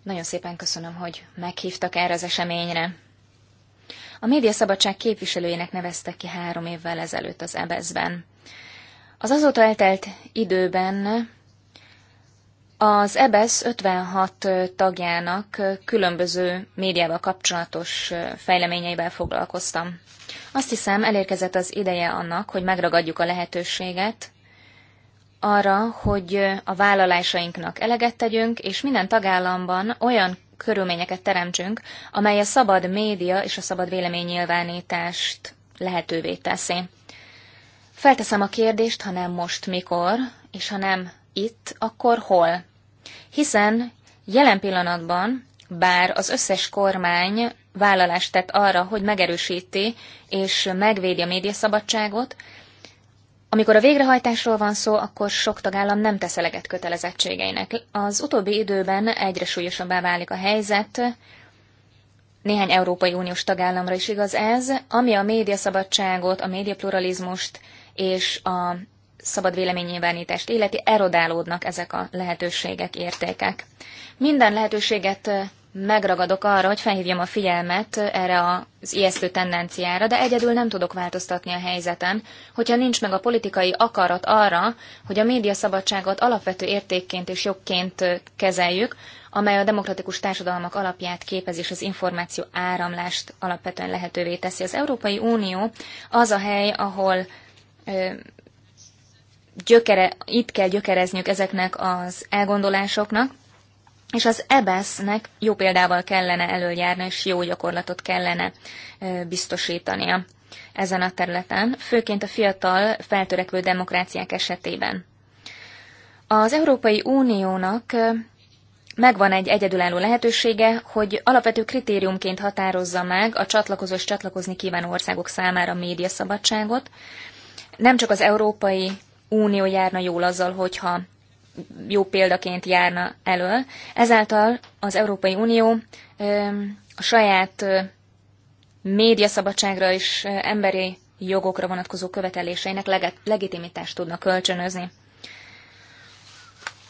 Nagyon szépen köszönöm, hogy meghívtak erre az eseményre. A média szabadság képviselőjének neveztek ki három évvel ezelőtt az EBSZ-ben. Az azóta eltelt időben az EBSZ e 56 tagjának különböző médiával kapcsolatos fejleményeivel foglalkoztam. Azt hiszem, elérkezett az ideje annak, hogy megragadjuk a lehetőséget arra, hogy a vállalásainknak eleget tegyünk, és minden tagállamban olyan körülményeket teremtsünk, amely a szabad média és a szabad véleménynyilvánítást lehetővé teszi. Felteszem a kérdést, ha nem most mikor, és ha nem itt, akkor hol? Hiszen jelen pillanatban, bár az összes kormány vállalást tett arra, hogy megerősíti és megvédi a médiaszabadságot, amikor a végrehajtásról van szó, akkor sok tagállam nem tesz eleget kötelezettségeinek. Az utóbbi időben egyre súlyosabbá válik a helyzet, néhány Európai Uniós tagállamra is igaz ez, ami a médiaszabadságot, a médiapluralizmust és a szabad véleménynyilvánítást életi erodálódnak ezek a lehetőségek, értékek. Minden lehetőséget megragadok arra, hogy felhívjam a figyelmet erre az ijesztő tendenciára, de egyedül nem tudok változtatni a helyzeten, hogyha nincs meg a politikai akarat arra, hogy a médiaszabadságot alapvető értékként és jogként kezeljük, amely a demokratikus társadalmak alapját képez és az információ áramlást alapvetően lehetővé teszi. Az Európai Unió az a hely, ahol gyökere, itt kell gyökerezniük ezeknek az elgondolásoknak, és az EBESZ-nek jó példával kellene előjárni, és jó gyakorlatot kellene biztosítania ezen a területen, főként a fiatal, feltörekvő demokráciák esetében. Az Európai Uniónak megvan egy egyedülálló lehetősége, hogy alapvető kritériumként határozza meg a csatlakozó és csatlakozni kívánó országok számára médiaszabadságot, nem csak az európai Unió járna jól azzal, hogyha jó példaként járna elől. Ezáltal az Európai Unió a saját médiaszabadságra és emberi jogokra vonatkozó követeléseinek leg legitimitást tudna kölcsönözni.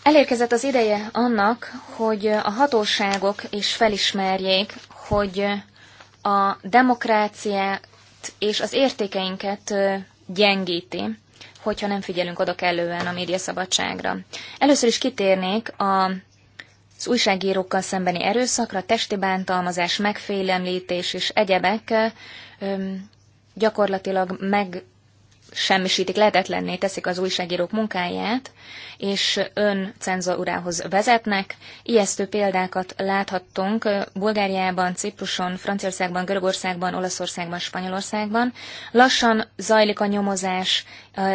Elérkezett az ideje annak, hogy a hatóságok is felismerjék, hogy a demokráciát és az értékeinket gyengíti hogyha nem figyelünk oda kellően a médiaszabadságra. Először is kitérnék a az újságírókkal szembeni erőszakra, testi bántalmazás, megfélemlítés és egyebek öm, gyakorlatilag megsemmisítik lehetetlenné teszik az újságírók munkáját, és ön cenzúrához vezetnek. Ijesztő példákat láthattunk Bulgáriában, Cipruson, Franciaországban, Görögországban, Olaszországban, Spanyolországban. Lassan zajlik a nyomozás,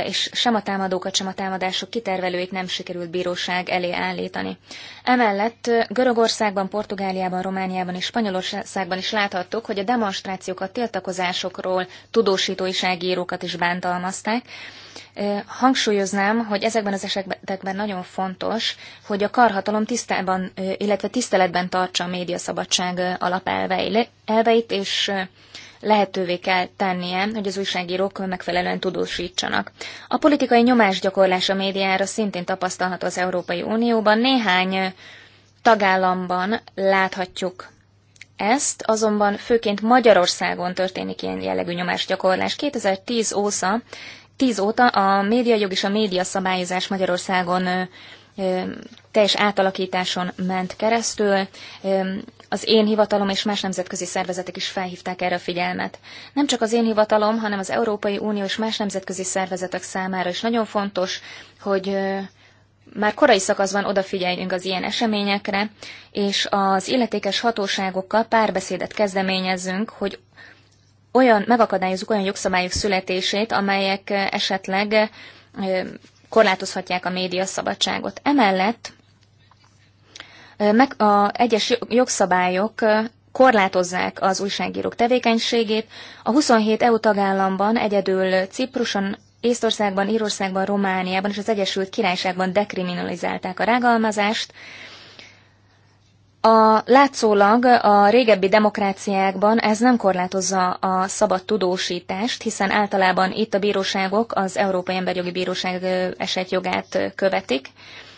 és sem a támadókat, sem a támadások kitervelőit nem sikerült bíróság elé állítani. Emellett Görögországban, Portugáliában, Romániában és Spanyolországban is láthattuk, hogy a demonstrációkat, tiltakozásokról tudósítói újságírókat is bántalmazták. Hangsúlyoznám, hogy ezekben az esetekben nagyon fontos, hogy a karhatalom tisztában, illetve tiszteletben tartsa a médiaszabadság alapelveit, és lehetővé kell tennie, hogy az újságírók megfelelően tudósítsanak. A politikai nyomásgyakorlás a médiára szintén tapasztalható az Európai Unióban. Néhány tagállamban láthatjuk ezt, azonban főként Magyarországon történik ilyen jellegű nyomásgyakorlás. 2010 óta, 10 óta a médiajog és a médiaszabályozás Magyarországon teljes átalakításon ment keresztül. Az én hivatalom és más nemzetközi szervezetek is felhívták erre a figyelmet. Nem csak az én hivatalom, hanem az Európai Unió és más nemzetközi szervezetek számára is nagyon fontos, hogy már korai szakaszban odafigyeljünk az ilyen eseményekre, és az illetékes hatóságokkal párbeszédet kezdeményezünk, hogy olyan, megakadályozzuk olyan jogszabályok születését, amelyek esetleg korlátozhatják a média szabadságot. Emellett meg a egyes jogszabályok korlátozzák az újságírók tevékenységét. A 27 EU tagállamban egyedül Cipruson, Észtországban, Írországban, Romániában és az Egyesült Királyságban dekriminalizálták a rágalmazást. A látszólag a régebbi demokráciákban ez nem korlátozza a szabad tudósítást, hiszen általában itt a bíróságok az Európai Emberjogi Bíróság esetjogát követik.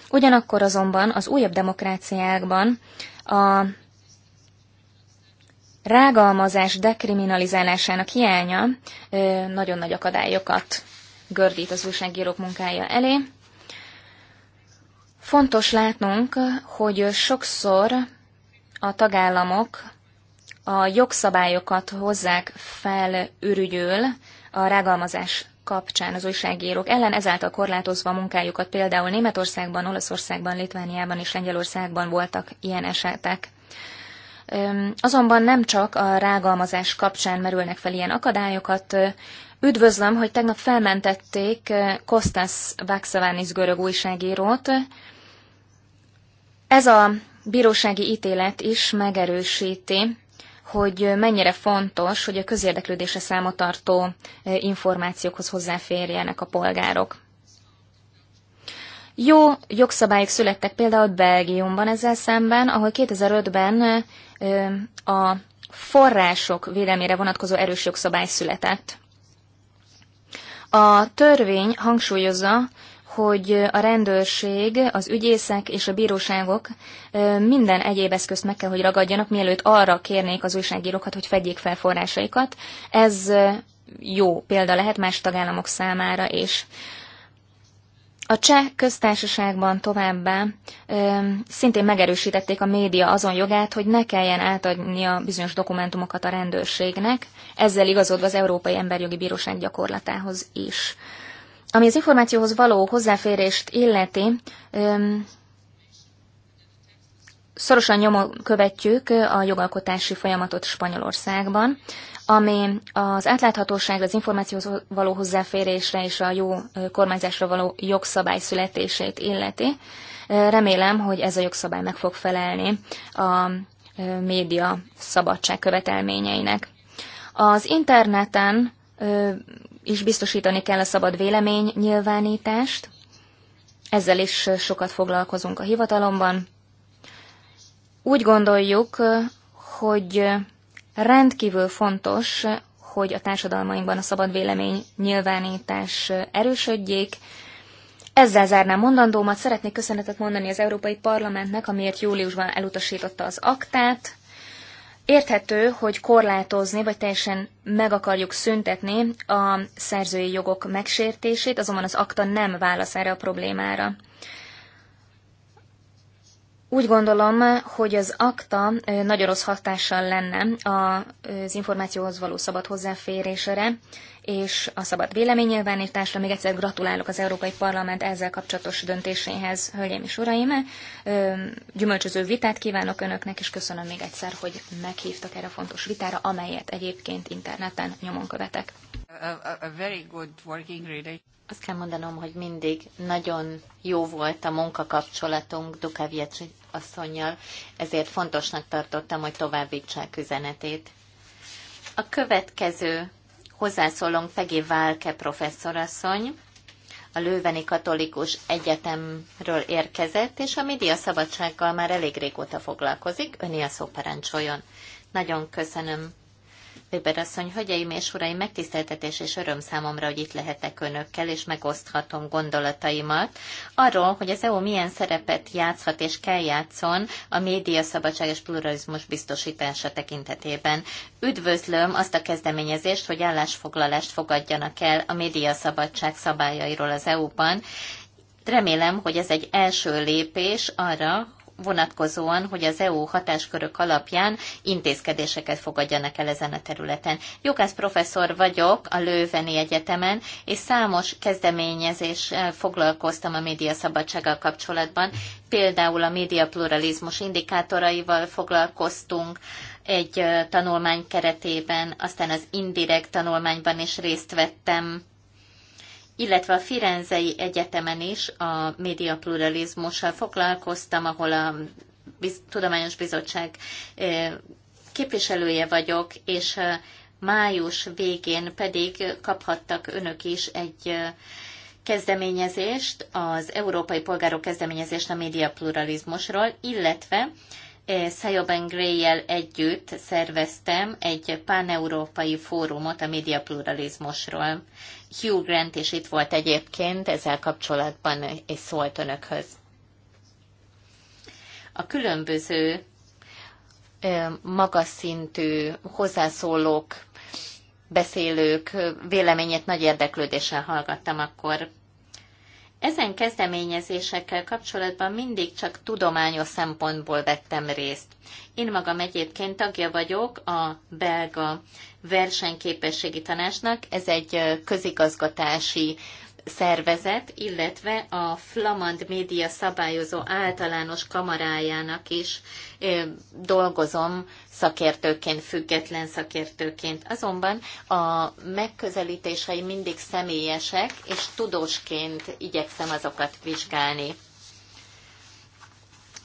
Ugyanakkor azonban az újabb demokráciákban a rágalmazás dekriminalizálásának hiánya nagyon nagy akadályokat gördít az újságírók munkája elé. Fontos látnunk, hogy sokszor a tagállamok a jogszabályokat hozzák fel ürügyül, a rágalmazás kapcsán az újságírók ellen, ezáltal korlátozva a munkájukat például Németországban, Olaszországban, Litvániában és Lengyelországban voltak ilyen esetek. Azonban nem csak a rágalmazás kapcsán merülnek fel ilyen akadályokat. Üdvözlöm, hogy tegnap felmentették Kostas Vaxavanis görög újságírót. Ez a bírósági ítélet is megerősíti hogy mennyire fontos, hogy a közérdeklődésre számotartó eh, információkhoz hozzáférjenek a polgárok. Jó jogszabályok születtek például Belgiumban ezzel szemben, ahol 2005-ben eh, a források védelmére vonatkozó erős jogszabály született. A törvény hangsúlyozza, hogy a rendőrség, az ügyészek és a bíróságok minden egyéb eszközt meg kell, hogy ragadjanak, mielőtt arra kérnék az újságírókat, hogy fedjék fel forrásaikat. Ez jó példa lehet más tagállamok számára is. A cseh köztársaságban továbbá ö, szintén megerősítették a média azon jogát, hogy ne kelljen átadnia bizonyos dokumentumokat a rendőrségnek, ezzel igazodva az Európai Emberjogi Bíróság gyakorlatához is. Ami az információhoz való hozzáférést illeti, szorosan nyomon követjük a jogalkotási folyamatot Spanyolországban, ami az átláthatóságra, az információhoz való hozzáférésre és a jó kormányzásra való jogszabály születését illeti. Remélem, hogy ez a jogszabály meg fog felelni a média szabadság követelményeinek. Az interneten is biztosítani kell a szabad vélemény nyilvánítást. Ezzel is sokat foglalkozunk a hivatalomban. Úgy gondoljuk, hogy rendkívül fontos, hogy a társadalmainkban a szabad vélemény nyilvánítás erősödjék. Ezzel zárnám mondandómat. Szeretnék köszönetet mondani az Európai Parlamentnek, amiért júliusban elutasította az aktát. Érthető, hogy korlátozni, vagy teljesen meg akarjuk szüntetni a szerzői jogok megsértését, azonban az akta nem válasz erre a problémára. Úgy gondolom, hogy az akta nagyon rossz hatással lenne az információhoz való szabad hozzáférésre, és a szabad véleménynyilvánításra. Még egyszer gratulálok az Európai Parlament ezzel kapcsolatos döntéséhez, hölgyeim és uraim. Gyümölcsöző vitát kívánok önöknek, és köszönöm még egyszer, hogy meghívtak erre a fontos vitára, amelyet egyébként interneten nyomon követek. A, a, a very good working Azt kell mondanom, hogy mindig nagyon jó volt a munkakapcsolatunk Dukaviec asszonynal, ezért fontosnak tartottam, hogy továbbítsák üzenetét. A következő Hozzászólunk Fegé Válke professzorasszony, a Lőveni Katolikus Egyetemről érkezett, és a média szabadsággal már elég régóta foglalkozik. Öné a szó parancsoljon. Nagyon köszönöm, Weber asszony, hölgyeim és uraim, megtiszteltetés és öröm számomra, hogy itt lehetek önökkel, és megoszthatom gondolataimat arról, hogy az EU milyen szerepet játszhat és kell játszon a média szabadság és pluralizmus biztosítása tekintetében. Üdvözlöm azt a kezdeményezést, hogy állásfoglalást fogadjanak el a média szabadság szabályairól az EU-ban, Remélem, hogy ez egy első lépés arra, vonatkozóan, hogy az EU hatáskörök alapján intézkedéseket fogadjanak el ezen a területen. Jogász professzor vagyok a Lőveni Egyetemen, és számos kezdeményezés foglalkoztam a média szabadsággal kapcsolatban. Például a média pluralizmus indikátoraival foglalkoztunk, egy tanulmány keretében, aztán az indirekt tanulmányban is részt vettem, illetve a Firenzei Egyetemen is a médiapluralizmussal foglalkoztam, ahol a Tudományos Bizottság képviselője vagyok, és május végén pedig kaphattak önök is egy kezdeményezést, az Európai Polgárok kezdeményezést a médiapluralizmusról, illetve Sajoben Gray-jel együtt szerveztem egy páneurópai fórumot a médiapluralizmusról. Hugh Grant is itt volt egyébként, ezzel kapcsolatban és szólt önökhöz. A különböző magas szintű hozzászólók, beszélők véleményét nagy érdeklődéssel hallgattam akkor. Ezen kezdeményezésekkel kapcsolatban mindig csak tudományos szempontból vettem részt. Én magam egyébként tagja vagyok a belga versenyképességi tanácsnak. Ez egy közigazgatási szervezet, illetve a Flamand Média Szabályozó Általános Kamarájának is dolgozom szakértőként, független szakértőként. Azonban a megközelítései mindig személyesek, és tudósként igyekszem azokat vizsgálni.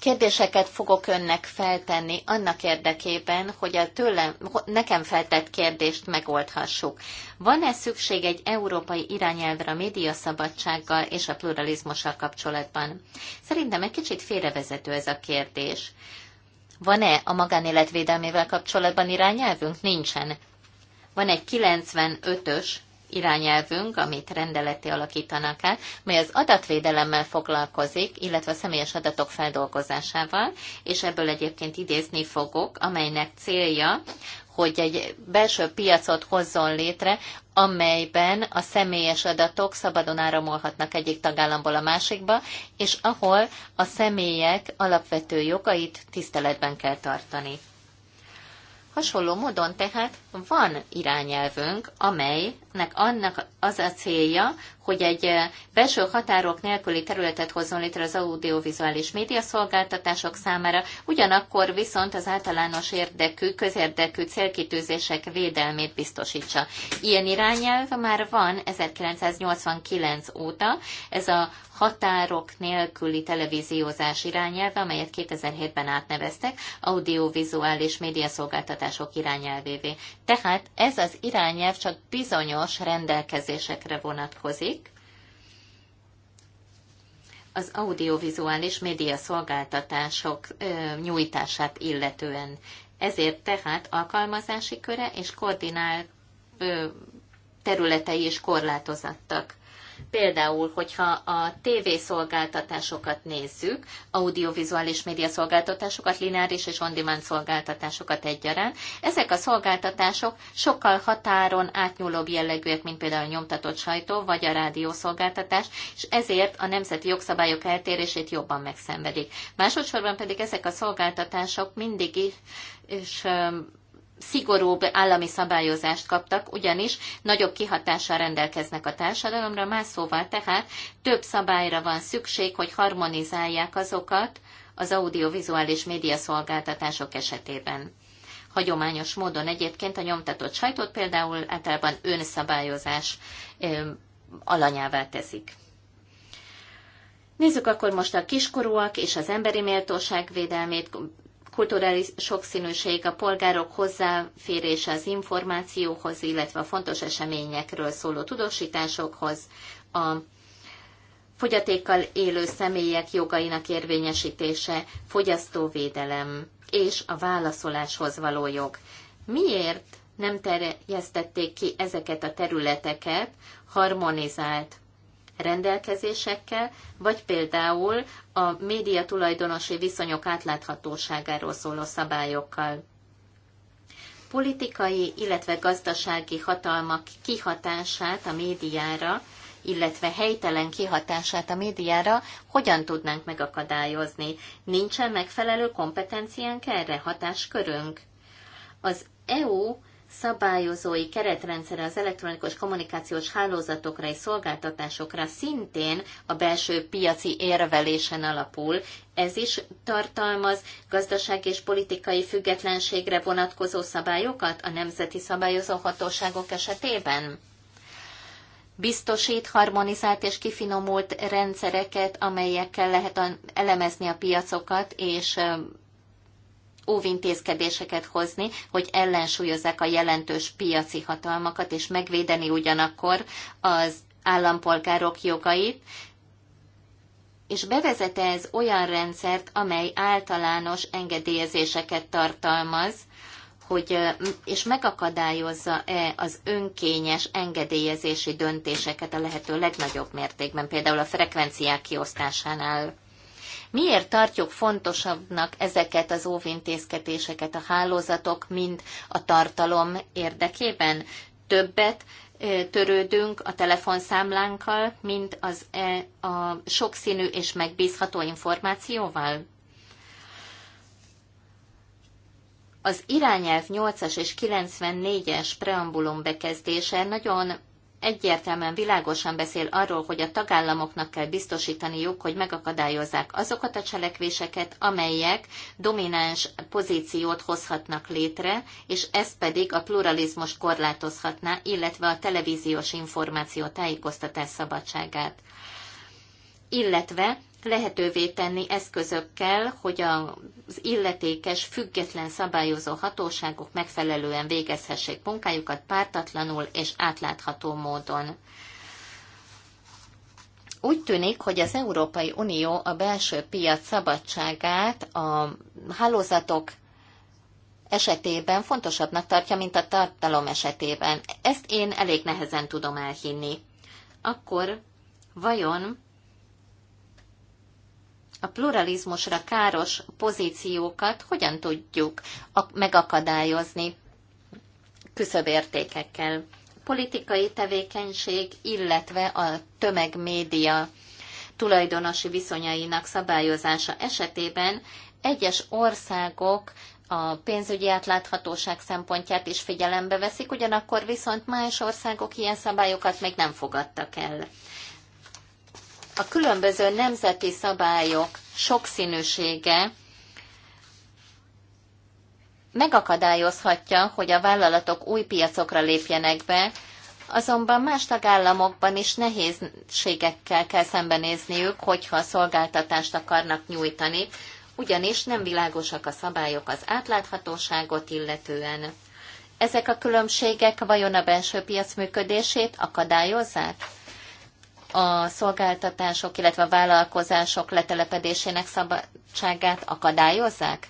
Kérdéseket fogok önnek feltenni annak érdekében, hogy a tőlem, nekem feltett kérdést megoldhassuk. Van-e szükség egy európai irányelvre a médiaszabadsággal és a pluralizmussal kapcsolatban? Szerintem egy kicsit félrevezető ez a kérdés. Van-e a magánélet védelmével kapcsolatban irányelvünk? Nincsen. Van egy 95-ös irányelvünk, amit rendeleti alakítanak át, mely az adatvédelemmel foglalkozik, illetve a személyes adatok feldolgozásával, és ebből egyébként idézni fogok, amelynek célja, hogy egy belső piacot hozzon létre, amelyben a személyes adatok szabadon áramolhatnak egyik tagállamból a másikba, és ahol a személyek alapvető jogait tiszteletben kell tartani. Hasonló módon tehát van irányelvünk, amely nek annak az a célja, hogy egy eh, belső határok nélküli területet hozzon létre az audiovizuális médiaszolgáltatások számára, ugyanakkor viszont az általános érdekű, közérdekű célkitűzések védelmét biztosítsa. Ilyen irányelv már van 1989 óta, ez a határok nélküli televíziózás irányelve, amelyet 2007-ben átneveztek audiovizuális médiaszolgáltatások irányelvévé. Tehát ez az irányelv csak bizonyos azonos rendelkezésekre vonatkozik, az audiovizuális média szolgáltatások nyújtását illetően. Ezért tehát alkalmazási köre és koordinál területei is korlátozottak. Például, hogyha a TV szolgáltatásokat nézzük, audiovizuális média szolgáltatásokat, lineáris és on-demand szolgáltatásokat egyaránt, ezek a szolgáltatások sokkal határon átnyúlóbb jellegűek, mint például a nyomtatott sajtó vagy a rádió szolgáltatás, és ezért a nemzeti jogszabályok eltérését jobban megszenvedik. Másodszorban pedig ezek a szolgáltatások mindig is és szigorúbb állami szabályozást kaptak, ugyanis nagyobb kihatással rendelkeznek a társadalomra, más szóval tehát több szabályra van szükség, hogy harmonizálják azokat az audiovizuális médiaszolgáltatások esetében. Hagyományos módon egyébként a nyomtatott sajtót például általában önszabályozás alanyává teszik. Nézzük akkor most a kiskorúak és az emberi méltóság védelmét, kulturális sokszínűség, a polgárok hozzáférése az információhoz, illetve a fontos eseményekről szóló tudósításokhoz, a fogyatékkal élő személyek jogainak érvényesítése, fogyasztóvédelem és a válaszoláshoz való jog. Miért nem terjesztették ki ezeket a területeket harmonizált rendelkezésekkel, vagy például a média tulajdonosi viszonyok átláthatóságáról szóló szabályokkal. Politikai, illetve gazdasági hatalmak kihatását a médiára, illetve helytelen kihatását a médiára hogyan tudnánk megakadályozni? Nincsen megfelelő kompetenciánk erre hatáskörünk? Az EU szabályozói keretrendszere az elektronikus kommunikációs hálózatokra és szolgáltatásokra szintén a belső piaci érvelésen alapul. Ez is tartalmaz gazdaság és politikai függetlenségre vonatkozó szabályokat a nemzeti szabályozó hatóságok esetében? biztosít harmonizált és kifinomult rendszereket, amelyekkel lehet elemezni a piacokat és óvintézkedéseket hozni, hogy ellensúlyozzák a jelentős piaci hatalmakat, és megvédeni ugyanakkor az állampolgárok jogait, és bevezete ez olyan rendszert, amely általános engedélyezéseket tartalmaz, hogy, és megakadályozza-e az önkényes engedélyezési döntéseket a lehető legnagyobb mértékben, például a frekvenciák kiosztásánál. Miért tartjuk fontosabbnak ezeket az óvintézkedéseket a hálózatok, mint a tartalom érdekében? Többet törődünk a telefonszámlánkkal, mint az, e, a sokszínű és megbízható információval? Az irányelv 8-as és 94-es preambulum bekezdése nagyon egyértelműen világosan beszél arról, hogy a tagállamoknak kell biztosítaniuk, hogy megakadályozzák azokat a cselekvéseket, amelyek domináns pozíciót hozhatnak létre, és ez pedig a pluralizmus korlátozhatná, illetve a televíziós információ tájékoztatás szabadságát. Illetve lehetővé tenni eszközökkel, hogy az illetékes, független szabályozó hatóságok megfelelően végezhessék munkájukat pártatlanul és átlátható módon. Úgy tűnik, hogy az Európai Unió a belső piac szabadságát a hálózatok esetében fontosabbnak tartja, mint a tartalom esetében. Ezt én elég nehezen tudom elhinni. Akkor vajon a pluralizmusra káros pozíciókat hogyan tudjuk megakadályozni küszöbértékekkel. Politikai tevékenység, illetve a tömegmédia tulajdonosi viszonyainak szabályozása esetében egyes országok a pénzügyi átláthatóság szempontját is figyelembe veszik, ugyanakkor viszont más országok ilyen szabályokat még nem fogadtak el a különböző nemzeti szabályok sokszínűsége megakadályozhatja, hogy a vállalatok új piacokra lépjenek be, azonban más tagállamokban is nehézségekkel kell szembenézniük, hogyha szolgáltatást akarnak nyújtani, ugyanis nem világosak a szabályok az átláthatóságot illetően. Ezek a különbségek vajon a belső piac működését akadályozzák? a szolgáltatások, illetve a vállalkozások letelepedésének szabadságát akadályozzák?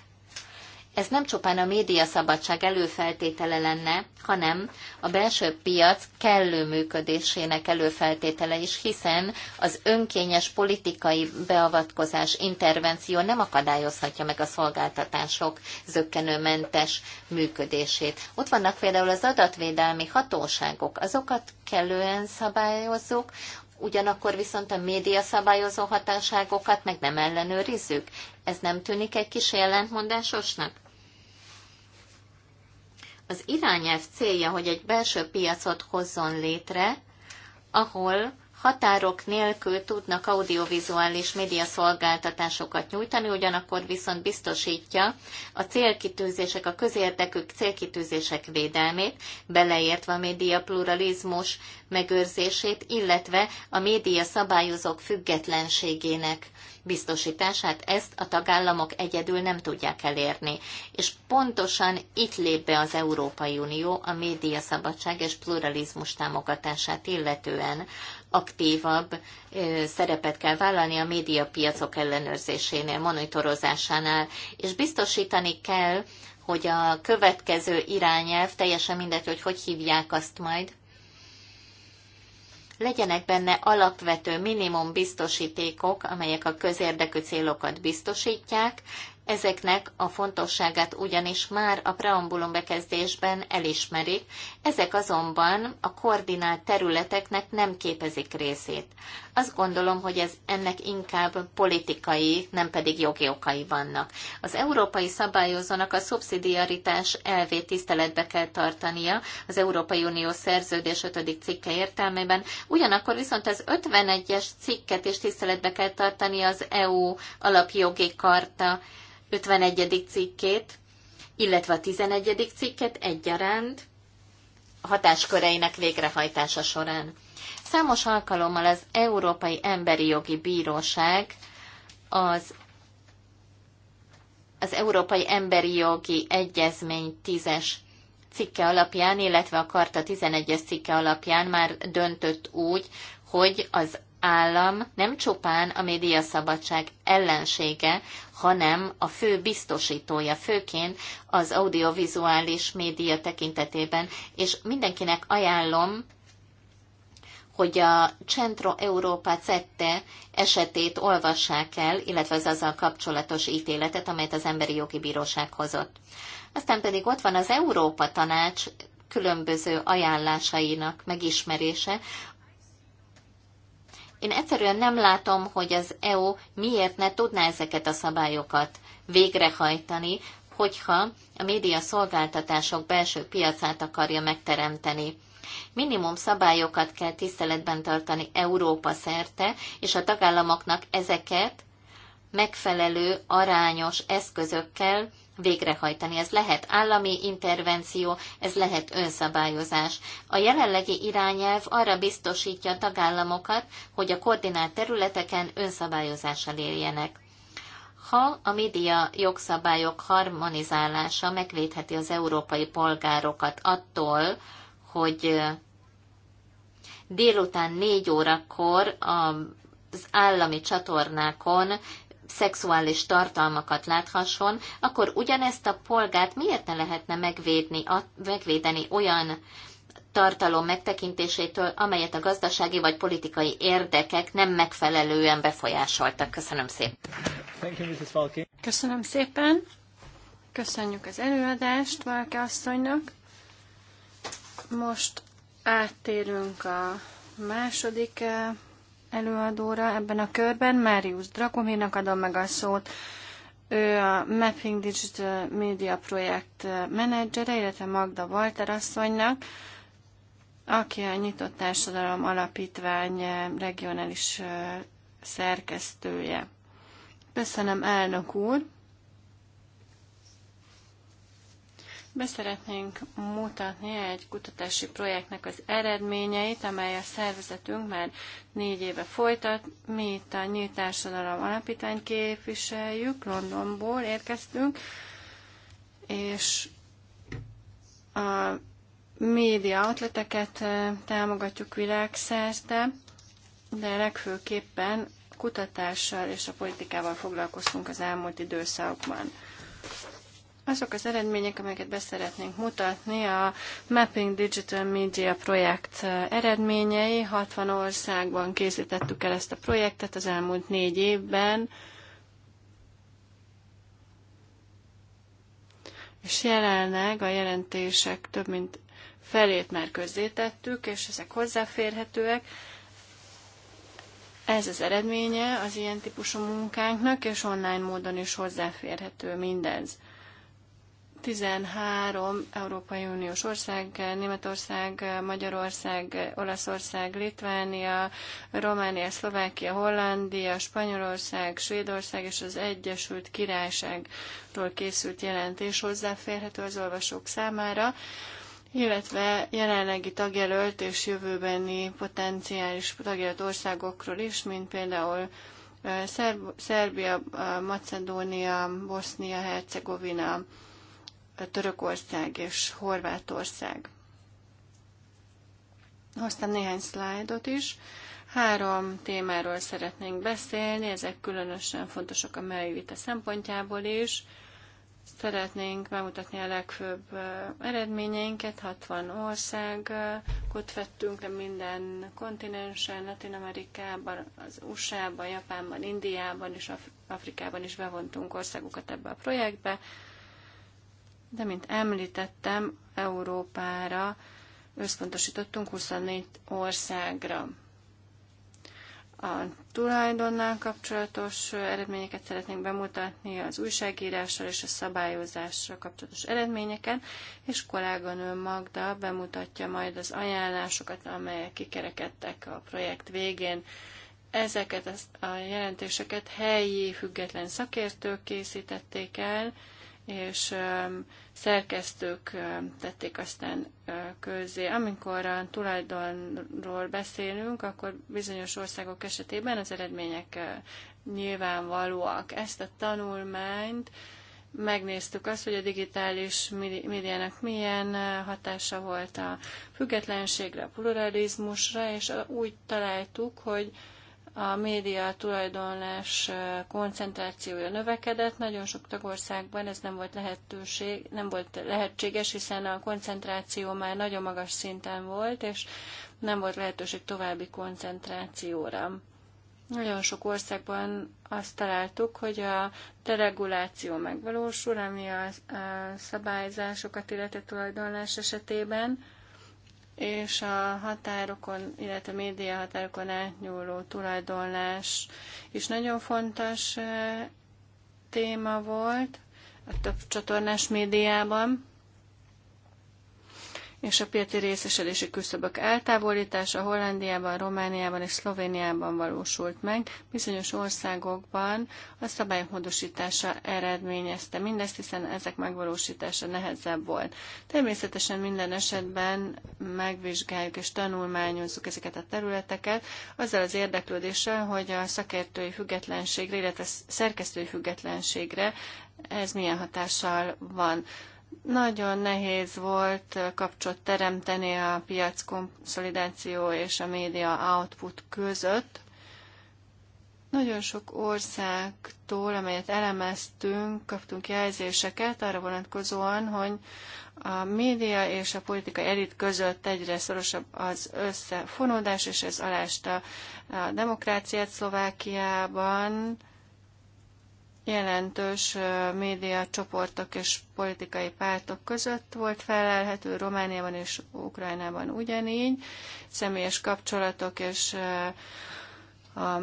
Ez nem csupán a média szabadság előfeltétele lenne, hanem a belső piac kellő működésének előfeltétele is, hiszen az önkényes politikai beavatkozás, intervenció nem akadályozhatja meg a szolgáltatások zöggenőmentes működését. Ott vannak például az adatvédelmi hatóságok, azokat kellően szabályozzuk, ugyanakkor viszont a média szabályozó hatáságokat meg nem ellenőrizzük. Ez nem tűnik egy kis ellentmondásosnak? Az irányelv célja, hogy egy belső piacot hozzon létre, ahol határok nélkül tudnak audiovizuális média szolgáltatásokat nyújtani, ugyanakkor viszont biztosítja a célkitűzések, a közérdekük célkitűzések védelmét, beleértve a média pluralizmus megőrzését, illetve a média szabályozók függetlenségének biztosítását, ezt a tagállamok egyedül nem tudják elérni. És pontosan itt lép be az Európai Unió a szabadság és pluralizmus támogatását illetően aktívabb szerepet kell vállalni a médiapiacok ellenőrzésénél, monitorozásánál, és biztosítani kell, hogy a következő irányelv, teljesen mindegy, hogy hogy hívják azt majd, legyenek benne alapvető minimum biztosítékok, amelyek a közérdekű célokat biztosítják, Ezeknek a fontosságát ugyanis már a preambulum bekezdésben elismerik, ezek azonban a koordinált területeknek nem képezik részét. Azt gondolom, hogy ez, ennek inkább politikai, nem pedig jogi okai vannak. Az európai szabályozónak a szubszidiaritás elvét tiszteletbe kell tartania az Európai Unió szerződés 5. cikke értelmében, ugyanakkor viszont az 51-es cikket is tiszteletbe kell tartania az EU alapjogi karta 51. cikkét, illetve a 11. cikket egyaránt a hatásköreinek végrehajtása során. Számos alkalommal az Európai Emberi Jogi Bíróság az az Európai Emberi Jogi Egyezmény 10-es cikke alapján, illetve a Karta 11-es cikke alapján már döntött úgy, hogy az állam nem csupán a médiaszabadság ellensége, hanem a fő biztosítója, főként az audiovizuális média tekintetében, és mindenkinek ajánlom, hogy a Centro Európa Cette esetét olvassák el, illetve az azzal kapcsolatos ítéletet, amelyet az Emberi Jogi Bíróság hozott. Aztán pedig ott van az Európa Tanács különböző ajánlásainak megismerése, én egyszerűen nem látom, hogy az EU miért ne tudná ezeket a szabályokat végrehajtani, hogyha a média szolgáltatások belső piacát akarja megteremteni. Minimum szabályokat kell tiszteletben tartani Európa szerte, és a tagállamoknak ezeket megfelelő arányos eszközökkel végrehajtani. Ez lehet állami intervenció, ez lehet önszabályozás. A jelenlegi irányelv arra biztosítja a tagállamokat, hogy a koordinált területeken önszabályozással éljenek. Ha a média jogszabályok harmonizálása megvédheti az európai polgárokat attól, hogy délután négy órakor az állami csatornákon szexuális tartalmakat láthasson, akkor ugyanezt a polgát miért ne lehetne megvédni, megvédeni olyan tartalom megtekintésétől, amelyet a gazdasági vagy politikai érdekek nem megfelelően befolyásoltak. Köszönöm szépen. You, Köszönöm szépen. Köszönjük az előadást Valke asszonynak. Most áttérünk a második eh, előadóra ebben a körben, Máriusz Dragomirnak adom meg a szót. Ő a Mapping Digital Media projekt menedzsere, illetve Magda Walter asszonynak, aki a Nyitott Társadalom Alapítvány regionális szerkesztője. Köszönöm, elnök úr! Beszeretnénk mutatni egy kutatási projektnek az eredményeit, amely a szervezetünk már négy éve folytat. Mi itt a Nyílt Társadalom Alapítvány képviseljük, Londonból érkeztünk, és a média outleteket támogatjuk világszerte, de legfőképpen kutatással és a politikával foglalkoztunk az elmúlt időszakban. Azok az eredmények, amelyeket beszeretnénk mutatni, a Mapping Digital Media projekt eh, eredményei. 60 országban készítettük el ezt a projektet az elmúlt négy évben. És jelenleg a jelentések több mint felét már közzétettük, és ezek hozzáférhetőek. Ez az eredménye az ilyen típusú munkánknak, és online módon is hozzáférhető mindez. 13 Európai Uniós ország, Németország, Magyarország, Olaszország, Litvánia, Románia, Szlovákia, Hollandia, Spanyolország, Svédország és az Egyesült Királyságról készült jelentés hozzáférhető az olvasók számára illetve jelenlegi tagjelölt és jövőbeni potenciális tagjelölt országokról is, mint például eh, Szerb Szerbia, eh, Macedónia, Bosznia, Hercegovina, Törökország és Horvátország. Hoztam néhány szlájdot is. Három témáról szeretnénk beszélni, ezek különösen fontosak a mai vita szempontjából is. Szeretnénk bemutatni a legfőbb eredményeinket, 60 országot vettünk le minden kontinensen, Latin Amerikában, az USA-ban, Japánban, Indiában és Afrikában is bevontunk országokat ebbe a projektbe de mint említettem, Európára összpontosítottunk 24 országra. A tulajdonnál kapcsolatos eredményeket szeretnénk bemutatni, az újságírással és a szabályozással kapcsolatos eredményeken, és kolléganő Magda bemutatja majd az ajánlásokat, amelyek kikerekedtek a projekt végén. Ezeket a jelentéseket helyi független szakértők készítették el, és szerkesztők tették aztán közzé. Amikor a tulajdonról beszélünk, akkor bizonyos országok esetében az eredmények nyilvánvalóak. Ezt a tanulmányt megnéztük azt, hogy a digitális médiának milyen hatása volt a függetlenségre, a pluralizmusra, és úgy találtuk, hogy a média tulajdonlás koncentrációja növekedett, nagyon sok tagországban ez nem volt lehetőség, nem volt lehetséges, hiszen a koncentráció már nagyon magas szinten volt, és nem volt lehetőség további koncentrációra. Nagyon sok országban azt találtuk, hogy a dereguláció megvalósul, ami a szabályzásokat illeti tulajdonlás esetében, és a határokon, illetve a média határokon átnyúló tulajdonlás is nagyon fontos eh, téma volt a több csatornás médiában és a piaci részesedési küszöbök eltávolítása Hollandiában, Romániában és Szlovéniában valósult meg. Bizonyos országokban a szabálymódosítása eredményezte mindezt, hiszen ezek megvalósítása nehezebb volt. Természetesen minden esetben megvizsgáljuk és tanulmányozzuk ezeket a területeket, azzal az érdeklődéssel, hogy a szakértői függetlenségre, illetve szerkesztői függetlenségre ez milyen hatással van. Nagyon nehéz volt kapcsot teremteni a piac konszolidáció és a média output között. Nagyon sok országtól, amelyet elemeztünk, kaptunk jelzéseket arra vonatkozóan, hogy a média és a politika elit között egyre szorosabb az összefonódás, és ez alásta a demokráciát Szlovákiában, jelentős média csoportok és politikai pártok között volt felelhető, Romániában és Ukrajnában ugyanígy, személyes kapcsolatok és a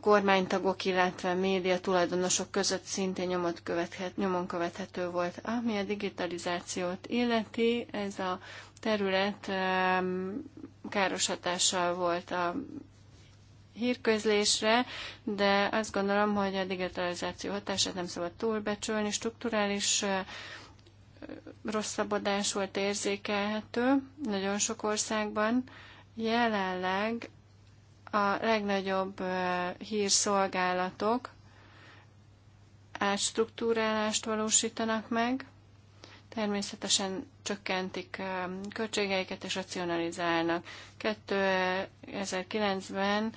kormánytagok, illetve média tulajdonosok között szintén nyomot követhet, nyomon követhető volt. Ami a digitalizációt illeti, ez a terület káros hatással volt a hírközlésre, de azt gondolom, hogy a digitalizáció hatását nem szabad túlbecsülni, strukturális rosszabbodás volt érzékelhető nagyon sok országban. Jelenleg a legnagyobb hírszolgálatok átstruktúrálást valósítanak meg, természetesen csökkentik költségeiket és racionalizálnak. 2009-ben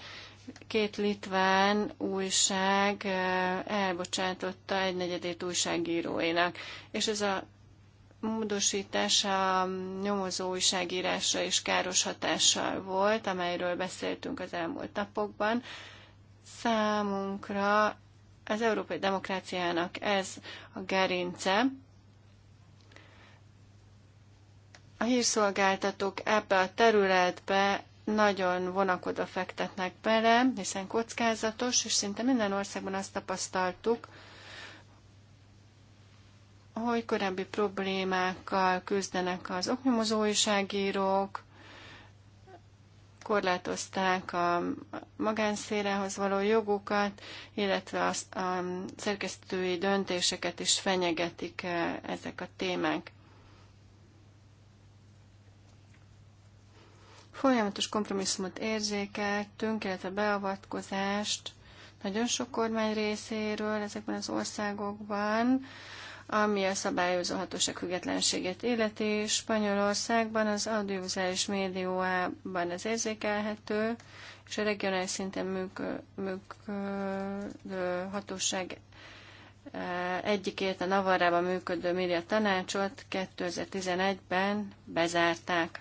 két litván újság elbocsátotta egy negyedét újságíróinak, és ez a módosítás a nyomozó újságírásra is káros hatással volt, amelyről beszéltünk az elmúlt napokban. Számunkra az európai demokráciának ez a gerince, a hírszolgáltatók ebbe a területbe nagyon vonakodva fektetnek bele, hiszen kockázatos, és szinte minden országban azt tapasztaltuk, hogy korábbi problémákkal küzdenek az oknyomozó újságírók, korlátozták a magánszférához való jogukat, illetve a szerkesztői döntéseket is fenyegetik eh, ezek a témák. Folyamatos kompromisszumot érzékeltünk, a beavatkozást nagyon sok kormány részéről ezekben az országokban, ami a szabályozó hatóság függetlenségét illeti. Spanyolországban az audiovizuális médióában ez érzékelhető, és a regionális szinten működő hatóság eh, egyikét a Navarrában működő média tanácsot 2011-ben bezárták.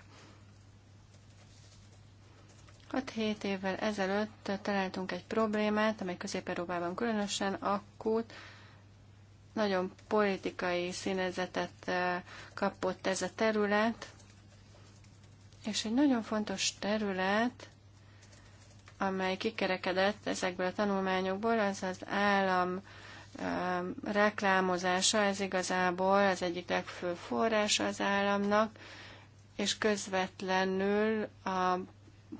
6-7 évvel ezelőtt találtunk egy problémát, amely Közép-Európában különösen akut, nagyon politikai színezetet kapott ez a terület, és egy nagyon fontos terület, amely kikerekedett ezekből a tanulmányokból, az az állam reklámozása, ez igazából az egyik legfőbb forrása az államnak, és közvetlenül a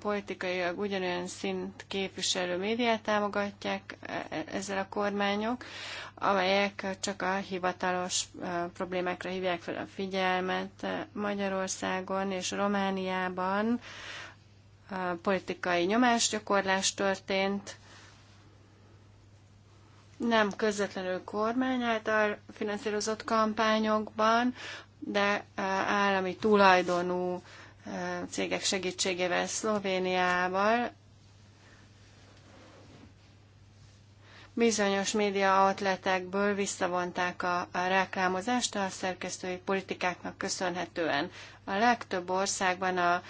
politikailag ugyanolyan szint képviselő médiát támogatják e, e, ezzel a kormányok, amelyek csak a hivatalos e, problémákra hívják fel a figyelmet Magyarországon és Romániában. Politikai nyomásgyakorlás történt, nem közvetlenül kormány által finanszírozott kampányokban, de állami tulajdonú cégek segítségével Szlovéniával. Bizonyos média outletekből visszavonták a, a reklámozást a szerkesztői politikáknak köszönhetően. A legtöbb országban a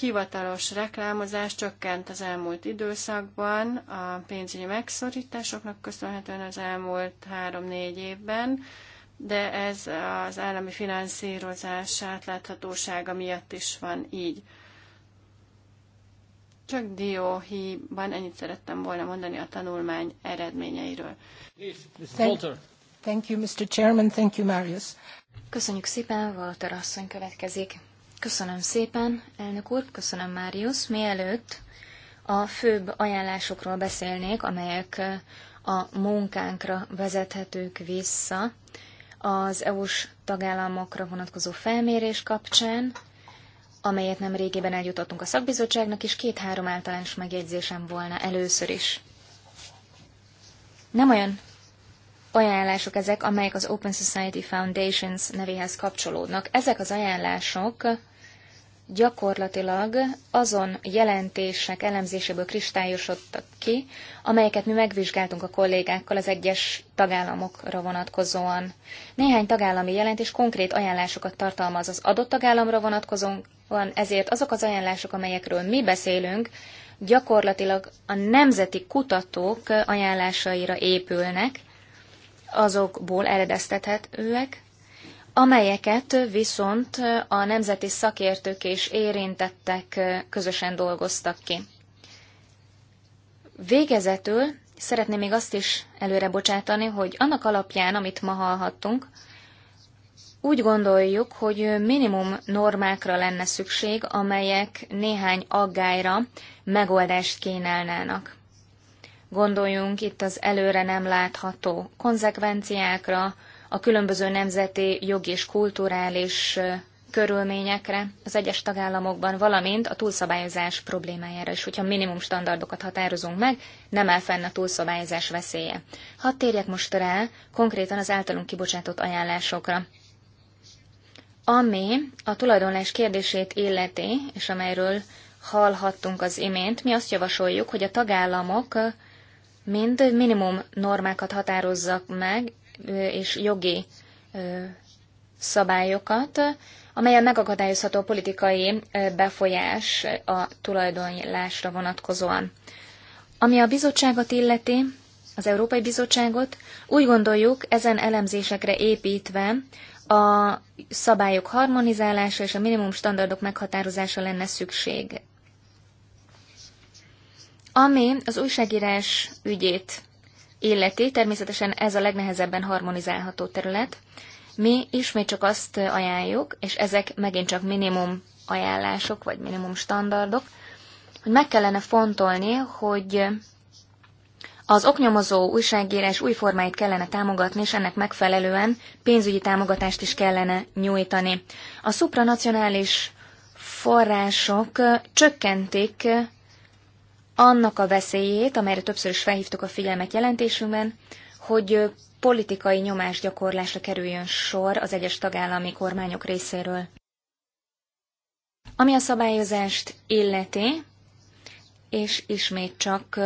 hivatalos reklámozás csökkent az elmúlt időszakban a pénzügyi megszorításoknak köszönhetően az elmúlt három-négy évben de ez az állami finanszírozás átláthatósága miatt is van így. Csak dióhíban ennyit szerettem volna mondani a tanulmány eredményeiről. Thank, thank you, Mr. Chairman. Thank you, Marius. Köszönjük szépen, Walter asszony következik. Köszönöm szépen, elnök úr, köszönöm, Marius. Mielőtt a főbb ajánlásokról beszélnék, amelyek a munkánkra vezethetők vissza, az EU-s tagállamokra vonatkozó felmérés kapcsán, amelyet nem régiben eljutottunk a szakbizottságnak, és két-három általános megjegyzésem volna először is. Nem olyan ajánlások ezek, amelyek az Open Society Foundations nevéhez kapcsolódnak. Ezek az ajánlások gyakorlatilag azon jelentések elemzéséből kristályosodtak ki, amelyeket mi megvizsgáltunk a kollégákkal az egyes tagállamokra vonatkozóan. Néhány tagállami jelentés konkrét ajánlásokat tartalmaz az adott tagállamra vonatkozóan, ezért azok az ajánlások, amelyekről mi beszélünk, gyakorlatilag a nemzeti kutatók ajánlásaira épülnek, azokból eredeztethetőek, amelyeket viszont a nemzeti szakértők és érintettek közösen dolgoztak ki. Végezetül szeretném még azt is előre bocsátani, hogy annak alapján, amit ma hallhattunk, úgy gondoljuk, hogy minimum normákra lenne szükség, amelyek néhány aggályra megoldást kínálnának. Gondoljunk itt az előre nem látható konzekvenciákra, a különböző nemzeti, jogi és kulturális körülményekre az egyes tagállamokban, valamint a túlszabályozás problémájára is, hogyha minimum standardokat határozunk meg, nem áll fenn a túlszabályozás veszélye. Hadd térjek most rá konkrétan az általunk kibocsátott ajánlásokra. Ami a tulajdonlás kérdését illeti, és amelyről hallhattunk az imént, mi azt javasoljuk, hogy a tagállamok mind minimum normákat határozzak meg, és jogi szabályokat, amelyen megakadályozható a politikai befolyás a tulajdonlásra vonatkozóan. Ami a bizottságot illeti, az Európai Bizottságot, úgy gondoljuk, ezen elemzésekre építve a szabályok harmonizálása és a minimum standardok meghatározása lenne szükség. Ami az újságírás ügyét illeti, természetesen ez a legnehezebben harmonizálható terület. Mi ismét csak azt ajánljuk, és ezek megint csak minimum ajánlások, vagy minimum standardok, hogy meg kellene fontolni, hogy az oknyomozó újságírás új formáit kellene támogatni, és ennek megfelelően pénzügyi támogatást is kellene nyújtani. A szupranacionális források csökkentik annak a veszélyét, amelyre többször is felhívtuk a figyelmet jelentésünkben, hogy politikai nyomásgyakorlásra kerüljön sor az egyes tagállami kormányok részéről. Ami a szabályozást illeti, és ismét csak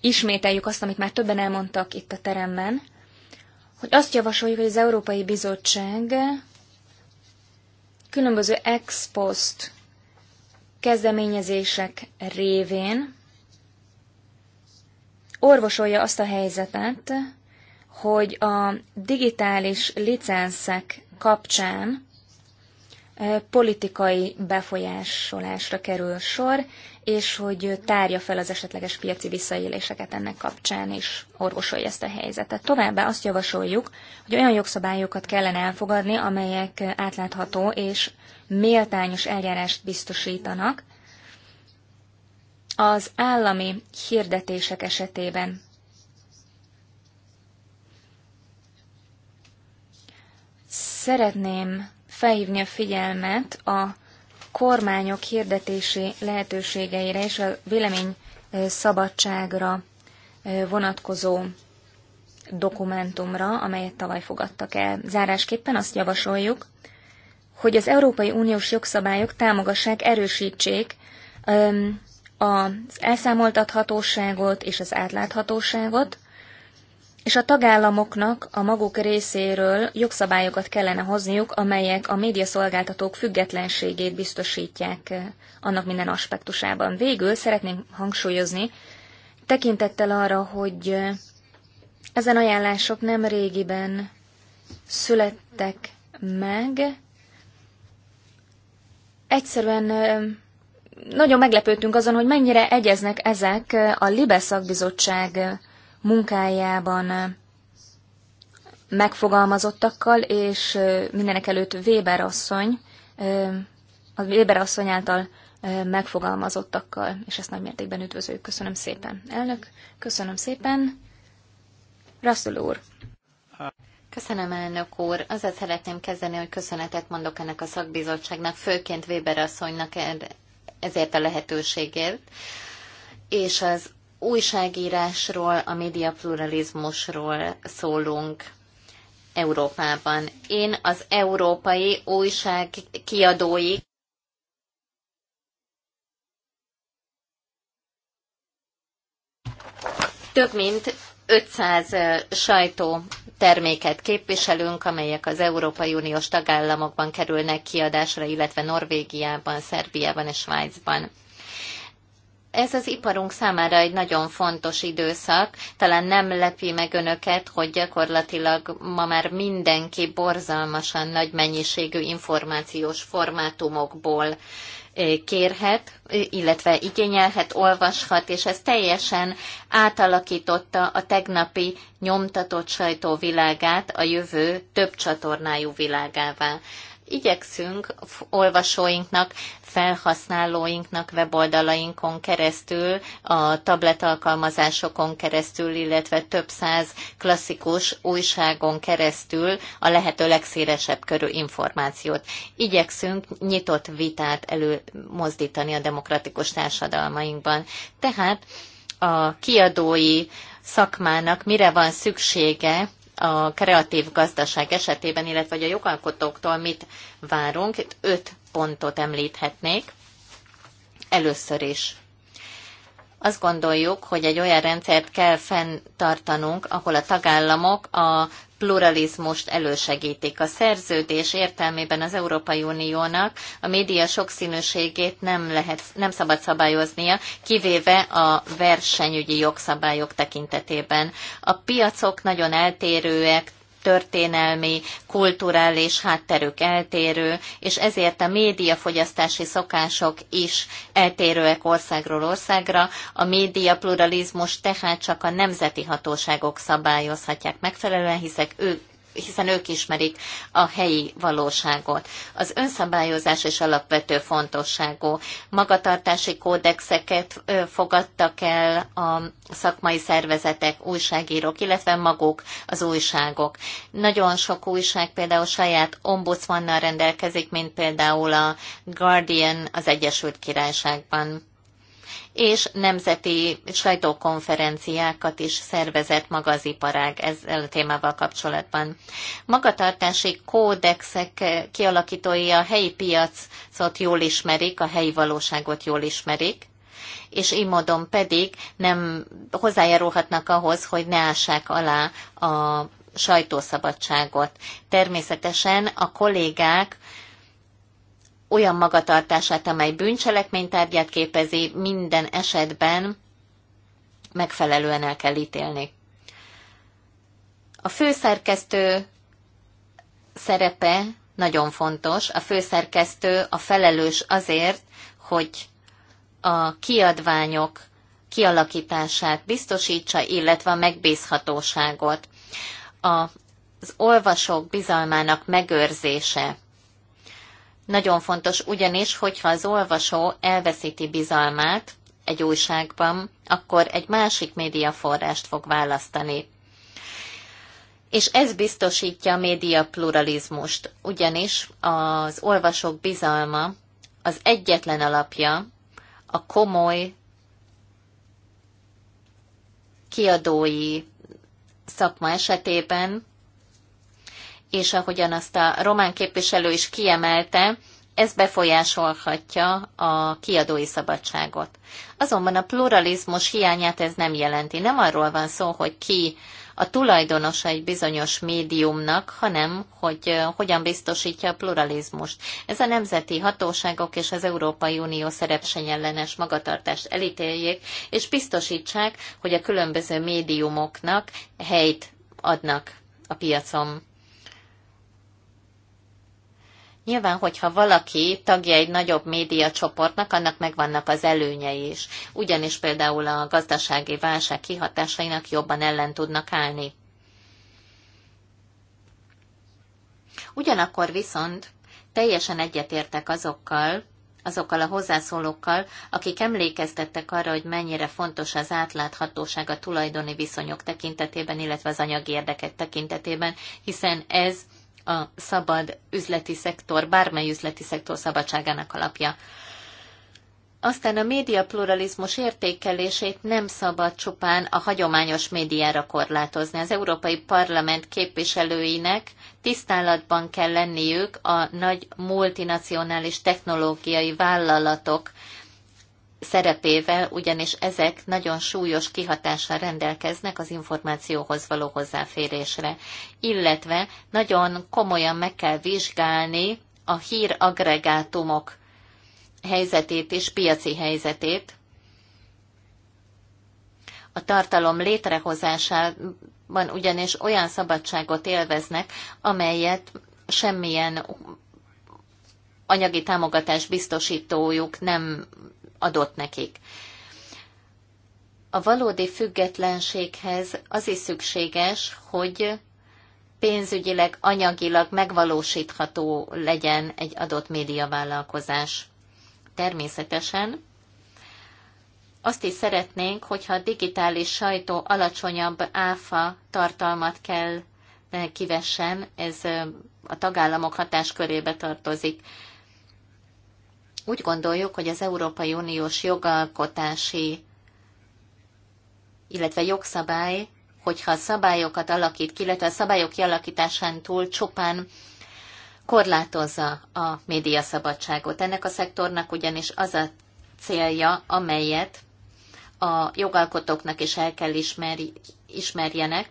ismételjük azt, amit már többen elmondtak itt a teremben, hogy azt javasoljuk, hogy az Európai Bizottság különböző ex post kezdeményezések révén orvosolja azt a helyzetet, hogy a digitális licenszek kapcsán politikai befolyásolásra kerül sor, és hogy tárja fel az esetleges piaci visszaéléseket ennek kapcsán, és orvosolja ezt a helyzetet. Továbbá azt javasoljuk, hogy olyan jogszabályokat kellene elfogadni, amelyek átlátható és méltányos eljárást biztosítanak az állami hirdetések esetében. Szeretném felhívni a figyelmet a kormányok hirdetési lehetőségeire és a vélemény szabadságra vonatkozó dokumentumra, amelyet tavaly fogadtak el. Zárásképpen azt javasoljuk, hogy az Európai Uniós jogszabályok támogassák, erősítsék az elszámoltathatóságot és az átláthatóságot, és a tagállamoknak a maguk részéről jogszabályokat kellene hozniuk, amelyek a médiaszolgáltatók függetlenségét biztosítják eh, annak minden aspektusában. Végül szeretném hangsúlyozni, tekintettel arra, hogy eh, ezen ajánlások nem régiben születtek meg, egyszerűen eh, nagyon meglepődtünk azon, hogy mennyire egyeznek ezek a Libe szakbizottság munkájában eh, megfogalmazottakkal, és eh, mindenek előtt Weber asszony, eh, a Weber asszony által megfogalmazottakkal, és ezt nagymértékben üdvözöljük. Köszönöm szépen. Elnök, köszönöm szépen. Rasszul úr. Köszönöm, elnök úr. Azzal szeretném kezdeni, hogy köszönetet mondok ennek a szakbizottságnak, főként Weber asszonynak er- ezért a lehetőségért, és az újságírásról, a médiapluralizmusról szólunk Európában. Én az európai újság kiadói több mint 500 sajtó terméket képviselünk, amelyek az Európai Uniós tagállamokban kerülnek kiadásra, illetve Norvégiában, Szerbiában és Svájcban ez az iparunk számára egy nagyon fontos időszak. Talán nem lepi meg önöket, hogy gyakorlatilag ma már mindenki borzalmasan nagy mennyiségű információs formátumokból eh, kérhet, illetve igényelhet, olvashat, és ez teljesen átalakította a tegnapi nyomtatott sajtó világát a jövő több csatornájú világává igyekszünk olvasóinknak, felhasználóinknak weboldalainkon keresztül, a tablet alkalmazásokon keresztül, illetve több száz klasszikus újságon keresztül a lehető legszélesebb körű információt. Igyekszünk nyitott vitát előmozdítani a demokratikus társadalmainkban. Tehát a kiadói szakmának mire van szüksége a kreatív gazdaság esetében, illetve hogy a jogalkotóktól mit várunk. Itt öt pontot említhetnék. Először is azt gondoljuk, hogy egy olyan rendszert kell fenntartanunk, ahol a tagállamok a pluralizmust elősegítik. A szerződés értelmében az Európai Uniónak a média sokszínűségét nem, lehet, nem szabad szabályoznia, kivéve a versenyügyi jogszabályok tekintetében. A piacok nagyon eltérőek, történelmi, kulturális hátterük eltérő, és ezért a médiafogyasztási szokások is eltérőek országról országra. A média pluralizmus tehát csak a nemzeti hatóságok szabályozhatják megfelelően, hiszen ők, hiszen ők ismerik a helyi valóságot. Az önszabályozás is alapvető fontosságú. Magatartási kódexeket fogadtak el a szakmai szervezetek, újságírók, illetve maguk az újságok. Nagyon sok újság például saját ombudsmannal rendelkezik, mint például a Guardian az Egyesült Királyságban és nemzeti sajtókonferenciákat is szervezett maga az iparág ezzel a témával kapcsolatban. Magatartási kódexek kialakítói a helyi piacot jól ismerik, a helyi valóságot jól ismerik, és így módon pedig nem hozzájárulhatnak ahhoz, hogy ne ássák alá a sajtószabadságot. Természetesen a kollégák olyan magatartását, amely bűncselekmény tárgyát képezi, minden esetben megfelelően el kell ítélni. A főszerkesztő szerepe nagyon fontos. A főszerkesztő a felelős azért, hogy a kiadványok kialakítását biztosítsa, illetve a megbízhatóságot. az olvasók bizalmának megőrzése nagyon fontos ugyanis, hogyha az olvasó elveszíti bizalmát egy újságban, akkor egy másik médiaforrást fog választani. És ez biztosítja a média pluralizmust, ugyanis az olvasók bizalma az egyetlen alapja a komoly kiadói szakma esetében és ahogyan azt a román képviselő is kiemelte, ez befolyásolhatja a kiadói szabadságot. Azonban a pluralizmus hiányát ez nem jelenti. Nem arról van szó, hogy ki a tulajdonos egy bizonyos médiumnak, hanem hogy hogyan biztosítja a pluralizmust. Ez a nemzeti hatóságok és az Európai Unió szerepsenyellenes magatartást elítéljék, és biztosítsák, hogy a különböző médiumoknak helyt adnak a piacon. Nyilván, hogyha valaki tagja egy nagyobb média csoportnak, annak megvannak az előnyei is. Ugyanis például a gazdasági válság kihatásainak jobban ellen tudnak állni. Ugyanakkor viszont teljesen egyetértek azokkal, azokkal a hozzászólókkal, akik emlékeztettek arra, hogy mennyire fontos az átláthatóság a tulajdoni viszonyok tekintetében, illetve az anyagi érdekek tekintetében, hiszen ez a szabad üzleti szektor, bármely üzleti szektor szabadságának alapja. Aztán a média pluralizmus értékelését nem szabad csupán a hagyományos médiára korlátozni. Az Európai Parlament képviselőinek tisztálatban kell lenniük a nagy multinacionális technológiai vállalatok szerepével, ugyanis ezek nagyon súlyos kihatással rendelkeznek az információhoz való hozzáférésre, illetve nagyon komolyan meg kell vizsgálni a agregátumok helyzetét és piaci helyzetét. A tartalom létrehozásában ugyanis olyan szabadságot élveznek, amelyet semmilyen anyagi támogatás biztosítójuk nem adott nekik. A valódi függetlenséghez az is szükséges, hogy pénzügyileg, anyagilag megvalósítható legyen egy adott médiavállalkozás. Természetesen azt is szeretnénk, hogyha a digitális sajtó alacsonyabb áfa tartalmat kell eh, kivessen, ez eh, a tagállamok hatáskörébe tartozik. Úgy gondoljuk, hogy az Európai Uniós jogalkotási, illetve jogszabály, hogyha a szabályokat alakít ki, illetve a szabályok kialakításán túl csupán korlátozza a médiaszabadságot. Ennek a szektornak ugyanis az a célja, amelyet a jogalkotóknak is el kell ismeri, ismerjenek,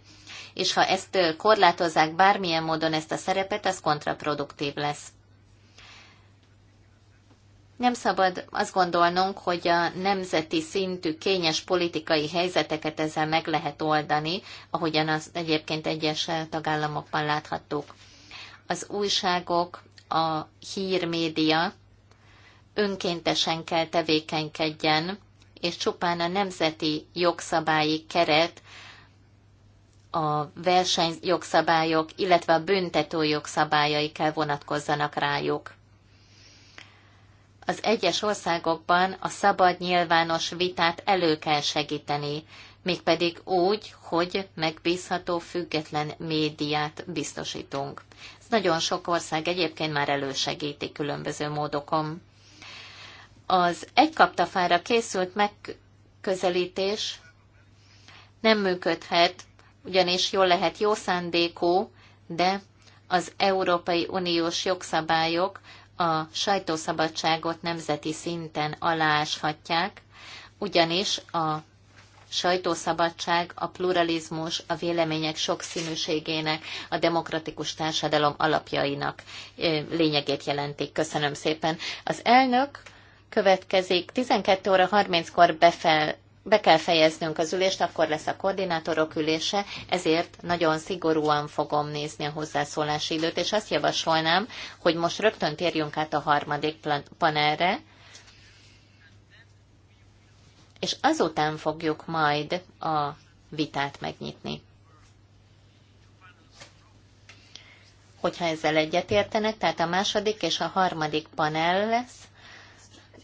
és ha ezt korlátozzák bármilyen módon ezt a szerepet, az kontraproduktív lesz. Nem szabad azt gondolnunk, hogy a nemzeti szintű kényes politikai helyzeteket ezzel meg lehet oldani, ahogyan az egyébként egyes tagállamokban láthattuk. Az újságok, a hírmédia önkéntesen kell tevékenykedjen, és csupán a nemzeti jogszabályi keret, a versenyjogszabályok, illetve a büntető jogszabályai kell vonatkozzanak rájuk az egyes országokban a szabad nyilvános vitát elő kell segíteni, mégpedig úgy, hogy megbízható, független médiát biztosítunk. Ez nagyon sok ország egyébként már elősegíti különböző módokon. Az e-kaptafára készült megközelítés nem működhet, ugyanis jól lehet jó szándékú, de az Európai Uniós jogszabályok a sajtószabadságot nemzeti szinten aláshatják, ugyanis a sajtószabadság, a pluralizmus, a vélemények sokszínűségének, a demokratikus társadalom alapjainak lényegét jelentik. Köszönöm szépen. Az elnök következik, 12 óra 30-kor befel, be kell fejeznünk az ülést, akkor lesz a koordinátorok ülése, ezért nagyon szigorúan fogom nézni a hozzászólási időt, és azt javasolnám, hogy most rögtön térjünk át a harmadik panelre, és azután fogjuk majd a vitát megnyitni. Hogyha ezzel egyetértenek, tehát a második és a harmadik panel lesz,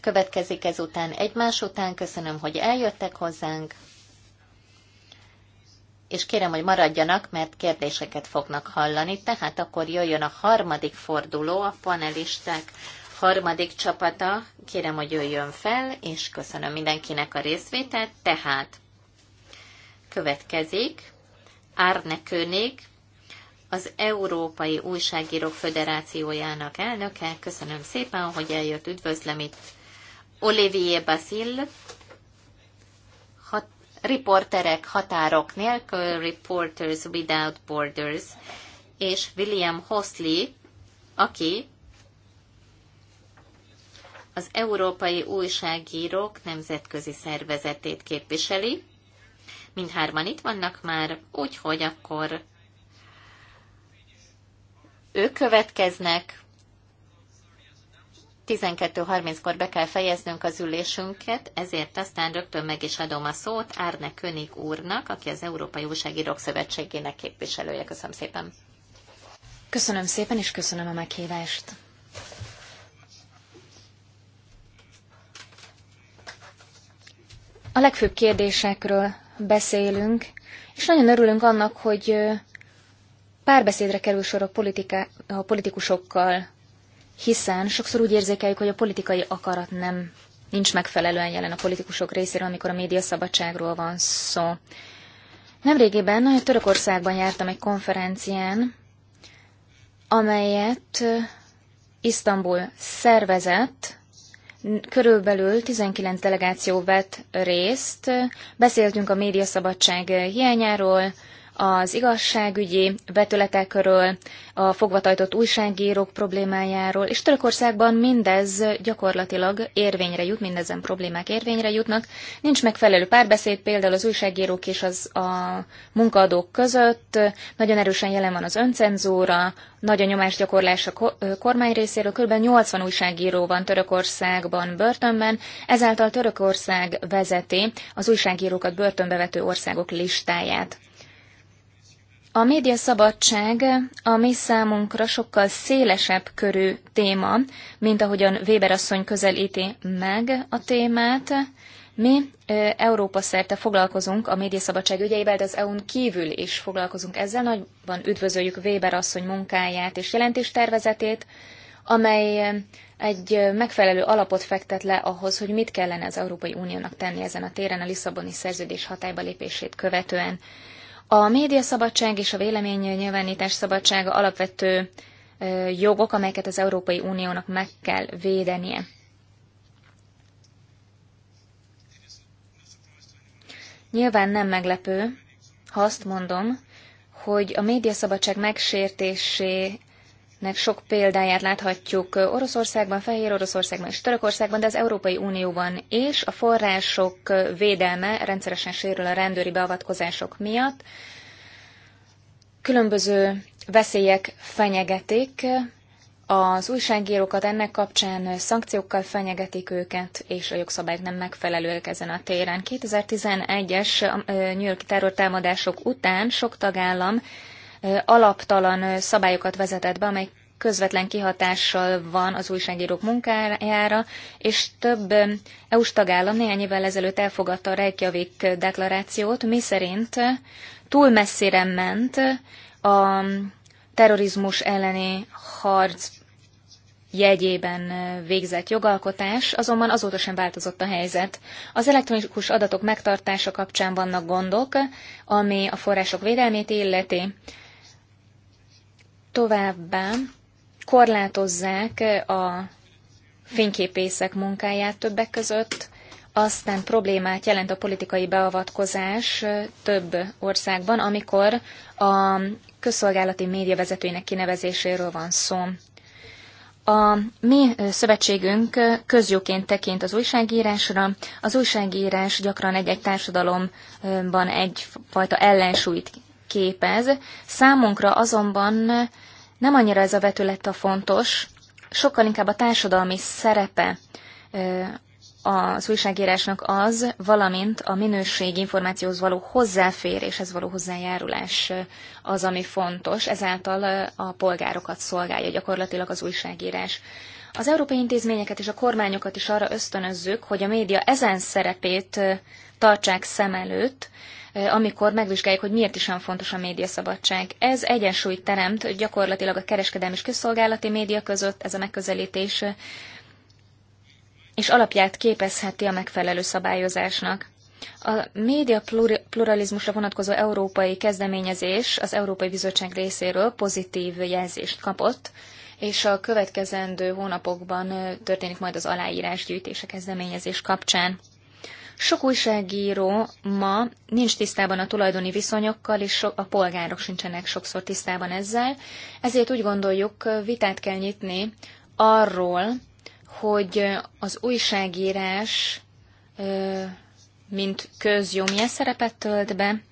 következik ezután egymás után. Köszönöm, hogy eljöttek hozzánk, és kérem, hogy maradjanak, mert kérdéseket fognak hallani. Tehát akkor jöjjön a harmadik forduló, a panelisták harmadik csapata. Kérem, hogy jöjjön fel, és köszönöm mindenkinek a részvételt. Tehát következik Árne König, az Európai Újságírók Föderációjának elnöke. Köszönöm szépen, hogy eljött, üdvözlöm itt. Olivier Basil, hat, riporterek határok nélkül, Reporters Without Borders, és William Hosley, aki az Európai Újságírók Nemzetközi Szervezetét képviseli. Mindhárman itt vannak már, úgyhogy akkor ők következnek, 12.30-kor be kell fejeznünk az ülésünket, ezért aztán rögtön meg is adom a szót Árne König úrnak, aki az Európai Újságírók Szövetségének képviselője. Köszönöm szépen. Köszönöm szépen, és köszönöm a meghívást. A legfőbb kérdésekről beszélünk, és nagyon örülünk annak, hogy párbeszédre kerül sor a, politika, a politikusokkal, hiszen sokszor úgy érzékeljük, hogy a politikai akarat nem nincs megfelelően jelen a politikusok részéről, amikor a média szabadságról van szó. Nemrégiben Törökországban jártam egy konferencián, amelyet Isztambul szervezett, körülbelül 19 delegáció vett részt, beszéltünk a médiaszabadság hiányáról, az igazságügyi vetületekről, a fogvatajtott újságírók problémájáról, és Törökországban mindez gyakorlatilag érvényre jut, mindezen problémák érvényre jutnak. Nincs megfelelő párbeszéd például az újságírók és az a munkaadók között, nagyon erősen jelen van az öncenzúra, nagy a nyomásgyakorlás a kormány részéről, kb. 80 újságíró van Törökországban börtönben, ezáltal Törökország vezeti az újságírókat börtönbe vető országok listáját. A médiaszabadság a mi számunkra sokkal szélesebb körű téma, mint ahogyan Weber asszony közelíti meg a témát. Mi Európa szerte foglalkozunk a médiaszabadság ügyeivel, de az EU-n kívül is foglalkozunk ezzel. Nagyban üdvözöljük Weber asszony munkáját és jelentéstervezetét, amely egy megfelelő alapot fektet le ahhoz, hogy mit kellene az Európai Uniónak tenni ezen a téren a Lisszaboni szerződés hatályba lépését követően. A médiaszabadság és a vélemény nyilvánítás szabadsága alapvető jogok, amelyeket az Európai Uniónak meg kell védenie. Nyilván nem meglepő, ha azt mondom, hogy a médiaszabadság megsértésé nek sok példáját láthatjuk Oroszországban, Fehér Oroszországban és Törökországban, de az Európai Unióban is. A források védelme rendszeresen sérül a rendőri beavatkozások miatt. Különböző veszélyek fenyegetik az újságírókat, ennek kapcsán szankciókkal fenyegetik őket, és a jogszabályok nem megfelelőek ezen a téren. 2011-es New Yorki terrortámadások után sok tagállam alaptalan szabályokat vezetett be, amely közvetlen kihatással van az újságírók munkájára, és több EU-s tagállam néhány évvel ezelőtt elfogadta a Reykjavik deklarációt, miszerint túl messzire ment a terrorizmus elleni harc jegyében végzett jogalkotás, azonban azóta sem változott a helyzet. Az elektronikus adatok megtartása kapcsán vannak gondok, ami a források védelmét illeti. Továbbá korlátozzák a fényképészek munkáját többek között, aztán problémát jelent a politikai beavatkozás több országban, amikor a közszolgálati média vezetőinek kinevezéséről van szó. A mi szövetségünk közjóként tekint az újságírásra. Az újságírás gyakran egy-egy társadalomban egyfajta ellensúlyt képez. Számunkra azonban nem annyira ez a vetület a fontos, sokkal inkább a társadalmi szerepe az újságírásnak az, valamint a minőségi információhoz való hozzáféréshez való hozzájárulás az, ami fontos, ezáltal a polgárokat szolgálja gyakorlatilag az újságírás. Az európai intézményeket és a kormányokat is arra ösztönözzük, hogy a média ezen szerepét tartsák szem előtt, Eh, amikor megvizsgáljuk, hogy miért is olyan fontos a médiaszabadság. Ez egyensúlyt teremt gyakorlatilag a kereskedelmi és közszolgálati média között, ez a megközelítés, eh, és alapját képezheti a megfelelő szabályozásnak. A média pluralizmusra vonatkozó európai kezdeményezés az Európai Bizottság részéről pozitív jelzést kapott, és a következendő hónapokban eh, történik majd az aláírás gyűjtése kezdeményezés kapcsán. Sok újságíró ma nincs tisztában a tulajdoni viszonyokkal, és so- a polgárok sincsenek sokszor tisztában ezzel, ezért úgy gondoljuk, vitát kell nyitni arról, hogy az újságírás, mint közjó, milyen szerepet tölt be,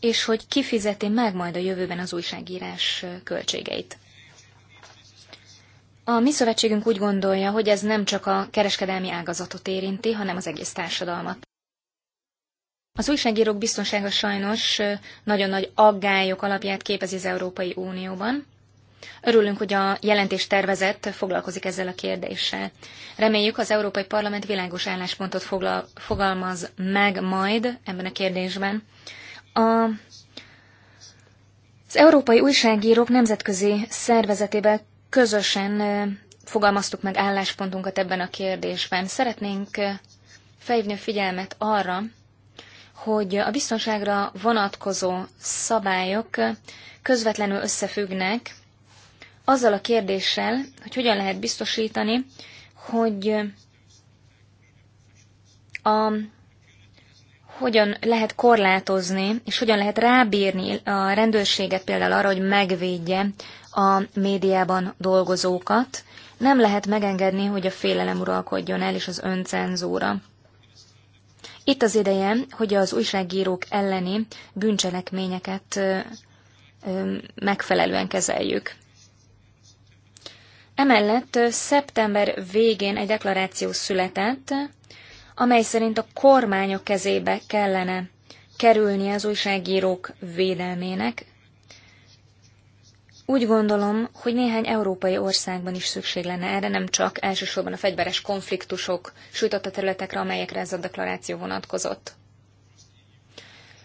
és hogy kifizeti meg majd a jövőben az újságírás költségeit. A mi szövetségünk úgy gondolja, hogy ez nem csak a kereskedelmi ágazatot érinti, hanem az egész társadalmat. Az újságírók biztonsága sajnos nagyon nagy aggályok alapját képezi az Európai Unióban. Örülünk, hogy a jelentés tervezett foglalkozik ezzel a kérdéssel. Reméljük, az Európai Parlament világos álláspontot foglal, fogalmaz meg majd ebben a kérdésben. A az Európai Újságírók Nemzetközi szervezetében közösen fogalmaztuk meg álláspontunkat ebben a kérdésben. Szeretnénk felhívni a figyelmet arra, hogy a biztonságra vonatkozó szabályok közvetlenül összefüggnek azzal a kérdéssel, hogy hogyan lehet biztosítani, hogy a, hogyan lehet korlátozni, és hogyan lehet rábírni a rendőrséget például arra, hogy megvédje a médiában dolgozókat. Nem lehet megengedni, hogy a félelem uralkodjon el, és az öncenzúra. Itt az ideje, hogy az újságírók elleni bűncselekményeket megfelelően kezeljük. Emellett szeptember végén egy deklaráció született, amely szerint a kormányok kezébe kellene kerülni az újságírók védelmének, úgy gondolom, hogy néhány európai országban is szükség lenne erre, nem csak elsősorban a fegyveres konfliktusok a területekre, amelyekre ez a deklaráció vonatkozott.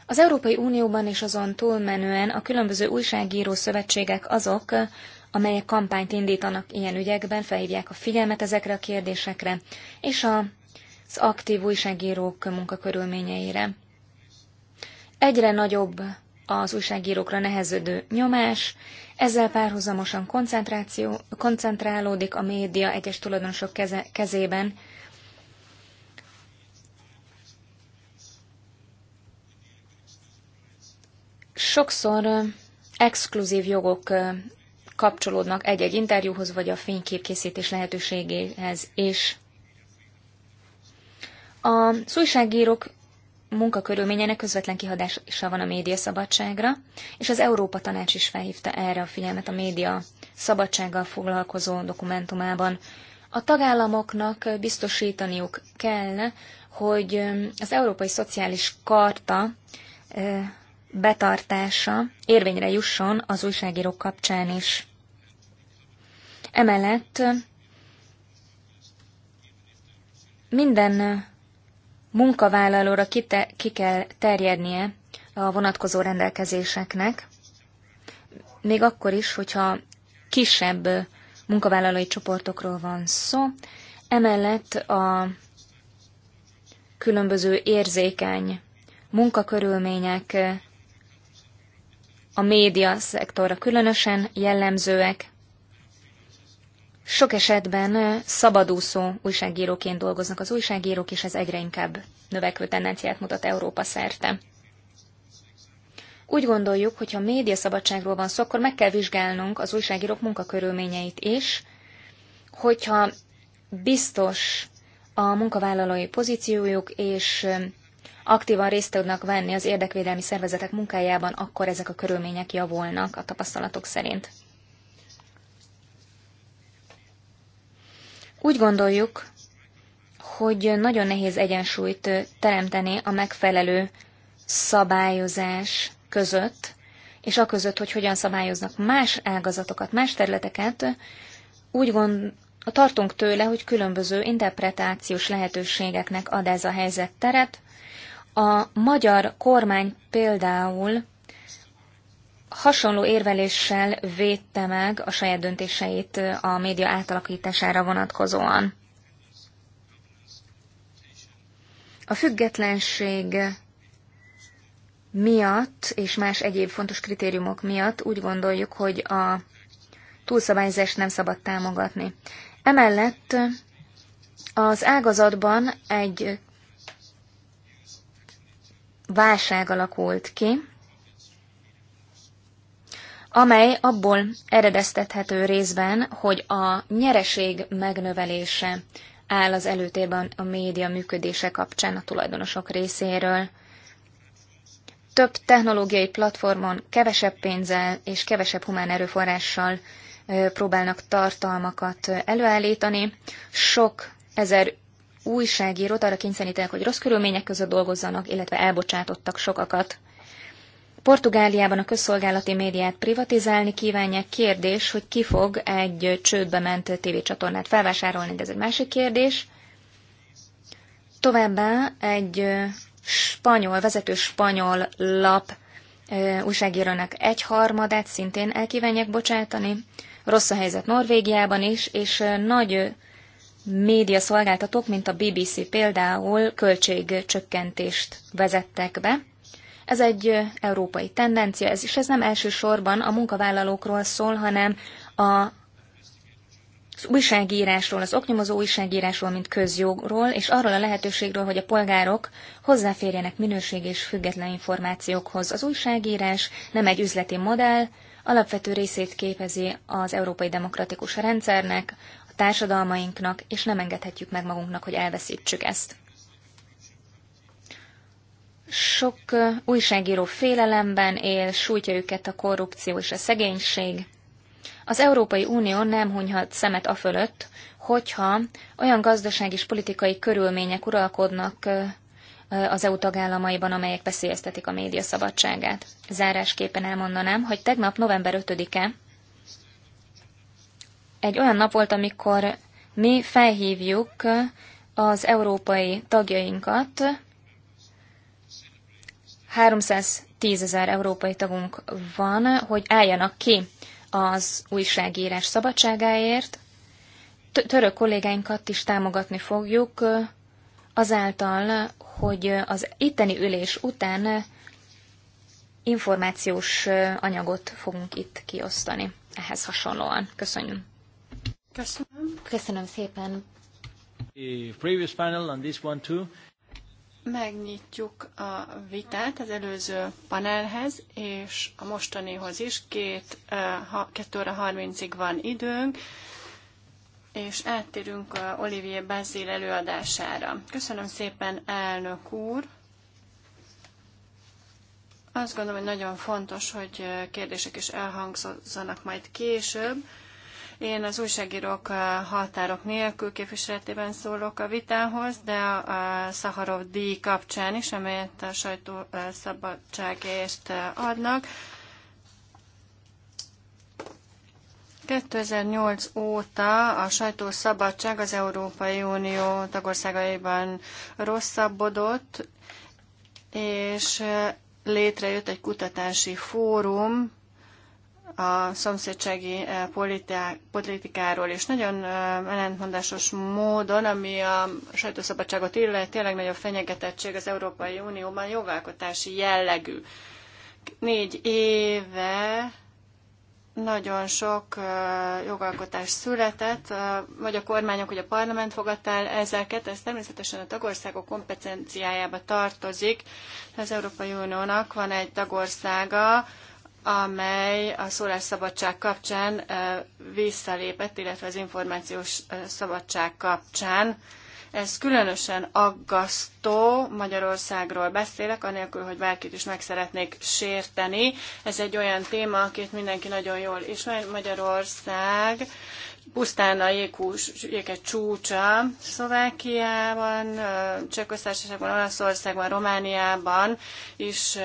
Az Európai Unióban és azon túlmenően a különböző újságíró szövetségek azok, amelyek kampányt indítanak ilyen ügyekben, felhívják a figyelmet ezekre a kérdésekre, és a, az aktív újságírók munkakörülményeire. Egyre nagyobb az újságírókra neheződő nyomás, ezzel párhuzamosan koncentráció, koncentrálódik a média egyes tulajdonosok keze, kezében. Sokszor exkluzív jogok kapcsolódnak egy-egy interjúhoz, vagy a fényképkészítés lehetőségéhez is. A újságírók munkakörülményének közvetlen kihadása van a média szabadságra, és az Európa Tanács is felhívta erre a figyelmet a média szabadsággal foglalkozó dokumentumában. A tagállamoknak biztosítaniuk kell, hogy az Európai Szociális Karta betartása érvényre jusson az újságírók kapcsán is. Emellett minden munkavállalóra ki kell terjednie a vonatkozó rendelkezéseknek, még akkor is, hogyha kisebb munkavállalói csoportokról van szó. Emellett a különböző érzékeny munkakörülmények a média szektorra különösen jellemzőek, sok esetben szabadúszó újságíróként dolgoznak az újságírók, és ez egyre inkább növekvő tendenciát mutat Európa szerte. Úgy gondoljuk, hogy ha médiaszabadságról van szó, akkor meg kell vizsgálnunk az újságírók munkakörülményeit is, hogyha biztos a munkavállalói pozíciójuk, és aktívan részt tudnak venni az érdekvédelmi szervezetek munkájában, akkor ezek a körülmények javulnak a tapasztalatok szerint. Úgy gondoljuk, hogy nagyon nehéz egyensúlyt teremteni a megfelelő szabályozás között, és a között, hogy hogyan szabályoznak más ágazatokat, más területeket, úgy gond, tartunk tőle, hogy különböző interpretációs lehetőségeknek ad ez a helyzet teret. A magyar kormány például hasonló érveléssel védte meg a saját döntéseit a média átalakítására vonatkozóan. A függetlenség miatt és más egyéb fontos kritériumok miatt úgy gondoljuk, hogy a túlszabályzást nem szabad támogatni. Emellett az ágazatban egy válság alakult ki, amely abból eredeztethető részben, hogy a nyereség megnövelése áll az előtérben a média működése kapcsán a tulajdonosok részéről. Több technológiai platformon kevesebb pénzzel és kevesebb humán erőforrással próbálnak tartalmakat előállítani. Sok ezer újságírót arra kényszerítenek, hogy rossz körülmények között dolgozzanak, illetve elbocsátottak sokakat. Portugáliában a közszolgálati médiát privatizálni kívánják. Kérdés, hogy ki fog egy csődbe ment tévécsatornát felvásárolni, de ez egy másik kérdés. Továbbá egy spanyol, vezető spanyol lap újságírónak harmadát szintén elkívánják bocsátani. Rossz a helyzet Norvégiában is, és nagy média szolgáltatók, mint a BBC például költségcsökkentést vezettek be. Ez egy európai tendencia, ez is ez nem elsősorban a munkavállalókról szól, hanem a az újságírásról, az oknyomozó újságírásról, mint közjogról, és arról a lehetőségről, hogy a polgárok hozzáférjenek minőség és független információkhoz. Az újságírás nem egy üzleti modell, alapvető részét képezi az európai demokratikus rendszernek, a társadalmainknak, és nem engedhetjük meg magunknak, hogy elveszítsük ezt. Sok újságíró félelemben él, sújtja őket a korrupció és a szegénység. Az Európai Unió nem hunyhat szemet a fölött, hogyha olyan gazdaság és politikai körülmények uralkodnak az EU tagállamaiban, amelyek veszélyeztetik a média szabadságát. Zárásképpen elmondanám, hogy tegnap november 5-e egy olyan nap volt, amikor mi felhívjuk az európai tagjainkat, 310 ezer európai tagunk van, hogy álljanak ki az újságírás szabadságáért. Török kollégáinkat is támogatni fogjuk azáltal, hogy az itteni ülés után információs anyagot fogunk itt kiosztani ehhez hasonlóan. Köszönöm. Köszönöm. Köszönöm szépen. The previous panel this one too megnyitjuk a vitát az előző panelhez, és a mostanihoz is. Két, ha, 2 óra 30-ig van időnk, és áttérünk a Olivier Bazil előadására. Köszönöm szépen, elnök úr! Azt gondolom, hogy nagyon fontos, hogy kérdések is elhangzanak majd később. Én az újságírók eh, határok nélkül képviseletében szólok a vitához, de a Szaharov díj kapcsán is, amelyet a eh, szabadságért eh, adnak. 2008 óta a sajtószabadság az Európai Unió tagországaiban rosszabbodott, és létrejött egy kutatási fórum, a szomszédsági eh, politikáról, és nagyon eh, ellentmondásos módon, ami a sajtószabadságot illet, tényleg nagyobb fenyegetettség az Európai Unióban jogalkotási jellegű. Négy éve nagyon sok eh, jogalkotás született, vagy a kormányok, vagy a parlament fogadta el ezeket, ez természetesen a tagországok kompetenciájába tartozik. Az Európai Uniónak van egy tagországa, amely a szólásszabadság kapcsán visszalépett, illetve az információs szabadság kapcsán. Ez különösen aggasztó, Magyarországról beszélek, anélkül, hogy bárkit is meg szeretnék sérteni. Ez egy olyan téma, akit mindenki nagyon jól ismer. Magyarország pusztán a jégkús, csúcsa Szlovákiában, Csehköztársaságban, Olaszországban, Romániában is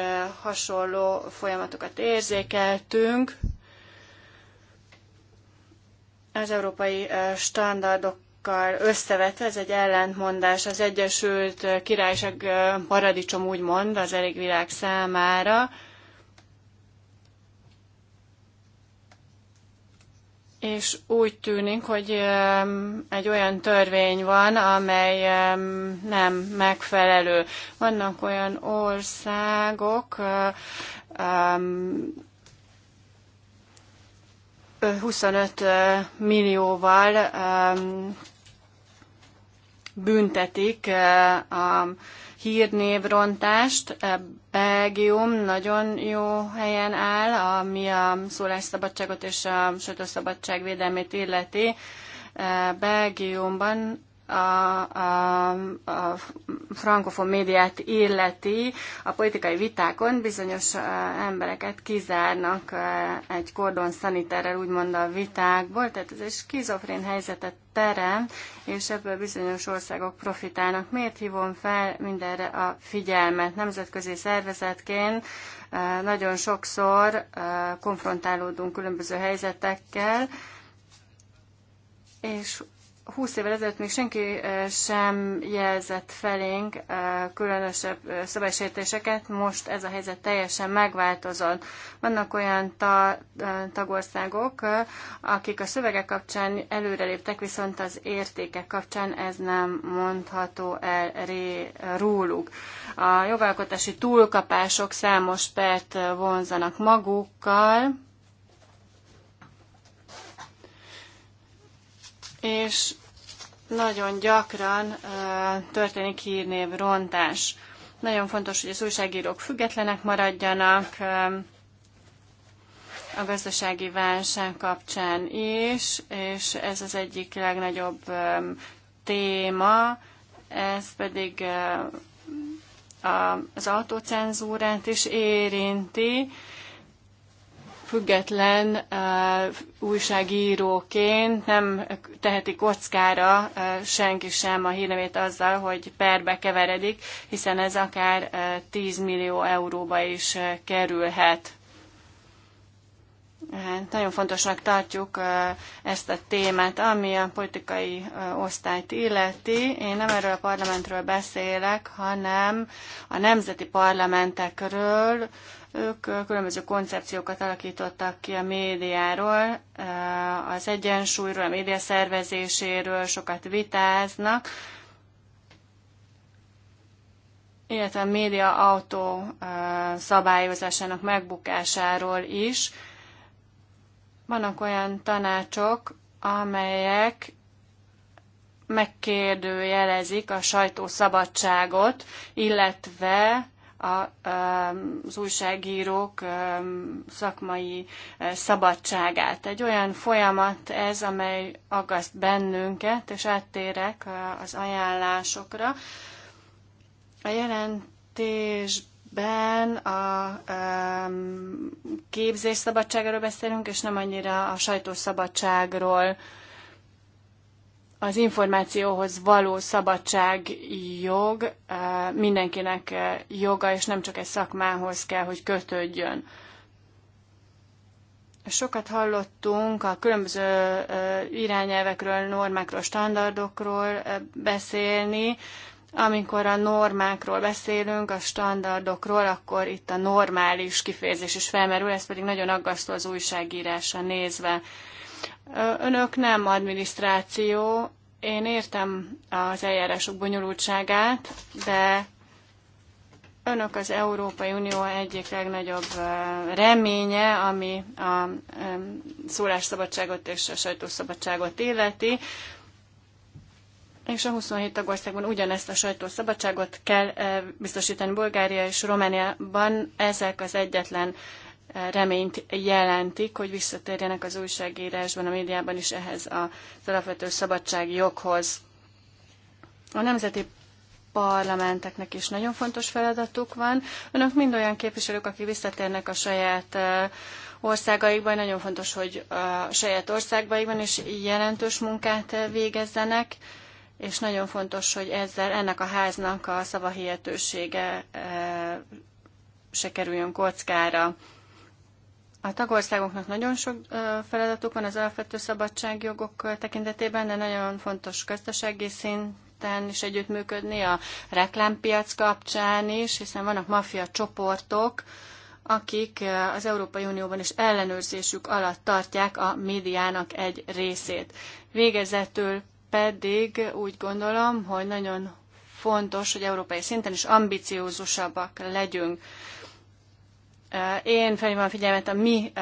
hasonló folyamatokat érzékeltünk. Az európai standardok összevetve, ez egy ellentmondás. Az Egyesült Királyság paradicsom úgymond az elég világ számára, és úgy tűnik, hogy egy olyan törvény van, amely nem megfelelő. Vannak olyan országok, 25 millióval büntetik a hírnévrontást. Belgium nagyon jó helyen áll, ami a szólásszabadságot és a sajtószabadság védelmét illeti. Belgiumban a, a, a frankofon médiát illeti, a politikai vitákon bizonyos embereket kizárnak egy kordon szaniterrel úgymond a vitákból, tehát ez egy skizofrén helyzetet terem, és ebből bizonyos országok profitálnak. Miért hívom fel mindenre a figyelmet? Nemzetközi szervezetként eh, nagyon sokszor eh, konfrontálódunk különböző helyzetekkel, és 20 évvel ezelőtt még senki sem jelzett felénk különösebb szabálysértéseket, most ez a helyzet teljesen megváltozott. Vannak olyan ta, tagországok, akik a szövegek kapcsán előreléptek, viszont az értékek kapcsán ez nem mondható el ré, róluk. A jogalkotási túlkapások számos pert vonzanak magukkal, és nagyon gyakran uh, történik hírnév rontás. Nagyon fontos, hogy az újságírók függetlenek maradjanak uh, a gazdasági válság kapcsán is, és ez az egyik legnagyobb um, téma, ez pedig uh, a, az autocenzúrát is érinti, független újságíróként nem teheti kockára senki sem a hírnevét azzal, hogy perbe keveredik, hiszen ez akár 10 millió euróba is kerülhet. nagyon fontosnak tartjuk ezt a témát, ami a politikai osztályt illeti. Én nem erről a parlamentről beszélek, hanem a nemzeti parlamentekről, ők különböző koncepciókat alakítottak ki a médiáról, az egyensúlyról, a média szervezéséről sokat vitáznak, illetve a média autó szabályozásának megbukásáról is. Vannak olyan tanácsok, amelyek megkérdőjelezik a sajtó szabadságot, illetve a, az újságírók szakmai szabadságát. Egy olyan folyamat ez, amely aggaszt bennünket, és áttérek az ajánlásokra. A jelentésben a képzés szabadságáról beszélünk, és nem annyira a sajtószabadságról szabadságról az információhoz való szabadság jog mindenkinek joga, és nem csak egy szakmához kell, hogy kötődjön. Sokat hallottunk a különböző irányelvekről, normákról, standardokról beszélni. Amikor a normákról beszélünk, a standardokról, akkor itt a normális kifejezés is felmerül, ez pedig nagyon aggasztó az újságírásra nézve. Önök nem adminisztráció, én értem az eljárások bonyolultságát, de önök az Európai Unió egyik legnagyobb reménye, ami a szólásszabadságot és a sajtószabadságot illeti, és a 27 tagországban ugyanezt a sajtószabadságot kell biztosítani. Bulgária és Romániában ezek az egyetlen reményt jelentik, hogy visszatérjenek az újságírásban, a médiában is ehhez az alapvető joghoz. A nemzeti parlamenteknek is nagyon fontos feladatuk van. Önök mind olyan képviselők, akik visszatérnek a saját országaikban, nagyon fontos, hogy a saját országaikban is jelentős munkát végezzenek, és nagyon fontos, hogy ezzel ennek a háznak a szavahihetősége se kerüljön kockára. A tagországoknak nagyon sok feladatuk van az alapvető szabadságjogok tekintetében, de nagyon fontos gazdasági szinten is együttműködni a reklámpiac kapcsán is, hiszen vannak maffia csoportok, akik az Európai Unióban is ellenőrzésük alatt tartják a médiának egy részét. Végezetül pedig úgy gondolom, hogy nagyon fontos, hogy európai szinten is ambiciózusabbak legyünk. Én felhívom a figyelmet a mi,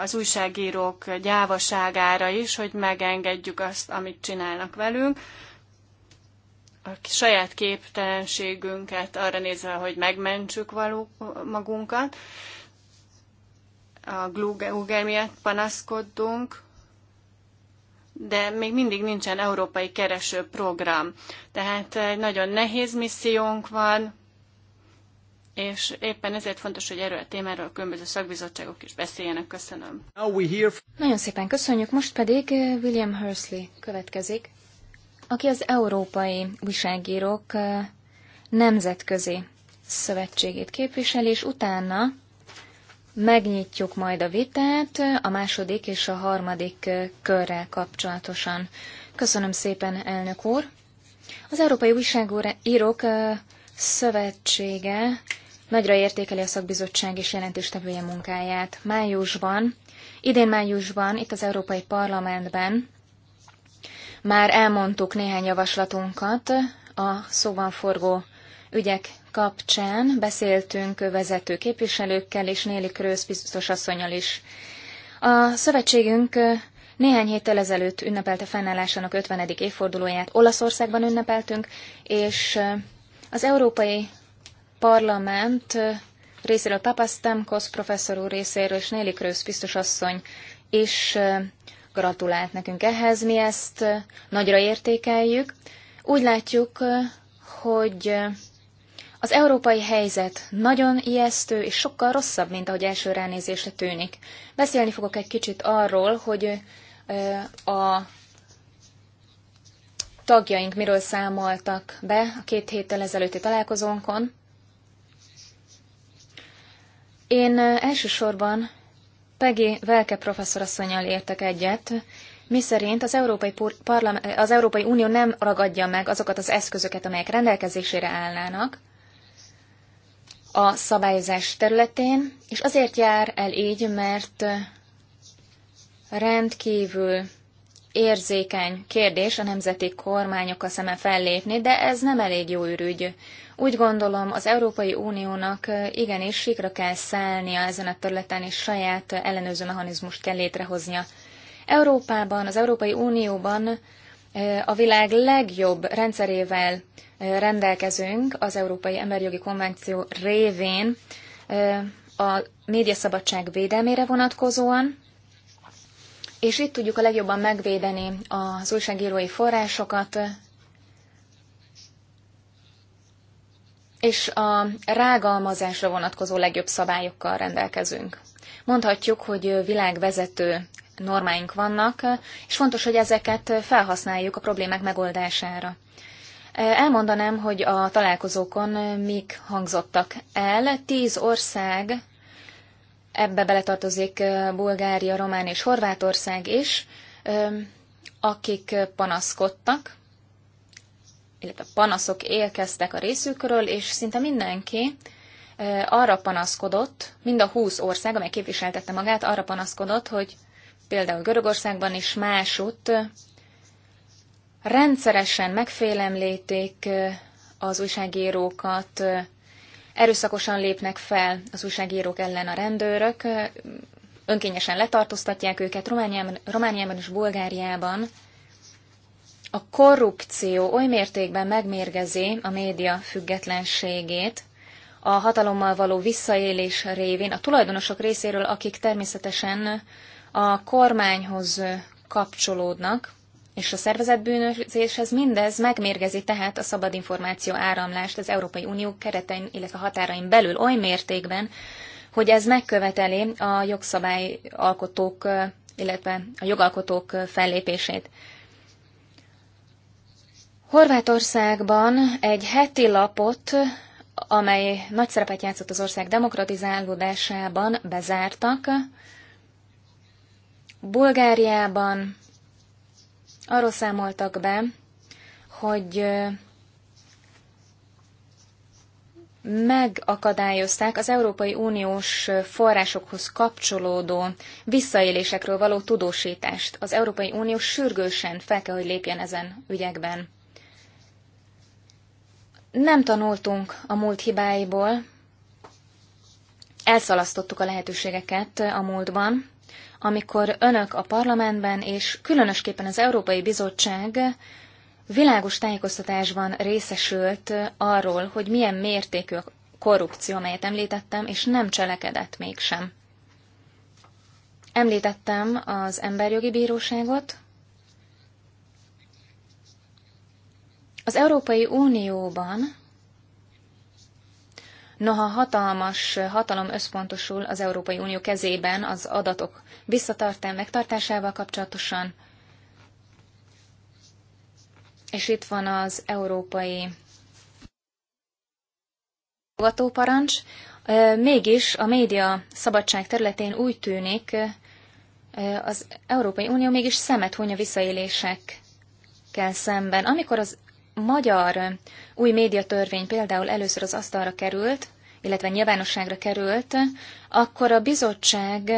az újságírók gyávaságára is, hogy megengedjük azt, amit csinálnak velünk. A saját képtelenségünket arra nézve, hogy megmentsük való magunkat. A Google miatt panaszkodunk, de még mindig nincsen európai kereső program. Tehát egy nagyon nehéz missziónk van, és éppen ezért fontos, hogy erről a témáról a különböző szakbizottságok is beszéljenek. Köszönöm. Nagyon szépen köszönjük. Most pedig eh, William Hursley következik, aki az Európai Újságírók eh, Nemzetközi Szövetségét képviseli, és utána megnyitjuk majd a vitát eh, a második és a harmadik körrel kapcsolatosan. Köszönöm szépen, elnök úr! Az Európai Újságírók Szövetsége Nagyra értékeli a szakbizottság és jelentéstevője munkáját. Májusban, idén májusban, itt az Európai Parlamentben már elmondtuk néhány javaslatunkat a szóban forgó ügyek kapcsán. Beszéltünk vezető képviselőkkel és Néli Krősz biztos asszonyal is. A szövetségünk néhány héttel ezelőtt ünnepelte fennállásának 50. évfordulóját. Olaszországban ünnepeltünk, és az Európai Parlament részéről Papasztámkosz professzor úr részéről és Néli Krősz biztosasszony is gratulált nekünk ehhez. Mi ezt nagyra értékeljük. Úgy látjuk, hogy az európai helyzet nagyon ijesztő és sokkal rosszabb, mint ahogy első ránézésre tűnik. Beszélni fogok egy kicsit arról, hogy a tagjaink miről számoltak be a két héttel ezelőtti találkozónkon. Én elsősorban Peggy Velke professzorasszonyjal értek egyet, miszerint az Európai, az Európai Unió nem ragadja meg azokat az eszközöket, amelyek rendelkezésére állnának a szabályozás területén, és azért jár el így, mert rendkívül érzékeny kérdés a nemzeti kormányokkal szemben fellépni, de ez nem elég jó ürügy. Úgy gondolom, az Európai Uniónak igenis sikra kell szállnia ezen a területen, és saját ellenőrző mechanizmust kell létrehoznia. Európában, az Európai Unióban a világ legjobb rendszerével rendelkezünk az Európai Emberjogi Konvenció révén a médiaszabadság védelmére vonatkozóan, és itt tudjuk a legjobban megvédeni az újságírói forrásokat, és a rágalmazásra vonatkozó legjobb szabályokkal rendelkezünk. Mondhatjuk, hogy világvezető normáink vannak, és fontos, hogy ezeket felhasználjuk a problémák megoldására. Elmondanám, hogy a találkozókon mik hangzottak el. Tíz ország ebbe beletartozik Bulgária, Román és Horvátország is, akik panaszkodtak, illetve panaszok élkeztek a részükről, és szinte mindenki arra panaszkodott, mind a 20 ország, amely képviseltette magát, arra panaszkodott, hogy például Görögországban is másutt rendszeresen megfélemlíték az újságírókat, Erőszakosan lépnek fel az újságírók ellen a rendőrök, önkényesen letartóztatják őket Romániában, Romániában és Bulgáriában. A korrupció oly mértékben megmérgezi a média függetlenségét, a hatalommal való visszaélés révén a tulajdonosok részéről, akik természetesen a kormányhoz kapcsolódnak, és a szervezetbűnözéshez mindez megmérgezi tehát a szabad információ áramlást az Európai Unió keretein, illetve határain belül oly mértékben, hogy ez megköveteli a jogszabályalkotók, illetve a jogalkotók fellépését. Horvátországban egy heti lapot, amely nagy szerepet játszott az ország demokratizálódásában, bezártak. Bulgáriában arról számoltak be, hogy megakadályozták az Európai Uniós forrásokhoz kapcsolódó visszaélésekről való tudósítást. Az Európai Unió sürgősen fel kell, hogy lépjen ezen ügyekben. Nem tanultunk a múlt hibáiból, elszalasztottuk a lehetőségeket a múltban, amikor önök a parlamentben és különösképpen az Európai Bizottság világos tájékoztatásban részesült arról, hogy milyen mértékű a korrupció, amelyet említettem, és nem cselekedett mégsem. Említettem az Emberjogi Bíróságot. Az Európai Unióban, noha hatalmas hatalom összpontosul az Európai Unió kezében az adatok visszatartán megtartásával kapcsolatosan, és itt van az európai parancs. Mégis a média szabadság területén úgy tűnik, az Európai Unió mégis szemet hunya visszaélésekkel szemben. Amikor az magyar új médiatörvény például először az asztalra került, illetve nyilvánosságra került, akkor a bizottság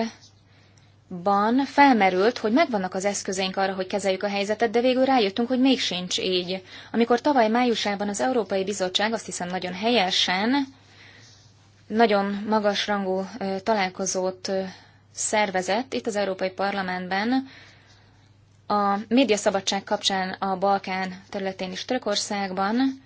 ban felmerült, hogy megvannak az eszközeink arra, hogy kezeljük a helyzetet, de végül rájöttünk, hogy még sincs így. Amikor tavaly májusában az Európai Bizottság, azt hiszem nagyon helyesen, nagyon magas rangú találkozót szervezett itt az Európai Parlamentben, a médiaszabadság kapcsán a Balkán területén is Törökországban,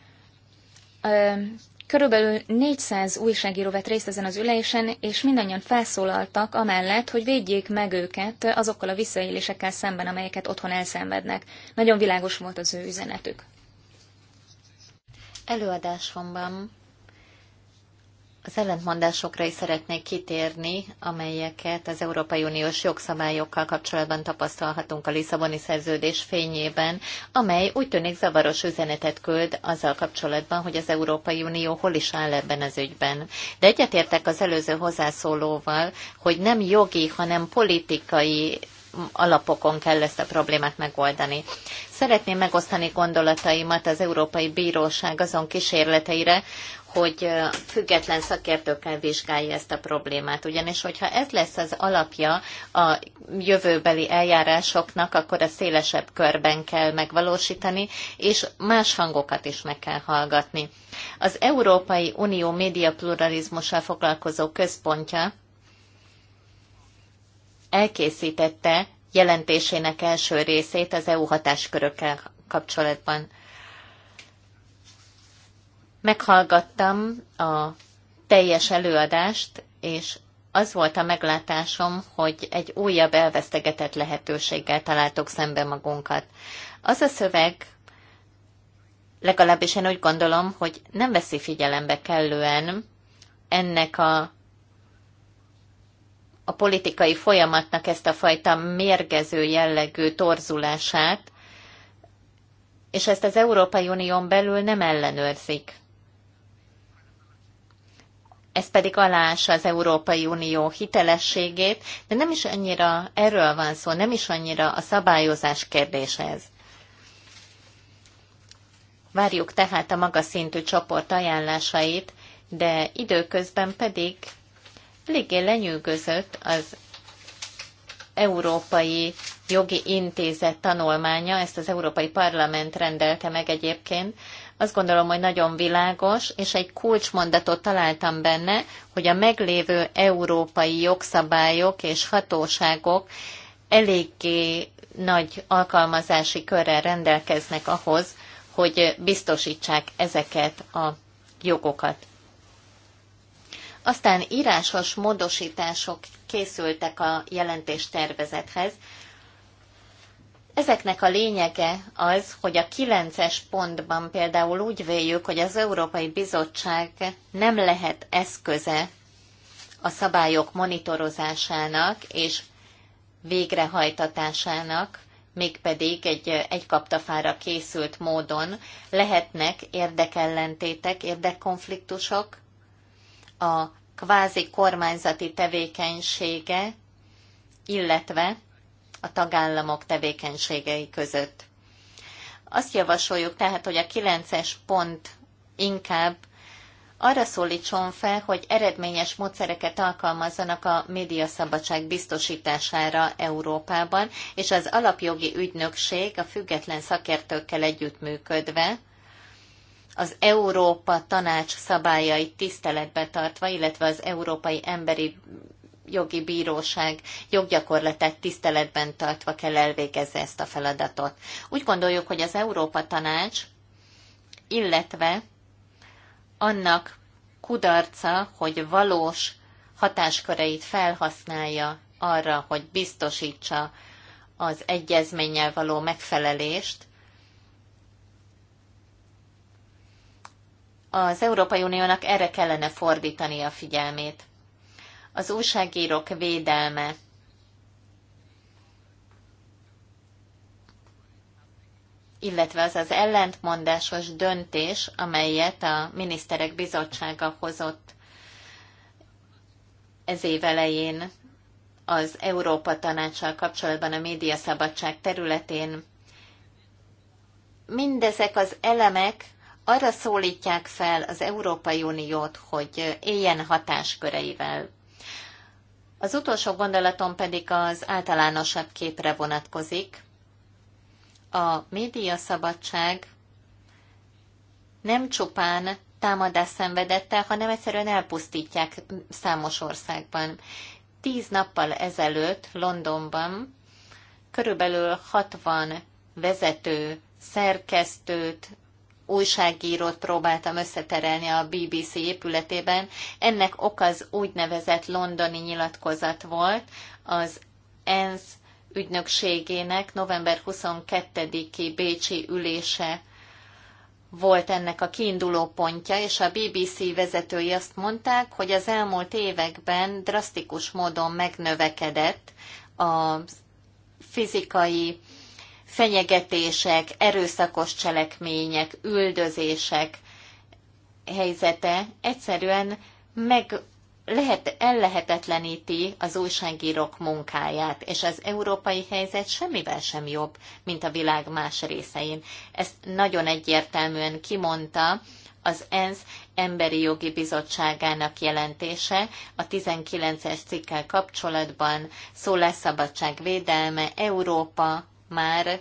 Körülbelül 400 újságíró vett részt ezen az ülésen, és mindannyian felszólaltak amellett, hogy védjék meg őket azokkal a visszaélésekkel szemben, amelyeket otthon elszenvednek. Nagyon világos volt az ő üzenetük. Előadásomban az ellentmondásokra is szeretnék kitérni, amelyeket az Európai Uniós jogszabályokkal kapcsolatban tapasztalhatunk a Lisszaboni szerződés fényében, amely úgy tűnik zavaros üzenetet küld azzal kapcsolatban, hogy az Európai Unió hol is áll ebben az ügyben. De egyetértek az előző hozzászólóval, hogy nem jogi, hanem politikai alapokon kell ezt a problémát megoldani. Szeretném megosztani gondolataimat az Európai Bíróság azon kísérleteire, hogy független szakértőkkel vizsgálja ezt a problémát. Ugyanis, hogyha ez lesz az alapja a jövőbeli eljárásoknak, akkor a szélesebb körben kell megvalósítani, és más hangokat is meg kell hallgatni. Az Európai Unió média pluralizmussal foglalkozó központja elkészítette jelentésének első részét az EU hatáskörökkel kapcsolatban meghallgattam a teljes előadást, és az volt a meglátásom, hogy egy újabb elvesztegetett lehetőséggel találtok szembe magunkat. Az a szöveg, legalábbis én úgy gondolom, hogy nem veszi figyelembe kellően ennek a, a politikai folyamatnak ezt a fajta mérgező jellegű torzulását, és ezt az Európai Unión belül nem ellenőrzik ez pedig aláássa az Európai Unió hitelességét, de nem is annyira erről van szó, nem is annyira a szabályozás kérdése ez. Várjuk tehát a magas szintű csoport ajánlásait, de időközben pedig eléggé lenyűgözött az Európai Jogi Intézet tanulmánya, ezt az Európai Parlament rendelte meg egyébként, azt gondolom, hogy nagyon világos, és egy kulcsmondatot találtam benne, hogy a meglévő európai jogszabályok és hatóságok eléggé nagy alkalmazási körrel rendelkeznek ahhoz, hogy biztosítsák ezeket a jogokat. Aztán írásos módosítások készültek a jelentés tervezethez, Ezeknek a lényege az, hogy a kilences pontban például úgy véljük, hogy az Európai Bizottság nem lehet eszköze a szabályok monitorozásának és végrehajtatásának, mégpedig egy egykaptafára készült módon lehetnek érdekellentétek, érdekkonfliktusok, a kvázi kormányzati tevékenysége, illetve a tagállamok tevékenységei között. Azt javasoljuk tehát, hogy a 9-es pont inkább arra szólítson fel, hogy eredményes módszereket alkalmazzanak a médiaszabadság biztosítására Európában, és az alapjogi ügynökség a független szakértőkkel együttműködve, az Európa Tanács szabályait tiszteletbe tartva, illetve az Európai Emberi jogi bíróság joggyakorlatát tiszteletben tartva kell elvégezze ezt a feladatot. Úgy gondoljuk, hogy az Európa Tanács, illetve annak kudarca, hogy valós hatásköreit felhasználja arra, hogy biztosítsa az egyezménnyel való megfelelést, az Európai Uniónak erre kellene fordítani a figyelmét. Az újságírók védelme. illetve az az ellentmondásos döntés, amelyet a miniszterek bizottsága hozott ez év elején az Európa tanácssal kapcsolatban a médiaszabadság területén. Mindezek az elemek arra szólítják fel az Európai Uniót, hogy éljen hatásköreivel. Az utolsó gondolatom pedig az általánosabb képre vonatkozik. A média szabadság nem csupán támadás szenvedette, hanem egyszerűen elpusztítják számos országban. Tíz nappal ezelőtt Londonban körülbelül 60 vezető, szerkesztőt, újságírót próbáltam összeterelni a BBC épületében. Ennek ok az úgynevezett londoni nyilatkozat volt az ENSZ ügynökségének november 22-i Bécsi ülése volt ennek a kiinduló pontja, és a BBC vezetői azt mondták, hogy az elmúlt években drasztikus módon megnövekedett a fizikai fenyegetések, erőszakos cselekmények, üldözések helyzete egyszerűen meg lehet, ellehetetleníti az újságírók munkáját, és az európai helyzet semmivel sem jobb, mint a világ más részein. Ezt nagyon egyértelműen kimondta az ENSZ Emberi Jogi Bizottságának jelentése a 19-es cikkel kapcsolatban, szólásszabadság szabadság védelme, Európa, már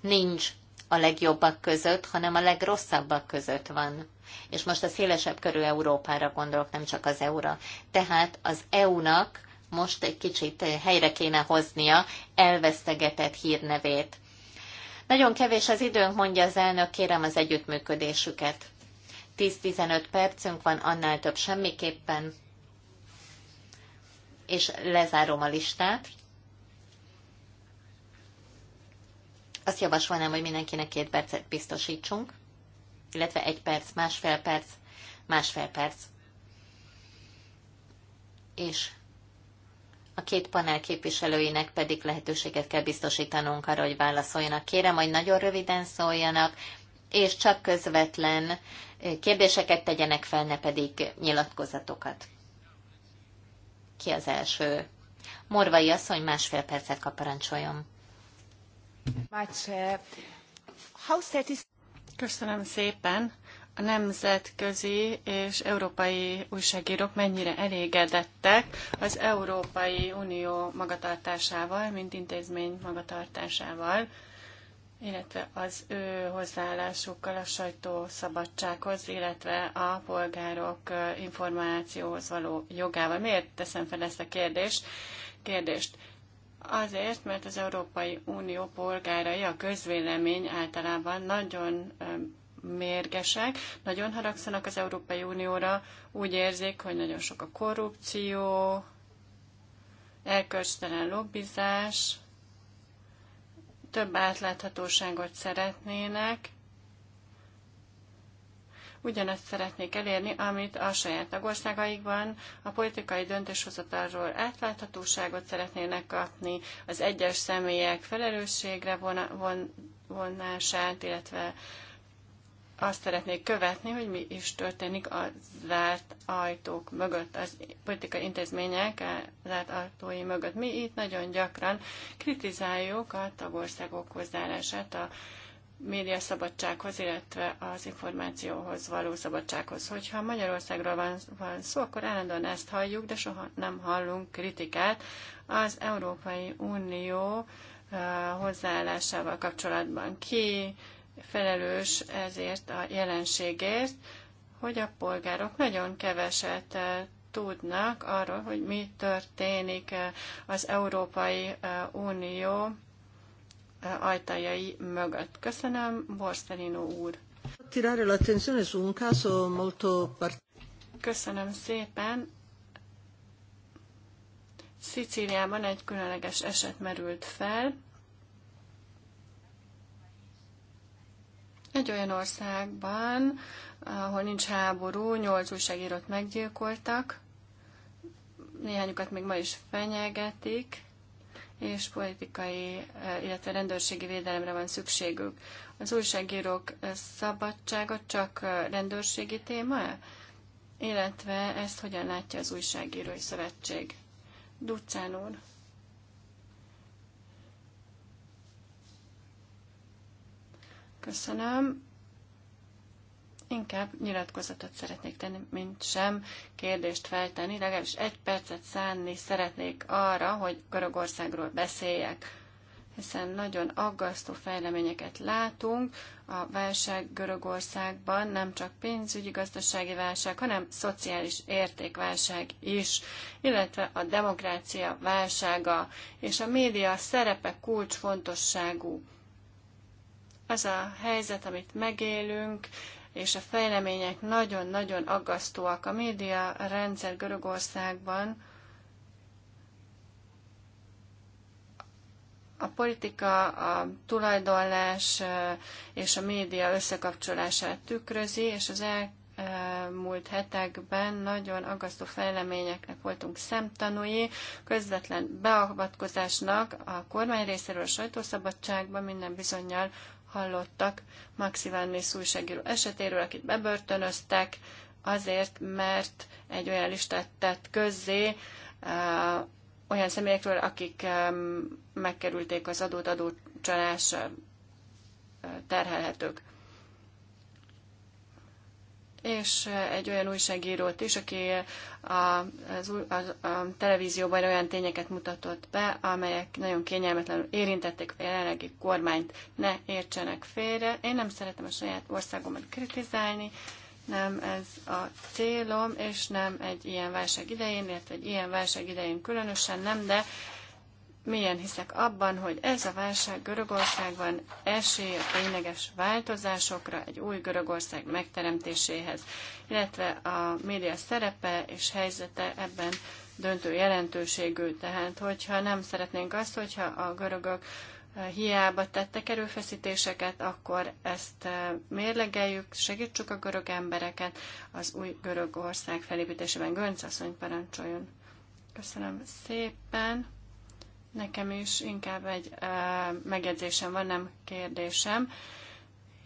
nincs a legjobbak között, hanem a legrosszabbak között van. És most a szélesebb körű Európára gondolok, nem csak az EU-ra. Tehát az EU-nak most egy kicsit helyre kéne hoznia elvesztegetett hírnevét. Nagyon kevés az időnk, mondja az elnök, kérem az együttműködésüket. 10-15 percünk van, annál több semmiképpen, és lezárom a listát. Azt javasolnám, hogy mindenkinek két percet biztosítsunk, illetve egy perc, másfél perc, másfél perc. És a két panel képviselőinek pedig lehetőséget kell biztosítanunk arra, hogy válaszoljanak. Kérem, hogy nagyon röviden szóljanak, és csak közvetlen eh, kérdéseket tegyenek fel, ne pedig nyilatkozatokat. Ki az első? Morvai asszony másfél percet kap Uh, Köszönöm szépen. A nemzetközi és európai újságírók mennyire elégedettek az Európai Unió magatartásával, mint intézmény magatartásával, illetve az ő hozzáállásukkal a sajtó illetve a polgárok uh, információhoz való jogával. Miért teszem fel ezt a kérdést? kérdést. Azért, mert az Európai Unió polgárai, a közvélemény általában nagyon mérgesek, nagyon haragszanak az Európai Unióra, úgy érzik, hogy nagyon sok a korrupció, elkölcstelen lobbizás, több átláthatóságot szeretnének, ugyanazt szeretnék elérni, amit a saját tagországaikban a politikai döntéshozatalról átláthatóságot szeretnének kapni, az egyes személyek felelősségre von, von, vonását, illetve azt szeretnék követni, hogy mi is történik a zárt ajtók mögött, az politikai intézmények zárt ajtói mögött. Mi itt nagyon gyakran kritizáljuk a tagországok hozzáállását a médiaszabadsághoz, illetve az információhoz való szabadsághoz. Hogyha Magyarországról van, van szó, akkor állandóan ezt halljuk, de soha nem hallunk kritikát az Európai Unió uh, hozzáállásával kapcsolatban. Ki felelős ezért a jelenségért, hogy a polgárok nagyon keveset uh, tudnak arról, hogy mi történik eh, az Európai Unió ajtajai mögött. Köszönöm, Borszerino úr. Köszönöm szépen. Szicíliában egy különleges eset merült fel. Egy olyan országban, ahol nincs háború, nyolc újságírót meggyilkoltak, néhányukat még ma is fenyegetik és politikai, eh, illetve rendőrségi védelemre van szükségük. Az újságírók eh, szabadsága csak eh, rendőrségi téma, illetve ezt hogyan látja az újságírói szövetség? Ducán úr. Köszönöm. Inkább nyilatkozatot szeretnék tenni, mint sem kérdést feltenni. Legalábbis egy percet szánni szeretnék arra, hogy Görögországról beszéljek hiszen nagyon aggasztó fejleményeket látunk. A válság Görögországban nem csak pénzügyi gazdasági válság, hanem szociális értékválság is, illetve a demokrácia válsága és a média szerepe kulcsfontosságú. Az a helyzet, amit megélünk, és a fejlemények nagyon-nagyon aggasztóak. A média rendszer Görögországban a politika, a tulajdonlás és a média összekapcsolását tükrözi, és az elmúlt hetekben nagyon aggasztó fejleményeknek voltunk szemtanúi, közvetlen beavatkozásnak a kormány részéről a sajtószabadságban minden bizonyal hallottak Maxi Iván újságíró esetéről, akit bebörtönöztek, azért, mert egy olyan listát tett közzé, olyan személyekről, akik megkerülték az adót adócsalás terhelhetők és egy olyan újságírót is, aki a, az, a, a televízióban olyan tényeket mutatott be, amelyek nagyon kényelmetlenül érintették a jelenlegi kormányt. Ne értsenek félre. Én nem szeretem a saját országomat kritizálni, nem ez a célom, és nem egy ilyen válság idején, illetve egy ilyen válság idején különösen nem, de milyen hiszek abban, hogy ez a válság Görögországban esély a tényleges változásokra, egy új Görögország megteremtéséhez, illetve a média szerepe és helyzete ebben döntő jelentőségű. Tehát, hogyha nem szeretnénk azt, hogyha a görögök eh, hiába tettek erőfeszítéseket, akkor ezt eh, mérlegeljük, segítsük a görög embereket az új görög ország felépítésében. Gönc asszony parancsoljon. Köszönöm szépen. Nekem is inkább egy megjegyzésem van, nem kérdésem,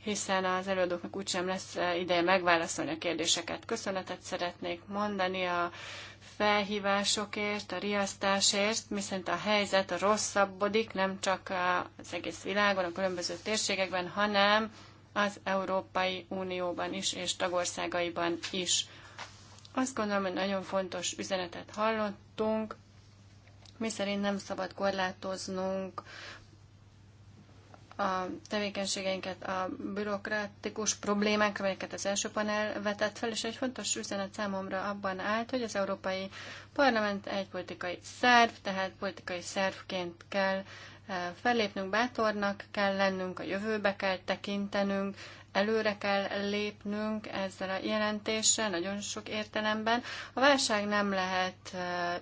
hiszen az előadóknak úgysem lesz ideje megválaszolni a kérdéseket. Köszönetet szeretnék mondani a felhívásokért, a riasztásért, miszerint a helyzet rosszabbodik nem csak az egész világon, a különböző térségekben, hanem az Európai Unióban is és tagországaiban is. Azt gondolom, hogy nagyon fontos üzenetet hallottunk, mi szerint nem szabad korlátoznunk a tevékenységeinket a bürokratikus problémák, amelyeket az első panel vetett fel, és egy fontos üzenet számomra abban állt, hogy az Európai Parlament egy politikai szerv, tehát politikai szervként kell eh, fellépnünk, bátornak kell lennünk, a jövőbe kell tekintenünk, előre kell lépnünk ezzel a jelentéssel, nagyon sok értelemben. A válság nem lehet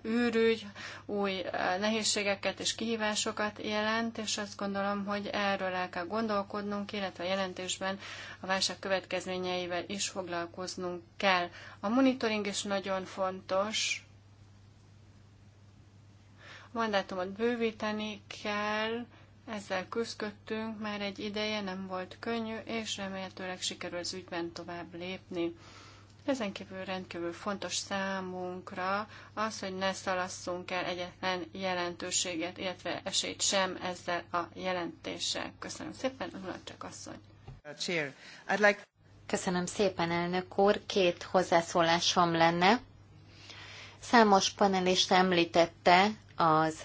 űrügy, új nehézségeket és kihívásokat jelent, és azt gondolom, hogy erről el kell gondolkodnunk, illetve a jelentésben a válság következményeivel is foglalkoznunk kell. A monitoring is nagyon fontos, a mandátumot bővíteni kell, ezzel küzdködtünk, már egy ideje nem volt könnyű, és remélhetőleg sikerül az ügyben tovább lépni. Ezen kívül rendkívül fontos számunkra az, hogy ne szalasszunk el egyetlen jelentőséget, illetve esélyt sem ezzel a jelentéssel. Köszönöm szépen, csak asszony. Köszönöm szépen, elnök úr. Két hozzászólásom lenne. Számos panelista említette az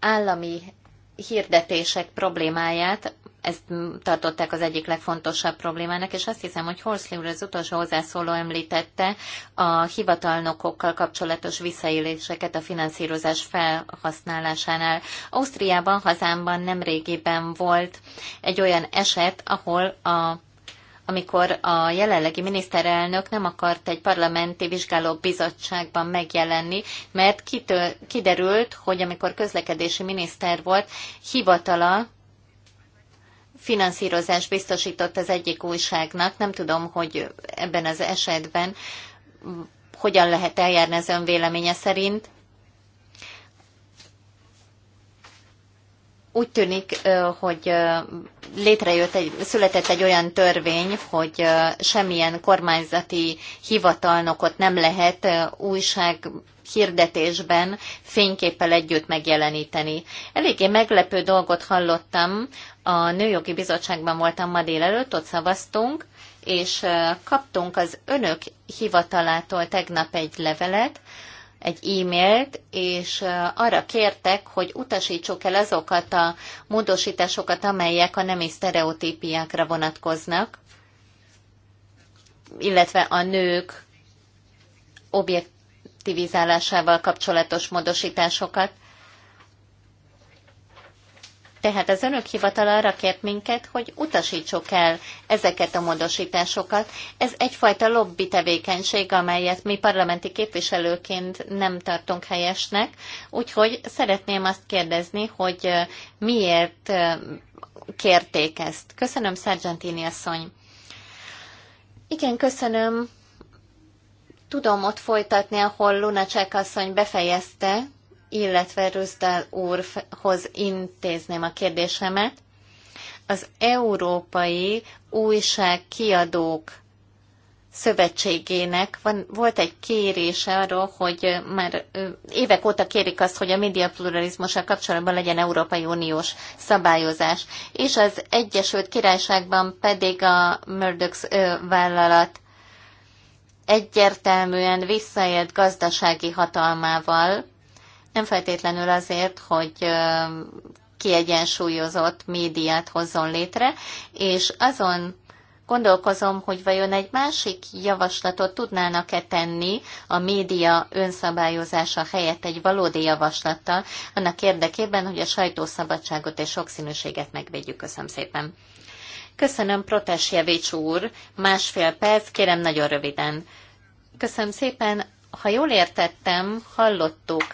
állami hirdetések problémáját, ezt tartották az egyik legfontosabb problémának, és azt hiszem, hogy Horsley úr az utolsó hozzászóló említette a hivatalnokokkal kapcsolatos visszaéléseket a finanszírozás felhasználásánál. Ausztriában, hazámban nem volt egy olyan eset, ahol a amikor a jelenlegi miniszterelnök nem akart egy parlamenti bizottságban megjelenni, mert kitől, kiderült, hogy amikor közlekedési miniszter volt, hivatala finanszírozás biztosított az egyik újságnak. Nem tudom, hogy ebben az esetben hogyan lehet eljárni az önvéleménye szerint. úgy tűnik, hogy létrejött egy, született egy olyan törvény, hogy semmilyen kormányzati hivatalnokot nem lehet újság hirdetésben fényképpel együtt megjeleníteni. Eléggé meglepő dolgot hallottam, a Nőjogi Bizottságban voltam ma délelőtt, ott szavaztunk, és kaptunk az önök hivatalától tegnap egy levelet, egy e-mailt, és arra kértek, hogy utasítsuk el azokat a módosításokat, amelyek a nemi sztereotípiákra vonatkoznak, illetve a nők objektivizálásával kapcsolatos módosításokat. Tehát az önök hivatal arra kért minket, hogy utasítsuk el ezeket a módosításokat. Ez egyfajta lobby tevékenység, amelyet mi parlamenti képviselőként nem tartunk helyesnek, úgyhogy szeretném azt kérdezni, hogy miért kérték ezt. Köszönöm, Sargentini asszony. Igen, köszönöm. Tudom ott folytatni, ahol Lunacek asszony befejezte, illetve Rüzdál úrhoz intézném a kérdésemet. Az Európai Újságkiadók Szövetségének van, volt egy kérése arról, hogy már évek óta kérik azt, hogy a média pluralizmussal kapcsolatban legyen Európai Uniós szabályozás. És az Egyesült Királyságban pedig a Murdoch vállalat egyértelműen visszaélt gazdasági hatalmával, nem feltétlenül azért, hogy kiegyensúlyozott médiát hozzon létre, és azon gondolkozom, hogy vajon egy másik javaslatot tudnának-e tenni a média önszabályozása helyett egy valódi javaslattal, annak érdekében, hogy a sajtószabadságot és sokszínűséget megvédjük. Köszönöm szépen. Köszönöm, Jevics úr. Másfél perc, kérem nagyon röviden. Köszönöm szépen. Ha jól értettem, hallottuk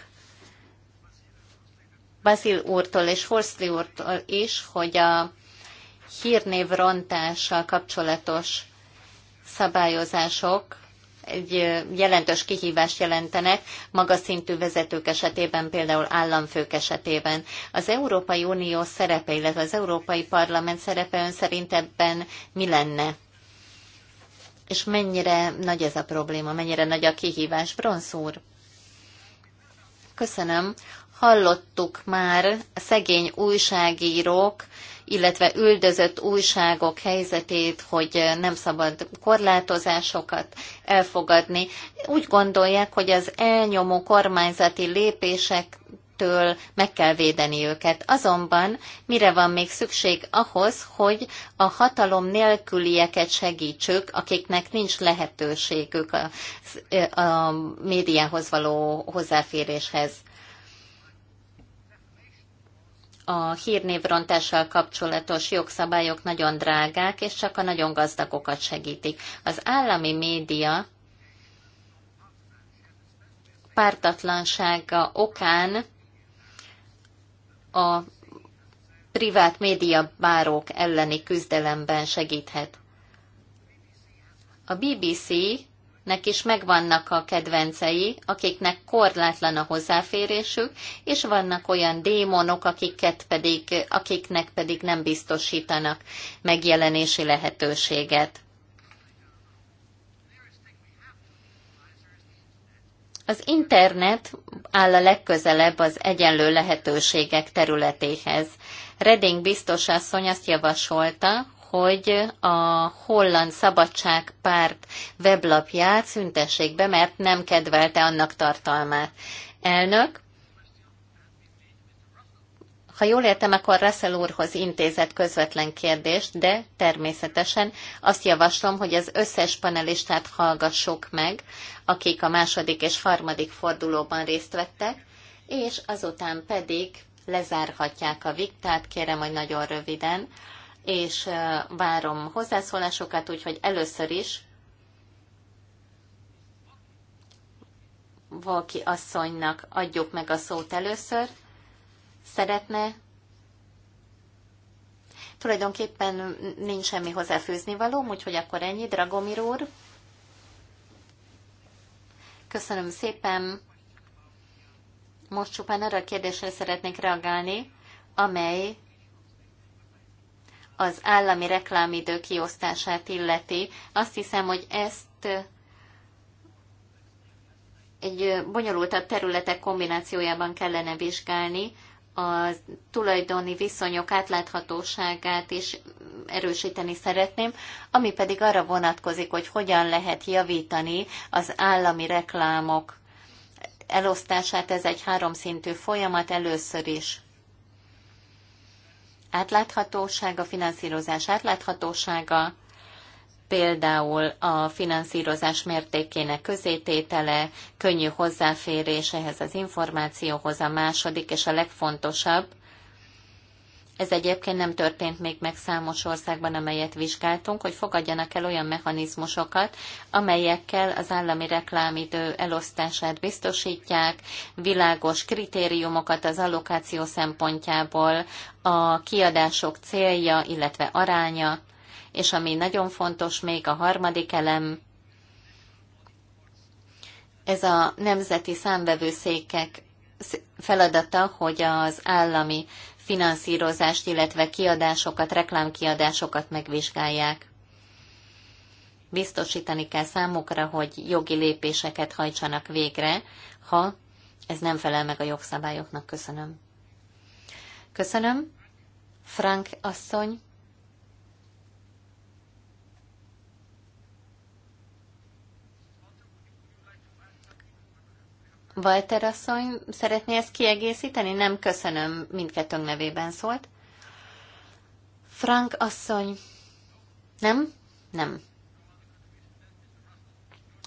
Basil úrtól és Horszli úrtól is, hogy a hírnév rontással kapcsolatos szabályozások egy jelentős kihívást jelentenek magas szintű vezetők esetében, például államfők esetében. Az Európai Unió szerepe, illetve az Európai Parlament szerepe ön szerint ebben mi lenne? És mennyire nagy ez a probléma, mennyire nagy a kihívás, Bronsz úr? Köszönöm. Hallottuk már a szegény újságírók, illetve üldözött újságok helyzetét, hogy nem szabad korlátozásokat elfogadni. Úgy gondolják, hogy az elnyomó kormányzati lépések ettől meg kell védeni őket. Azonban mire van még szükség ahhoz, hogy a hatalom nélkülieket segítsük, akiknek nincs lehetőségük a, a médiához való hozzáféréshez? a hírnévrontással kapcsolatos jogszabályok nagyon drágák, és csak a nagyon gazdagokat segítik. Az állami média pártatlansága okán a privát média bárók elleni küzdelemben segíthet. A BBC-nek is megvannak a kedvencei, akiknek korlátlan a hozzáférésük, és vannak olyan démonok, akiket pedig, akiknek pedig nem biztosítanak megjelenési lehetőséget. Az internet áll a legközelebb az egyenlő lehetőségek területéhez. Reding biztos asszony azt javasolta, hogy a holland szabadságpárt weblapját szüntessék be, mert nem kedvelte annak tartalmát. Elnök, ha jól értem, akkor Russell úrhoz intézett közvetlen kérdést, de természetesen azt javaslom, hogy az összes panelistát hallgassuk meg, akik a második és harmadik fordulóban részt vettek, és azután pedig lezárhatják a viktát, kérem, hogy nagyon röviden, és várom hozzászólásokat, úgyhogy először is valaki asszonynak adjuk meg a szót először. Szeretne tulajdonképpen nincs semmi hozzáfűzni való, úgyhogy akkor ennyi, Dragomir úr. Köszönöm szépen. Most csupán arra a kérdésre szeretnék reagálni, amely az állami reklámidő kiosztását illeti. Azt hiszem, hogy ezt egy bonyolultabb területek kombinációjában kellene vizsgálni, a tulajdoni viszonyok átláthatóságát is erősíteni szeretném, ami pedig arra vonatkozik, hogy hogyan lehet javítani az állami reklámok elosztását. Ez egy háromszintű folyamat először is. Átláthatóság, a finanszírozás átláthatósága, például a finanszírozás mértékének közététele, könnyű hozzáférés ehhez az információhoz a második és a legfontosabb, ez egyébként nem történt még meg számos országban, amelyet vizsgáltunk, hogy fogadjanak el olyan mechanizmusokat, amelyekkel az állami reklámidő elosztását biztosítják, világos kritériumokat az allokáció szempontjából, a kiadások célja, illetve aránya, és ami nagyon fontos még a harmadik elem, ez a nemzeti számvevőszékek feladata, hogy az állami finanszírozást, illetve kiadásokat, reklámkiadásokat megvizsgálják. Biztosítani kell számukra, hogy jogi lépéseket hajtsanak végre, ha ez nem felel meg a jogszabályoknak. Köszönöm. Köszönöm. Frank asszony. Walter asszony, szeretné ezt kiegészíteni? Nem, köszönöm, mindkettőnk nevében szólt. Frank asszony, nem? Nem.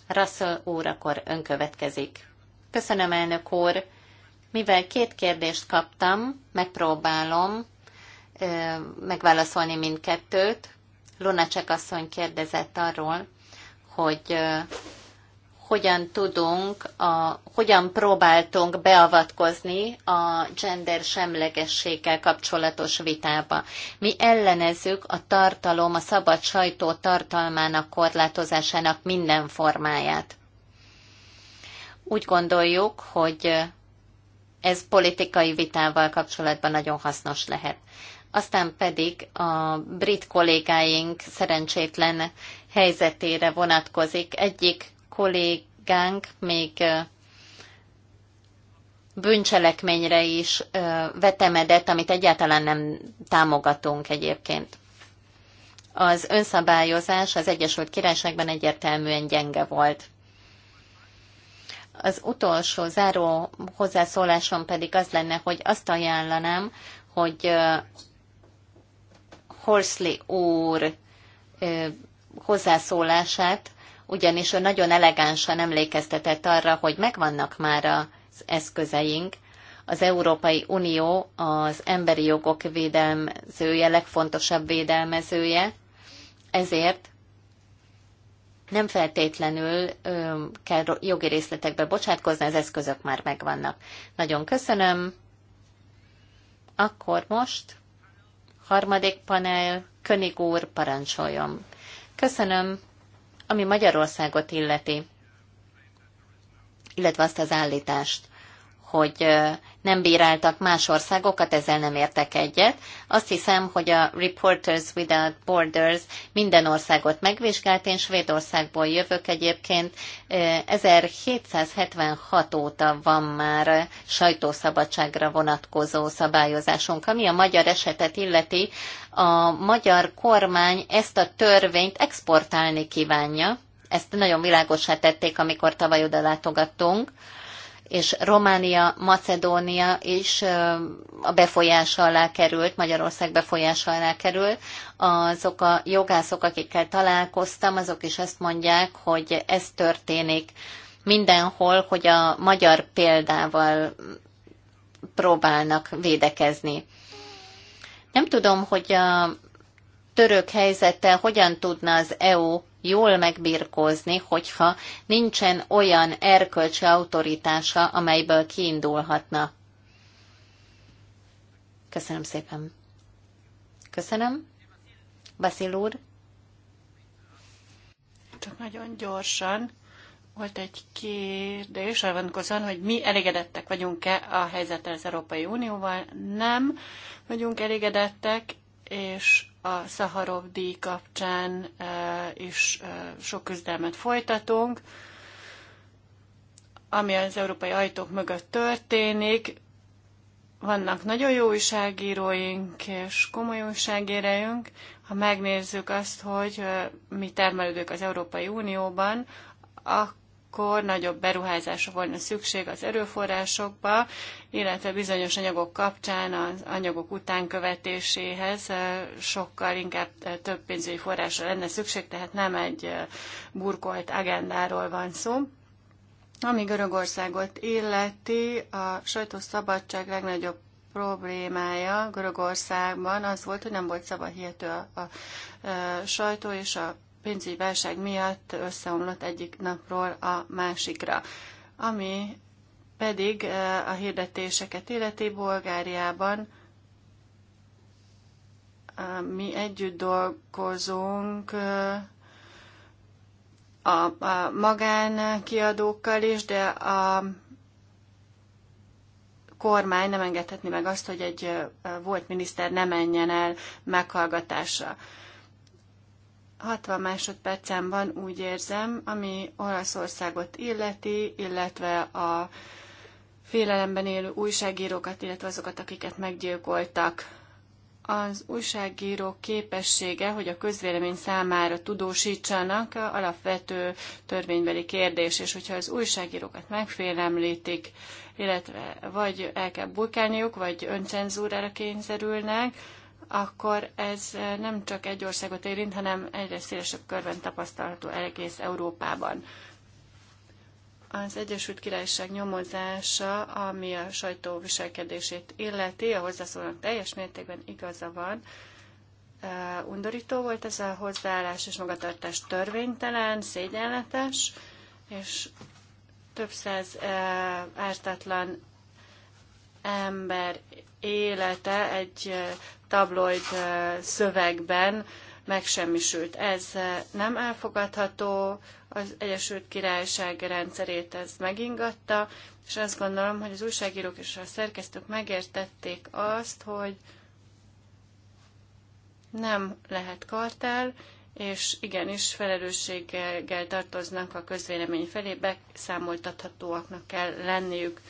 Russell órakor önkövetkezik. Köszönöm, elnök úr. Mivel két kérdést kaptam, megpróbálom ö, megválaszolni mindkettőt. Lunacek asszony kérdezett arról, hogy hogyan tudunk, a, hogyan próbáltunk beavatkozni a gender semlegességgel kapcsolatos vitába. Mi ellenezzük a tartalom, a szabad sajtó tartalmának korlátozásának minden formáját. Úgy gondoljuk, hogy ez politikai vitával kapcsolatban nagyon hasznos lehet. Aztán pedig a brit kollégáink szerencsétlen helyzetére vonatkozik. Egyik kollégánk még bűncselekményre is vetemedett, amit egyáltalán nem támogatunk egyébként. Az önszabályozás az Egyesült Királyságban egyértelműen gyenge volt. Az utolsó záró hozzászólásom pedig az lenne, hogy azt ajánlanám, hogy Horsley úr hozzászólását ugyanis ő nagyon elegánsan emlékeztetett arra, hogy megvannak már az eszközeink. Az Európai Unió az emberi jogok védelmezője, legfontosabb védelmezője, ezért nem feltétlenül ö, kell jogi részletekbe bocsátkozni, az eszközök már megvannak. Nagyon köszönöm. Akkor most harmadik panel, König úr, parancsoljon. Köszönöm, ami Magyarországot illeti, illetve azt az állítást, hogy nem bíráltak más országokat, ezzel nem értek egyet. Azt hiszem, hogy a Reporters Without Borders minden országot megvizsgált. Én Svédországból jövök egyébként. 1776 óta van már sajtószabadságra vonatkozó szabályozásunk. Ami a magyar esetet illeti, a magyar kormány ezt a törvényt exportálni kívánja. Ezt nagyon világosá tették, amikor tavaly oda látogattunk és Románia, Macedónia is a befolyása alá került, Magyarország befolyása alá került. Azok a jogászok, akikkel találkoztam, azok is azt mondják, hogy ez történik mindenhol, hogy a magyar példával próbálnak védekezni. Nem tudom, hogy a török helyzete hogyan tudna az EU jól megbirkózni, hogyha nincsen olyan erkölcsi autoritása, amelyből kiindulhatna. Köszönöm szépen. Köszönöm. Baszil úr. Csak nagyon gyorsan volt egy kérdés, arra hogy mi elégedettek vagyunk-e a helyzettel az Európai Unióval. Nem vagyunk elégedettek, és a Szaharov díj kapcsán e, is e, sok küzdelmet folytatunk. Ami az európai ajtók mögött történik, vannak nagyon jó újságíróink és komoly újságíróink. Ha megnézzük azt, hogy e, mi termelődők az Európai Unióban, akkor akkor nagyobb beruházásra volna szükség az erőforrásokba, illetve bizonyos anyagok kapcsán az anyagok utánkövetéséhez sokkal inkább több pénzügyi forrásra lenne szükség, tehát nem egy burkolt agendáról van szó. Ami Görögországot illeti, a sajtószabadság legnagyobb problémája Görögországban az volt, hogy nem volt szabad hihető a, a, a sajtó, és a pénzügyi válság miatt összeomlott egyik napról a másikra, ami pedig eh, a hirdetéseket illeti Bulgáriában eh, mi együtt dolgozunk eh, a, a magánkiadókkal is, de a kormány nem engedhetni meg azt, hogy egy volt miniszter ne menjen el meghallgatásra. 60 másodpercen van, úgy érzem, ami Olaszországot illeti, illetve a félelemben élő újságírókat, illetve azokat, akiket meggyilkoltak. Az újságírók képessége, hogy a közvélemény számára tudósítsanak, alapvető törvénybeli kérdés, és hogyha az újságírókat megfélemlítik, illetve vagy el kell bulkálniuk, vagy öncenzúrára kényszerülnek, akkor ez eh, nem csak egy országot érint, hanem egyre szélesebb körben tapasztalható egész Európában. Az Egyesült Királyság nyomozása, ami a sajtó viselkedését illeti, a hozzászólónak teljes mértékben igaza van, eh, undorító volt ez a hozzáállás és magatartás törvénytelen, szégyenletes, és több száz eh, ártatlan ember élete egy tabloid szövegben megsemmisült. Ez nem elfogadható, az Egyesült Királyság rendszerét ez megingatta, és azt gondolom, hogy az újságírók és a szerkesztők megértették azt, hogy nem lehet kartel, és igenis felelősséggel tartoznak a közvélemény felé, beszámoltathatóaknak kell lenniük.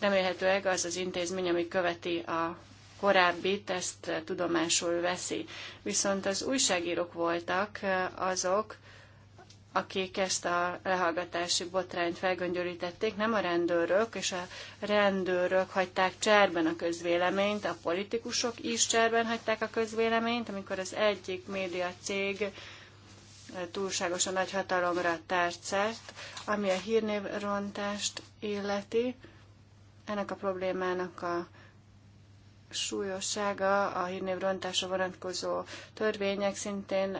Remélhetőleg az az intézmény, ami követi a korábbi teszt tudomásul veszi. Viszont az újságírók voltak azok, akik ezt a lehallgatási botrányt felgöngyölítették, nem a rendőrök, és a rendőrök hagyták cserben a közvéleményt, a politikusok is cserben hagyták a közvéleményt, amikor az egyik média cég túlságosan nagy hatalomra tárcárt, ami a hírnévrontást illeti. Ennek a problémának a súlyossága a hírnév rontása vonatkozó törvények szintén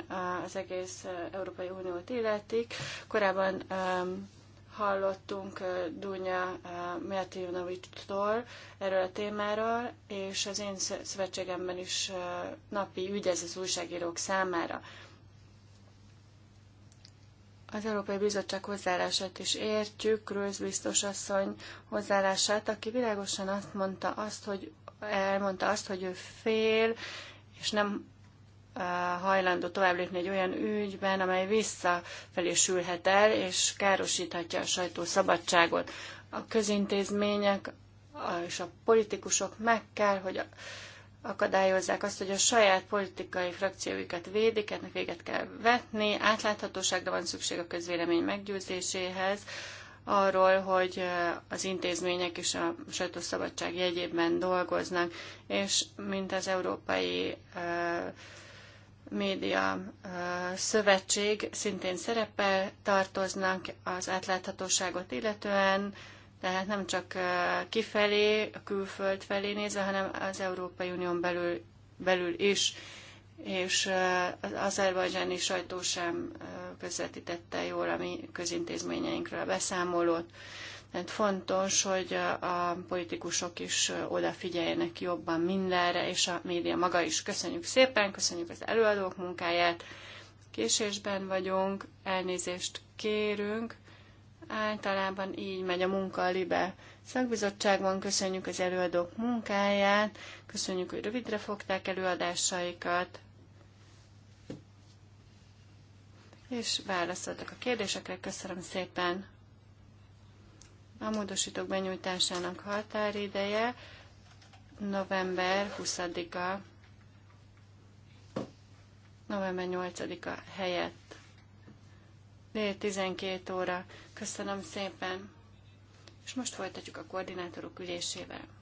az egész e, Európai Uniót illetik. Korábban hallottunk e, Dunja e, Mertijunovic-tól erről a témáról, és az én szövetségemben is napi ügy ez az újságírók számára. Az Európai Bizottság hozzáállását is értjük, Rőz biztos asszony hozzáállását, aki világosan azt mondta azt, hogy elmondta azt, hogy ő fél, és nem hajlandó tovább lépni egy olyan ügyben, amely visszafelé sülhet el, és károsíthatja a sajtó szabadságot. A közintézmények és a politikusok meg kell, hogy akadályozzák azt, hogy a saját politikai frakcióikat védik, ennek véget kell vetni, átláthatóságra van szükség a közvélemény meggyőzéséhez, arról, hogy az intézmények és a sajtószabadság jegyében dolgoznak, és mint az Európai Média Szövetség szintén szerepel tartoznak az átláthatóságot illetően, tehát nem csak kifelé, a külföld felé nézve, hanem az Európai Unión belül, belül is, és az azerbajdzsáni sajtó sem közvetítette jól a mi közintézményeinkről a beszámolót. Tehát fontos, hogy a politikusok is odafigyeljenek jobban mindenre, és a média maga is. Köszönjük szépen, köszönjük az előadók munkáját. Késésben vagyunk, elnézést kérünk. Általában így megy a munka a Libe szakbizottságban. Köszönjük az előadók munkáját, köszönjük, hogy rövidre fogták előadásaikat. és válaszoltak a kérdésekre. Köszönöm szépen! A módosítók benyújtásának határideje november 20-a, november 8-a helyett. Dél 12 óra. Köszönöm szépen! És most folytatjuk a koordinátorok ülésével.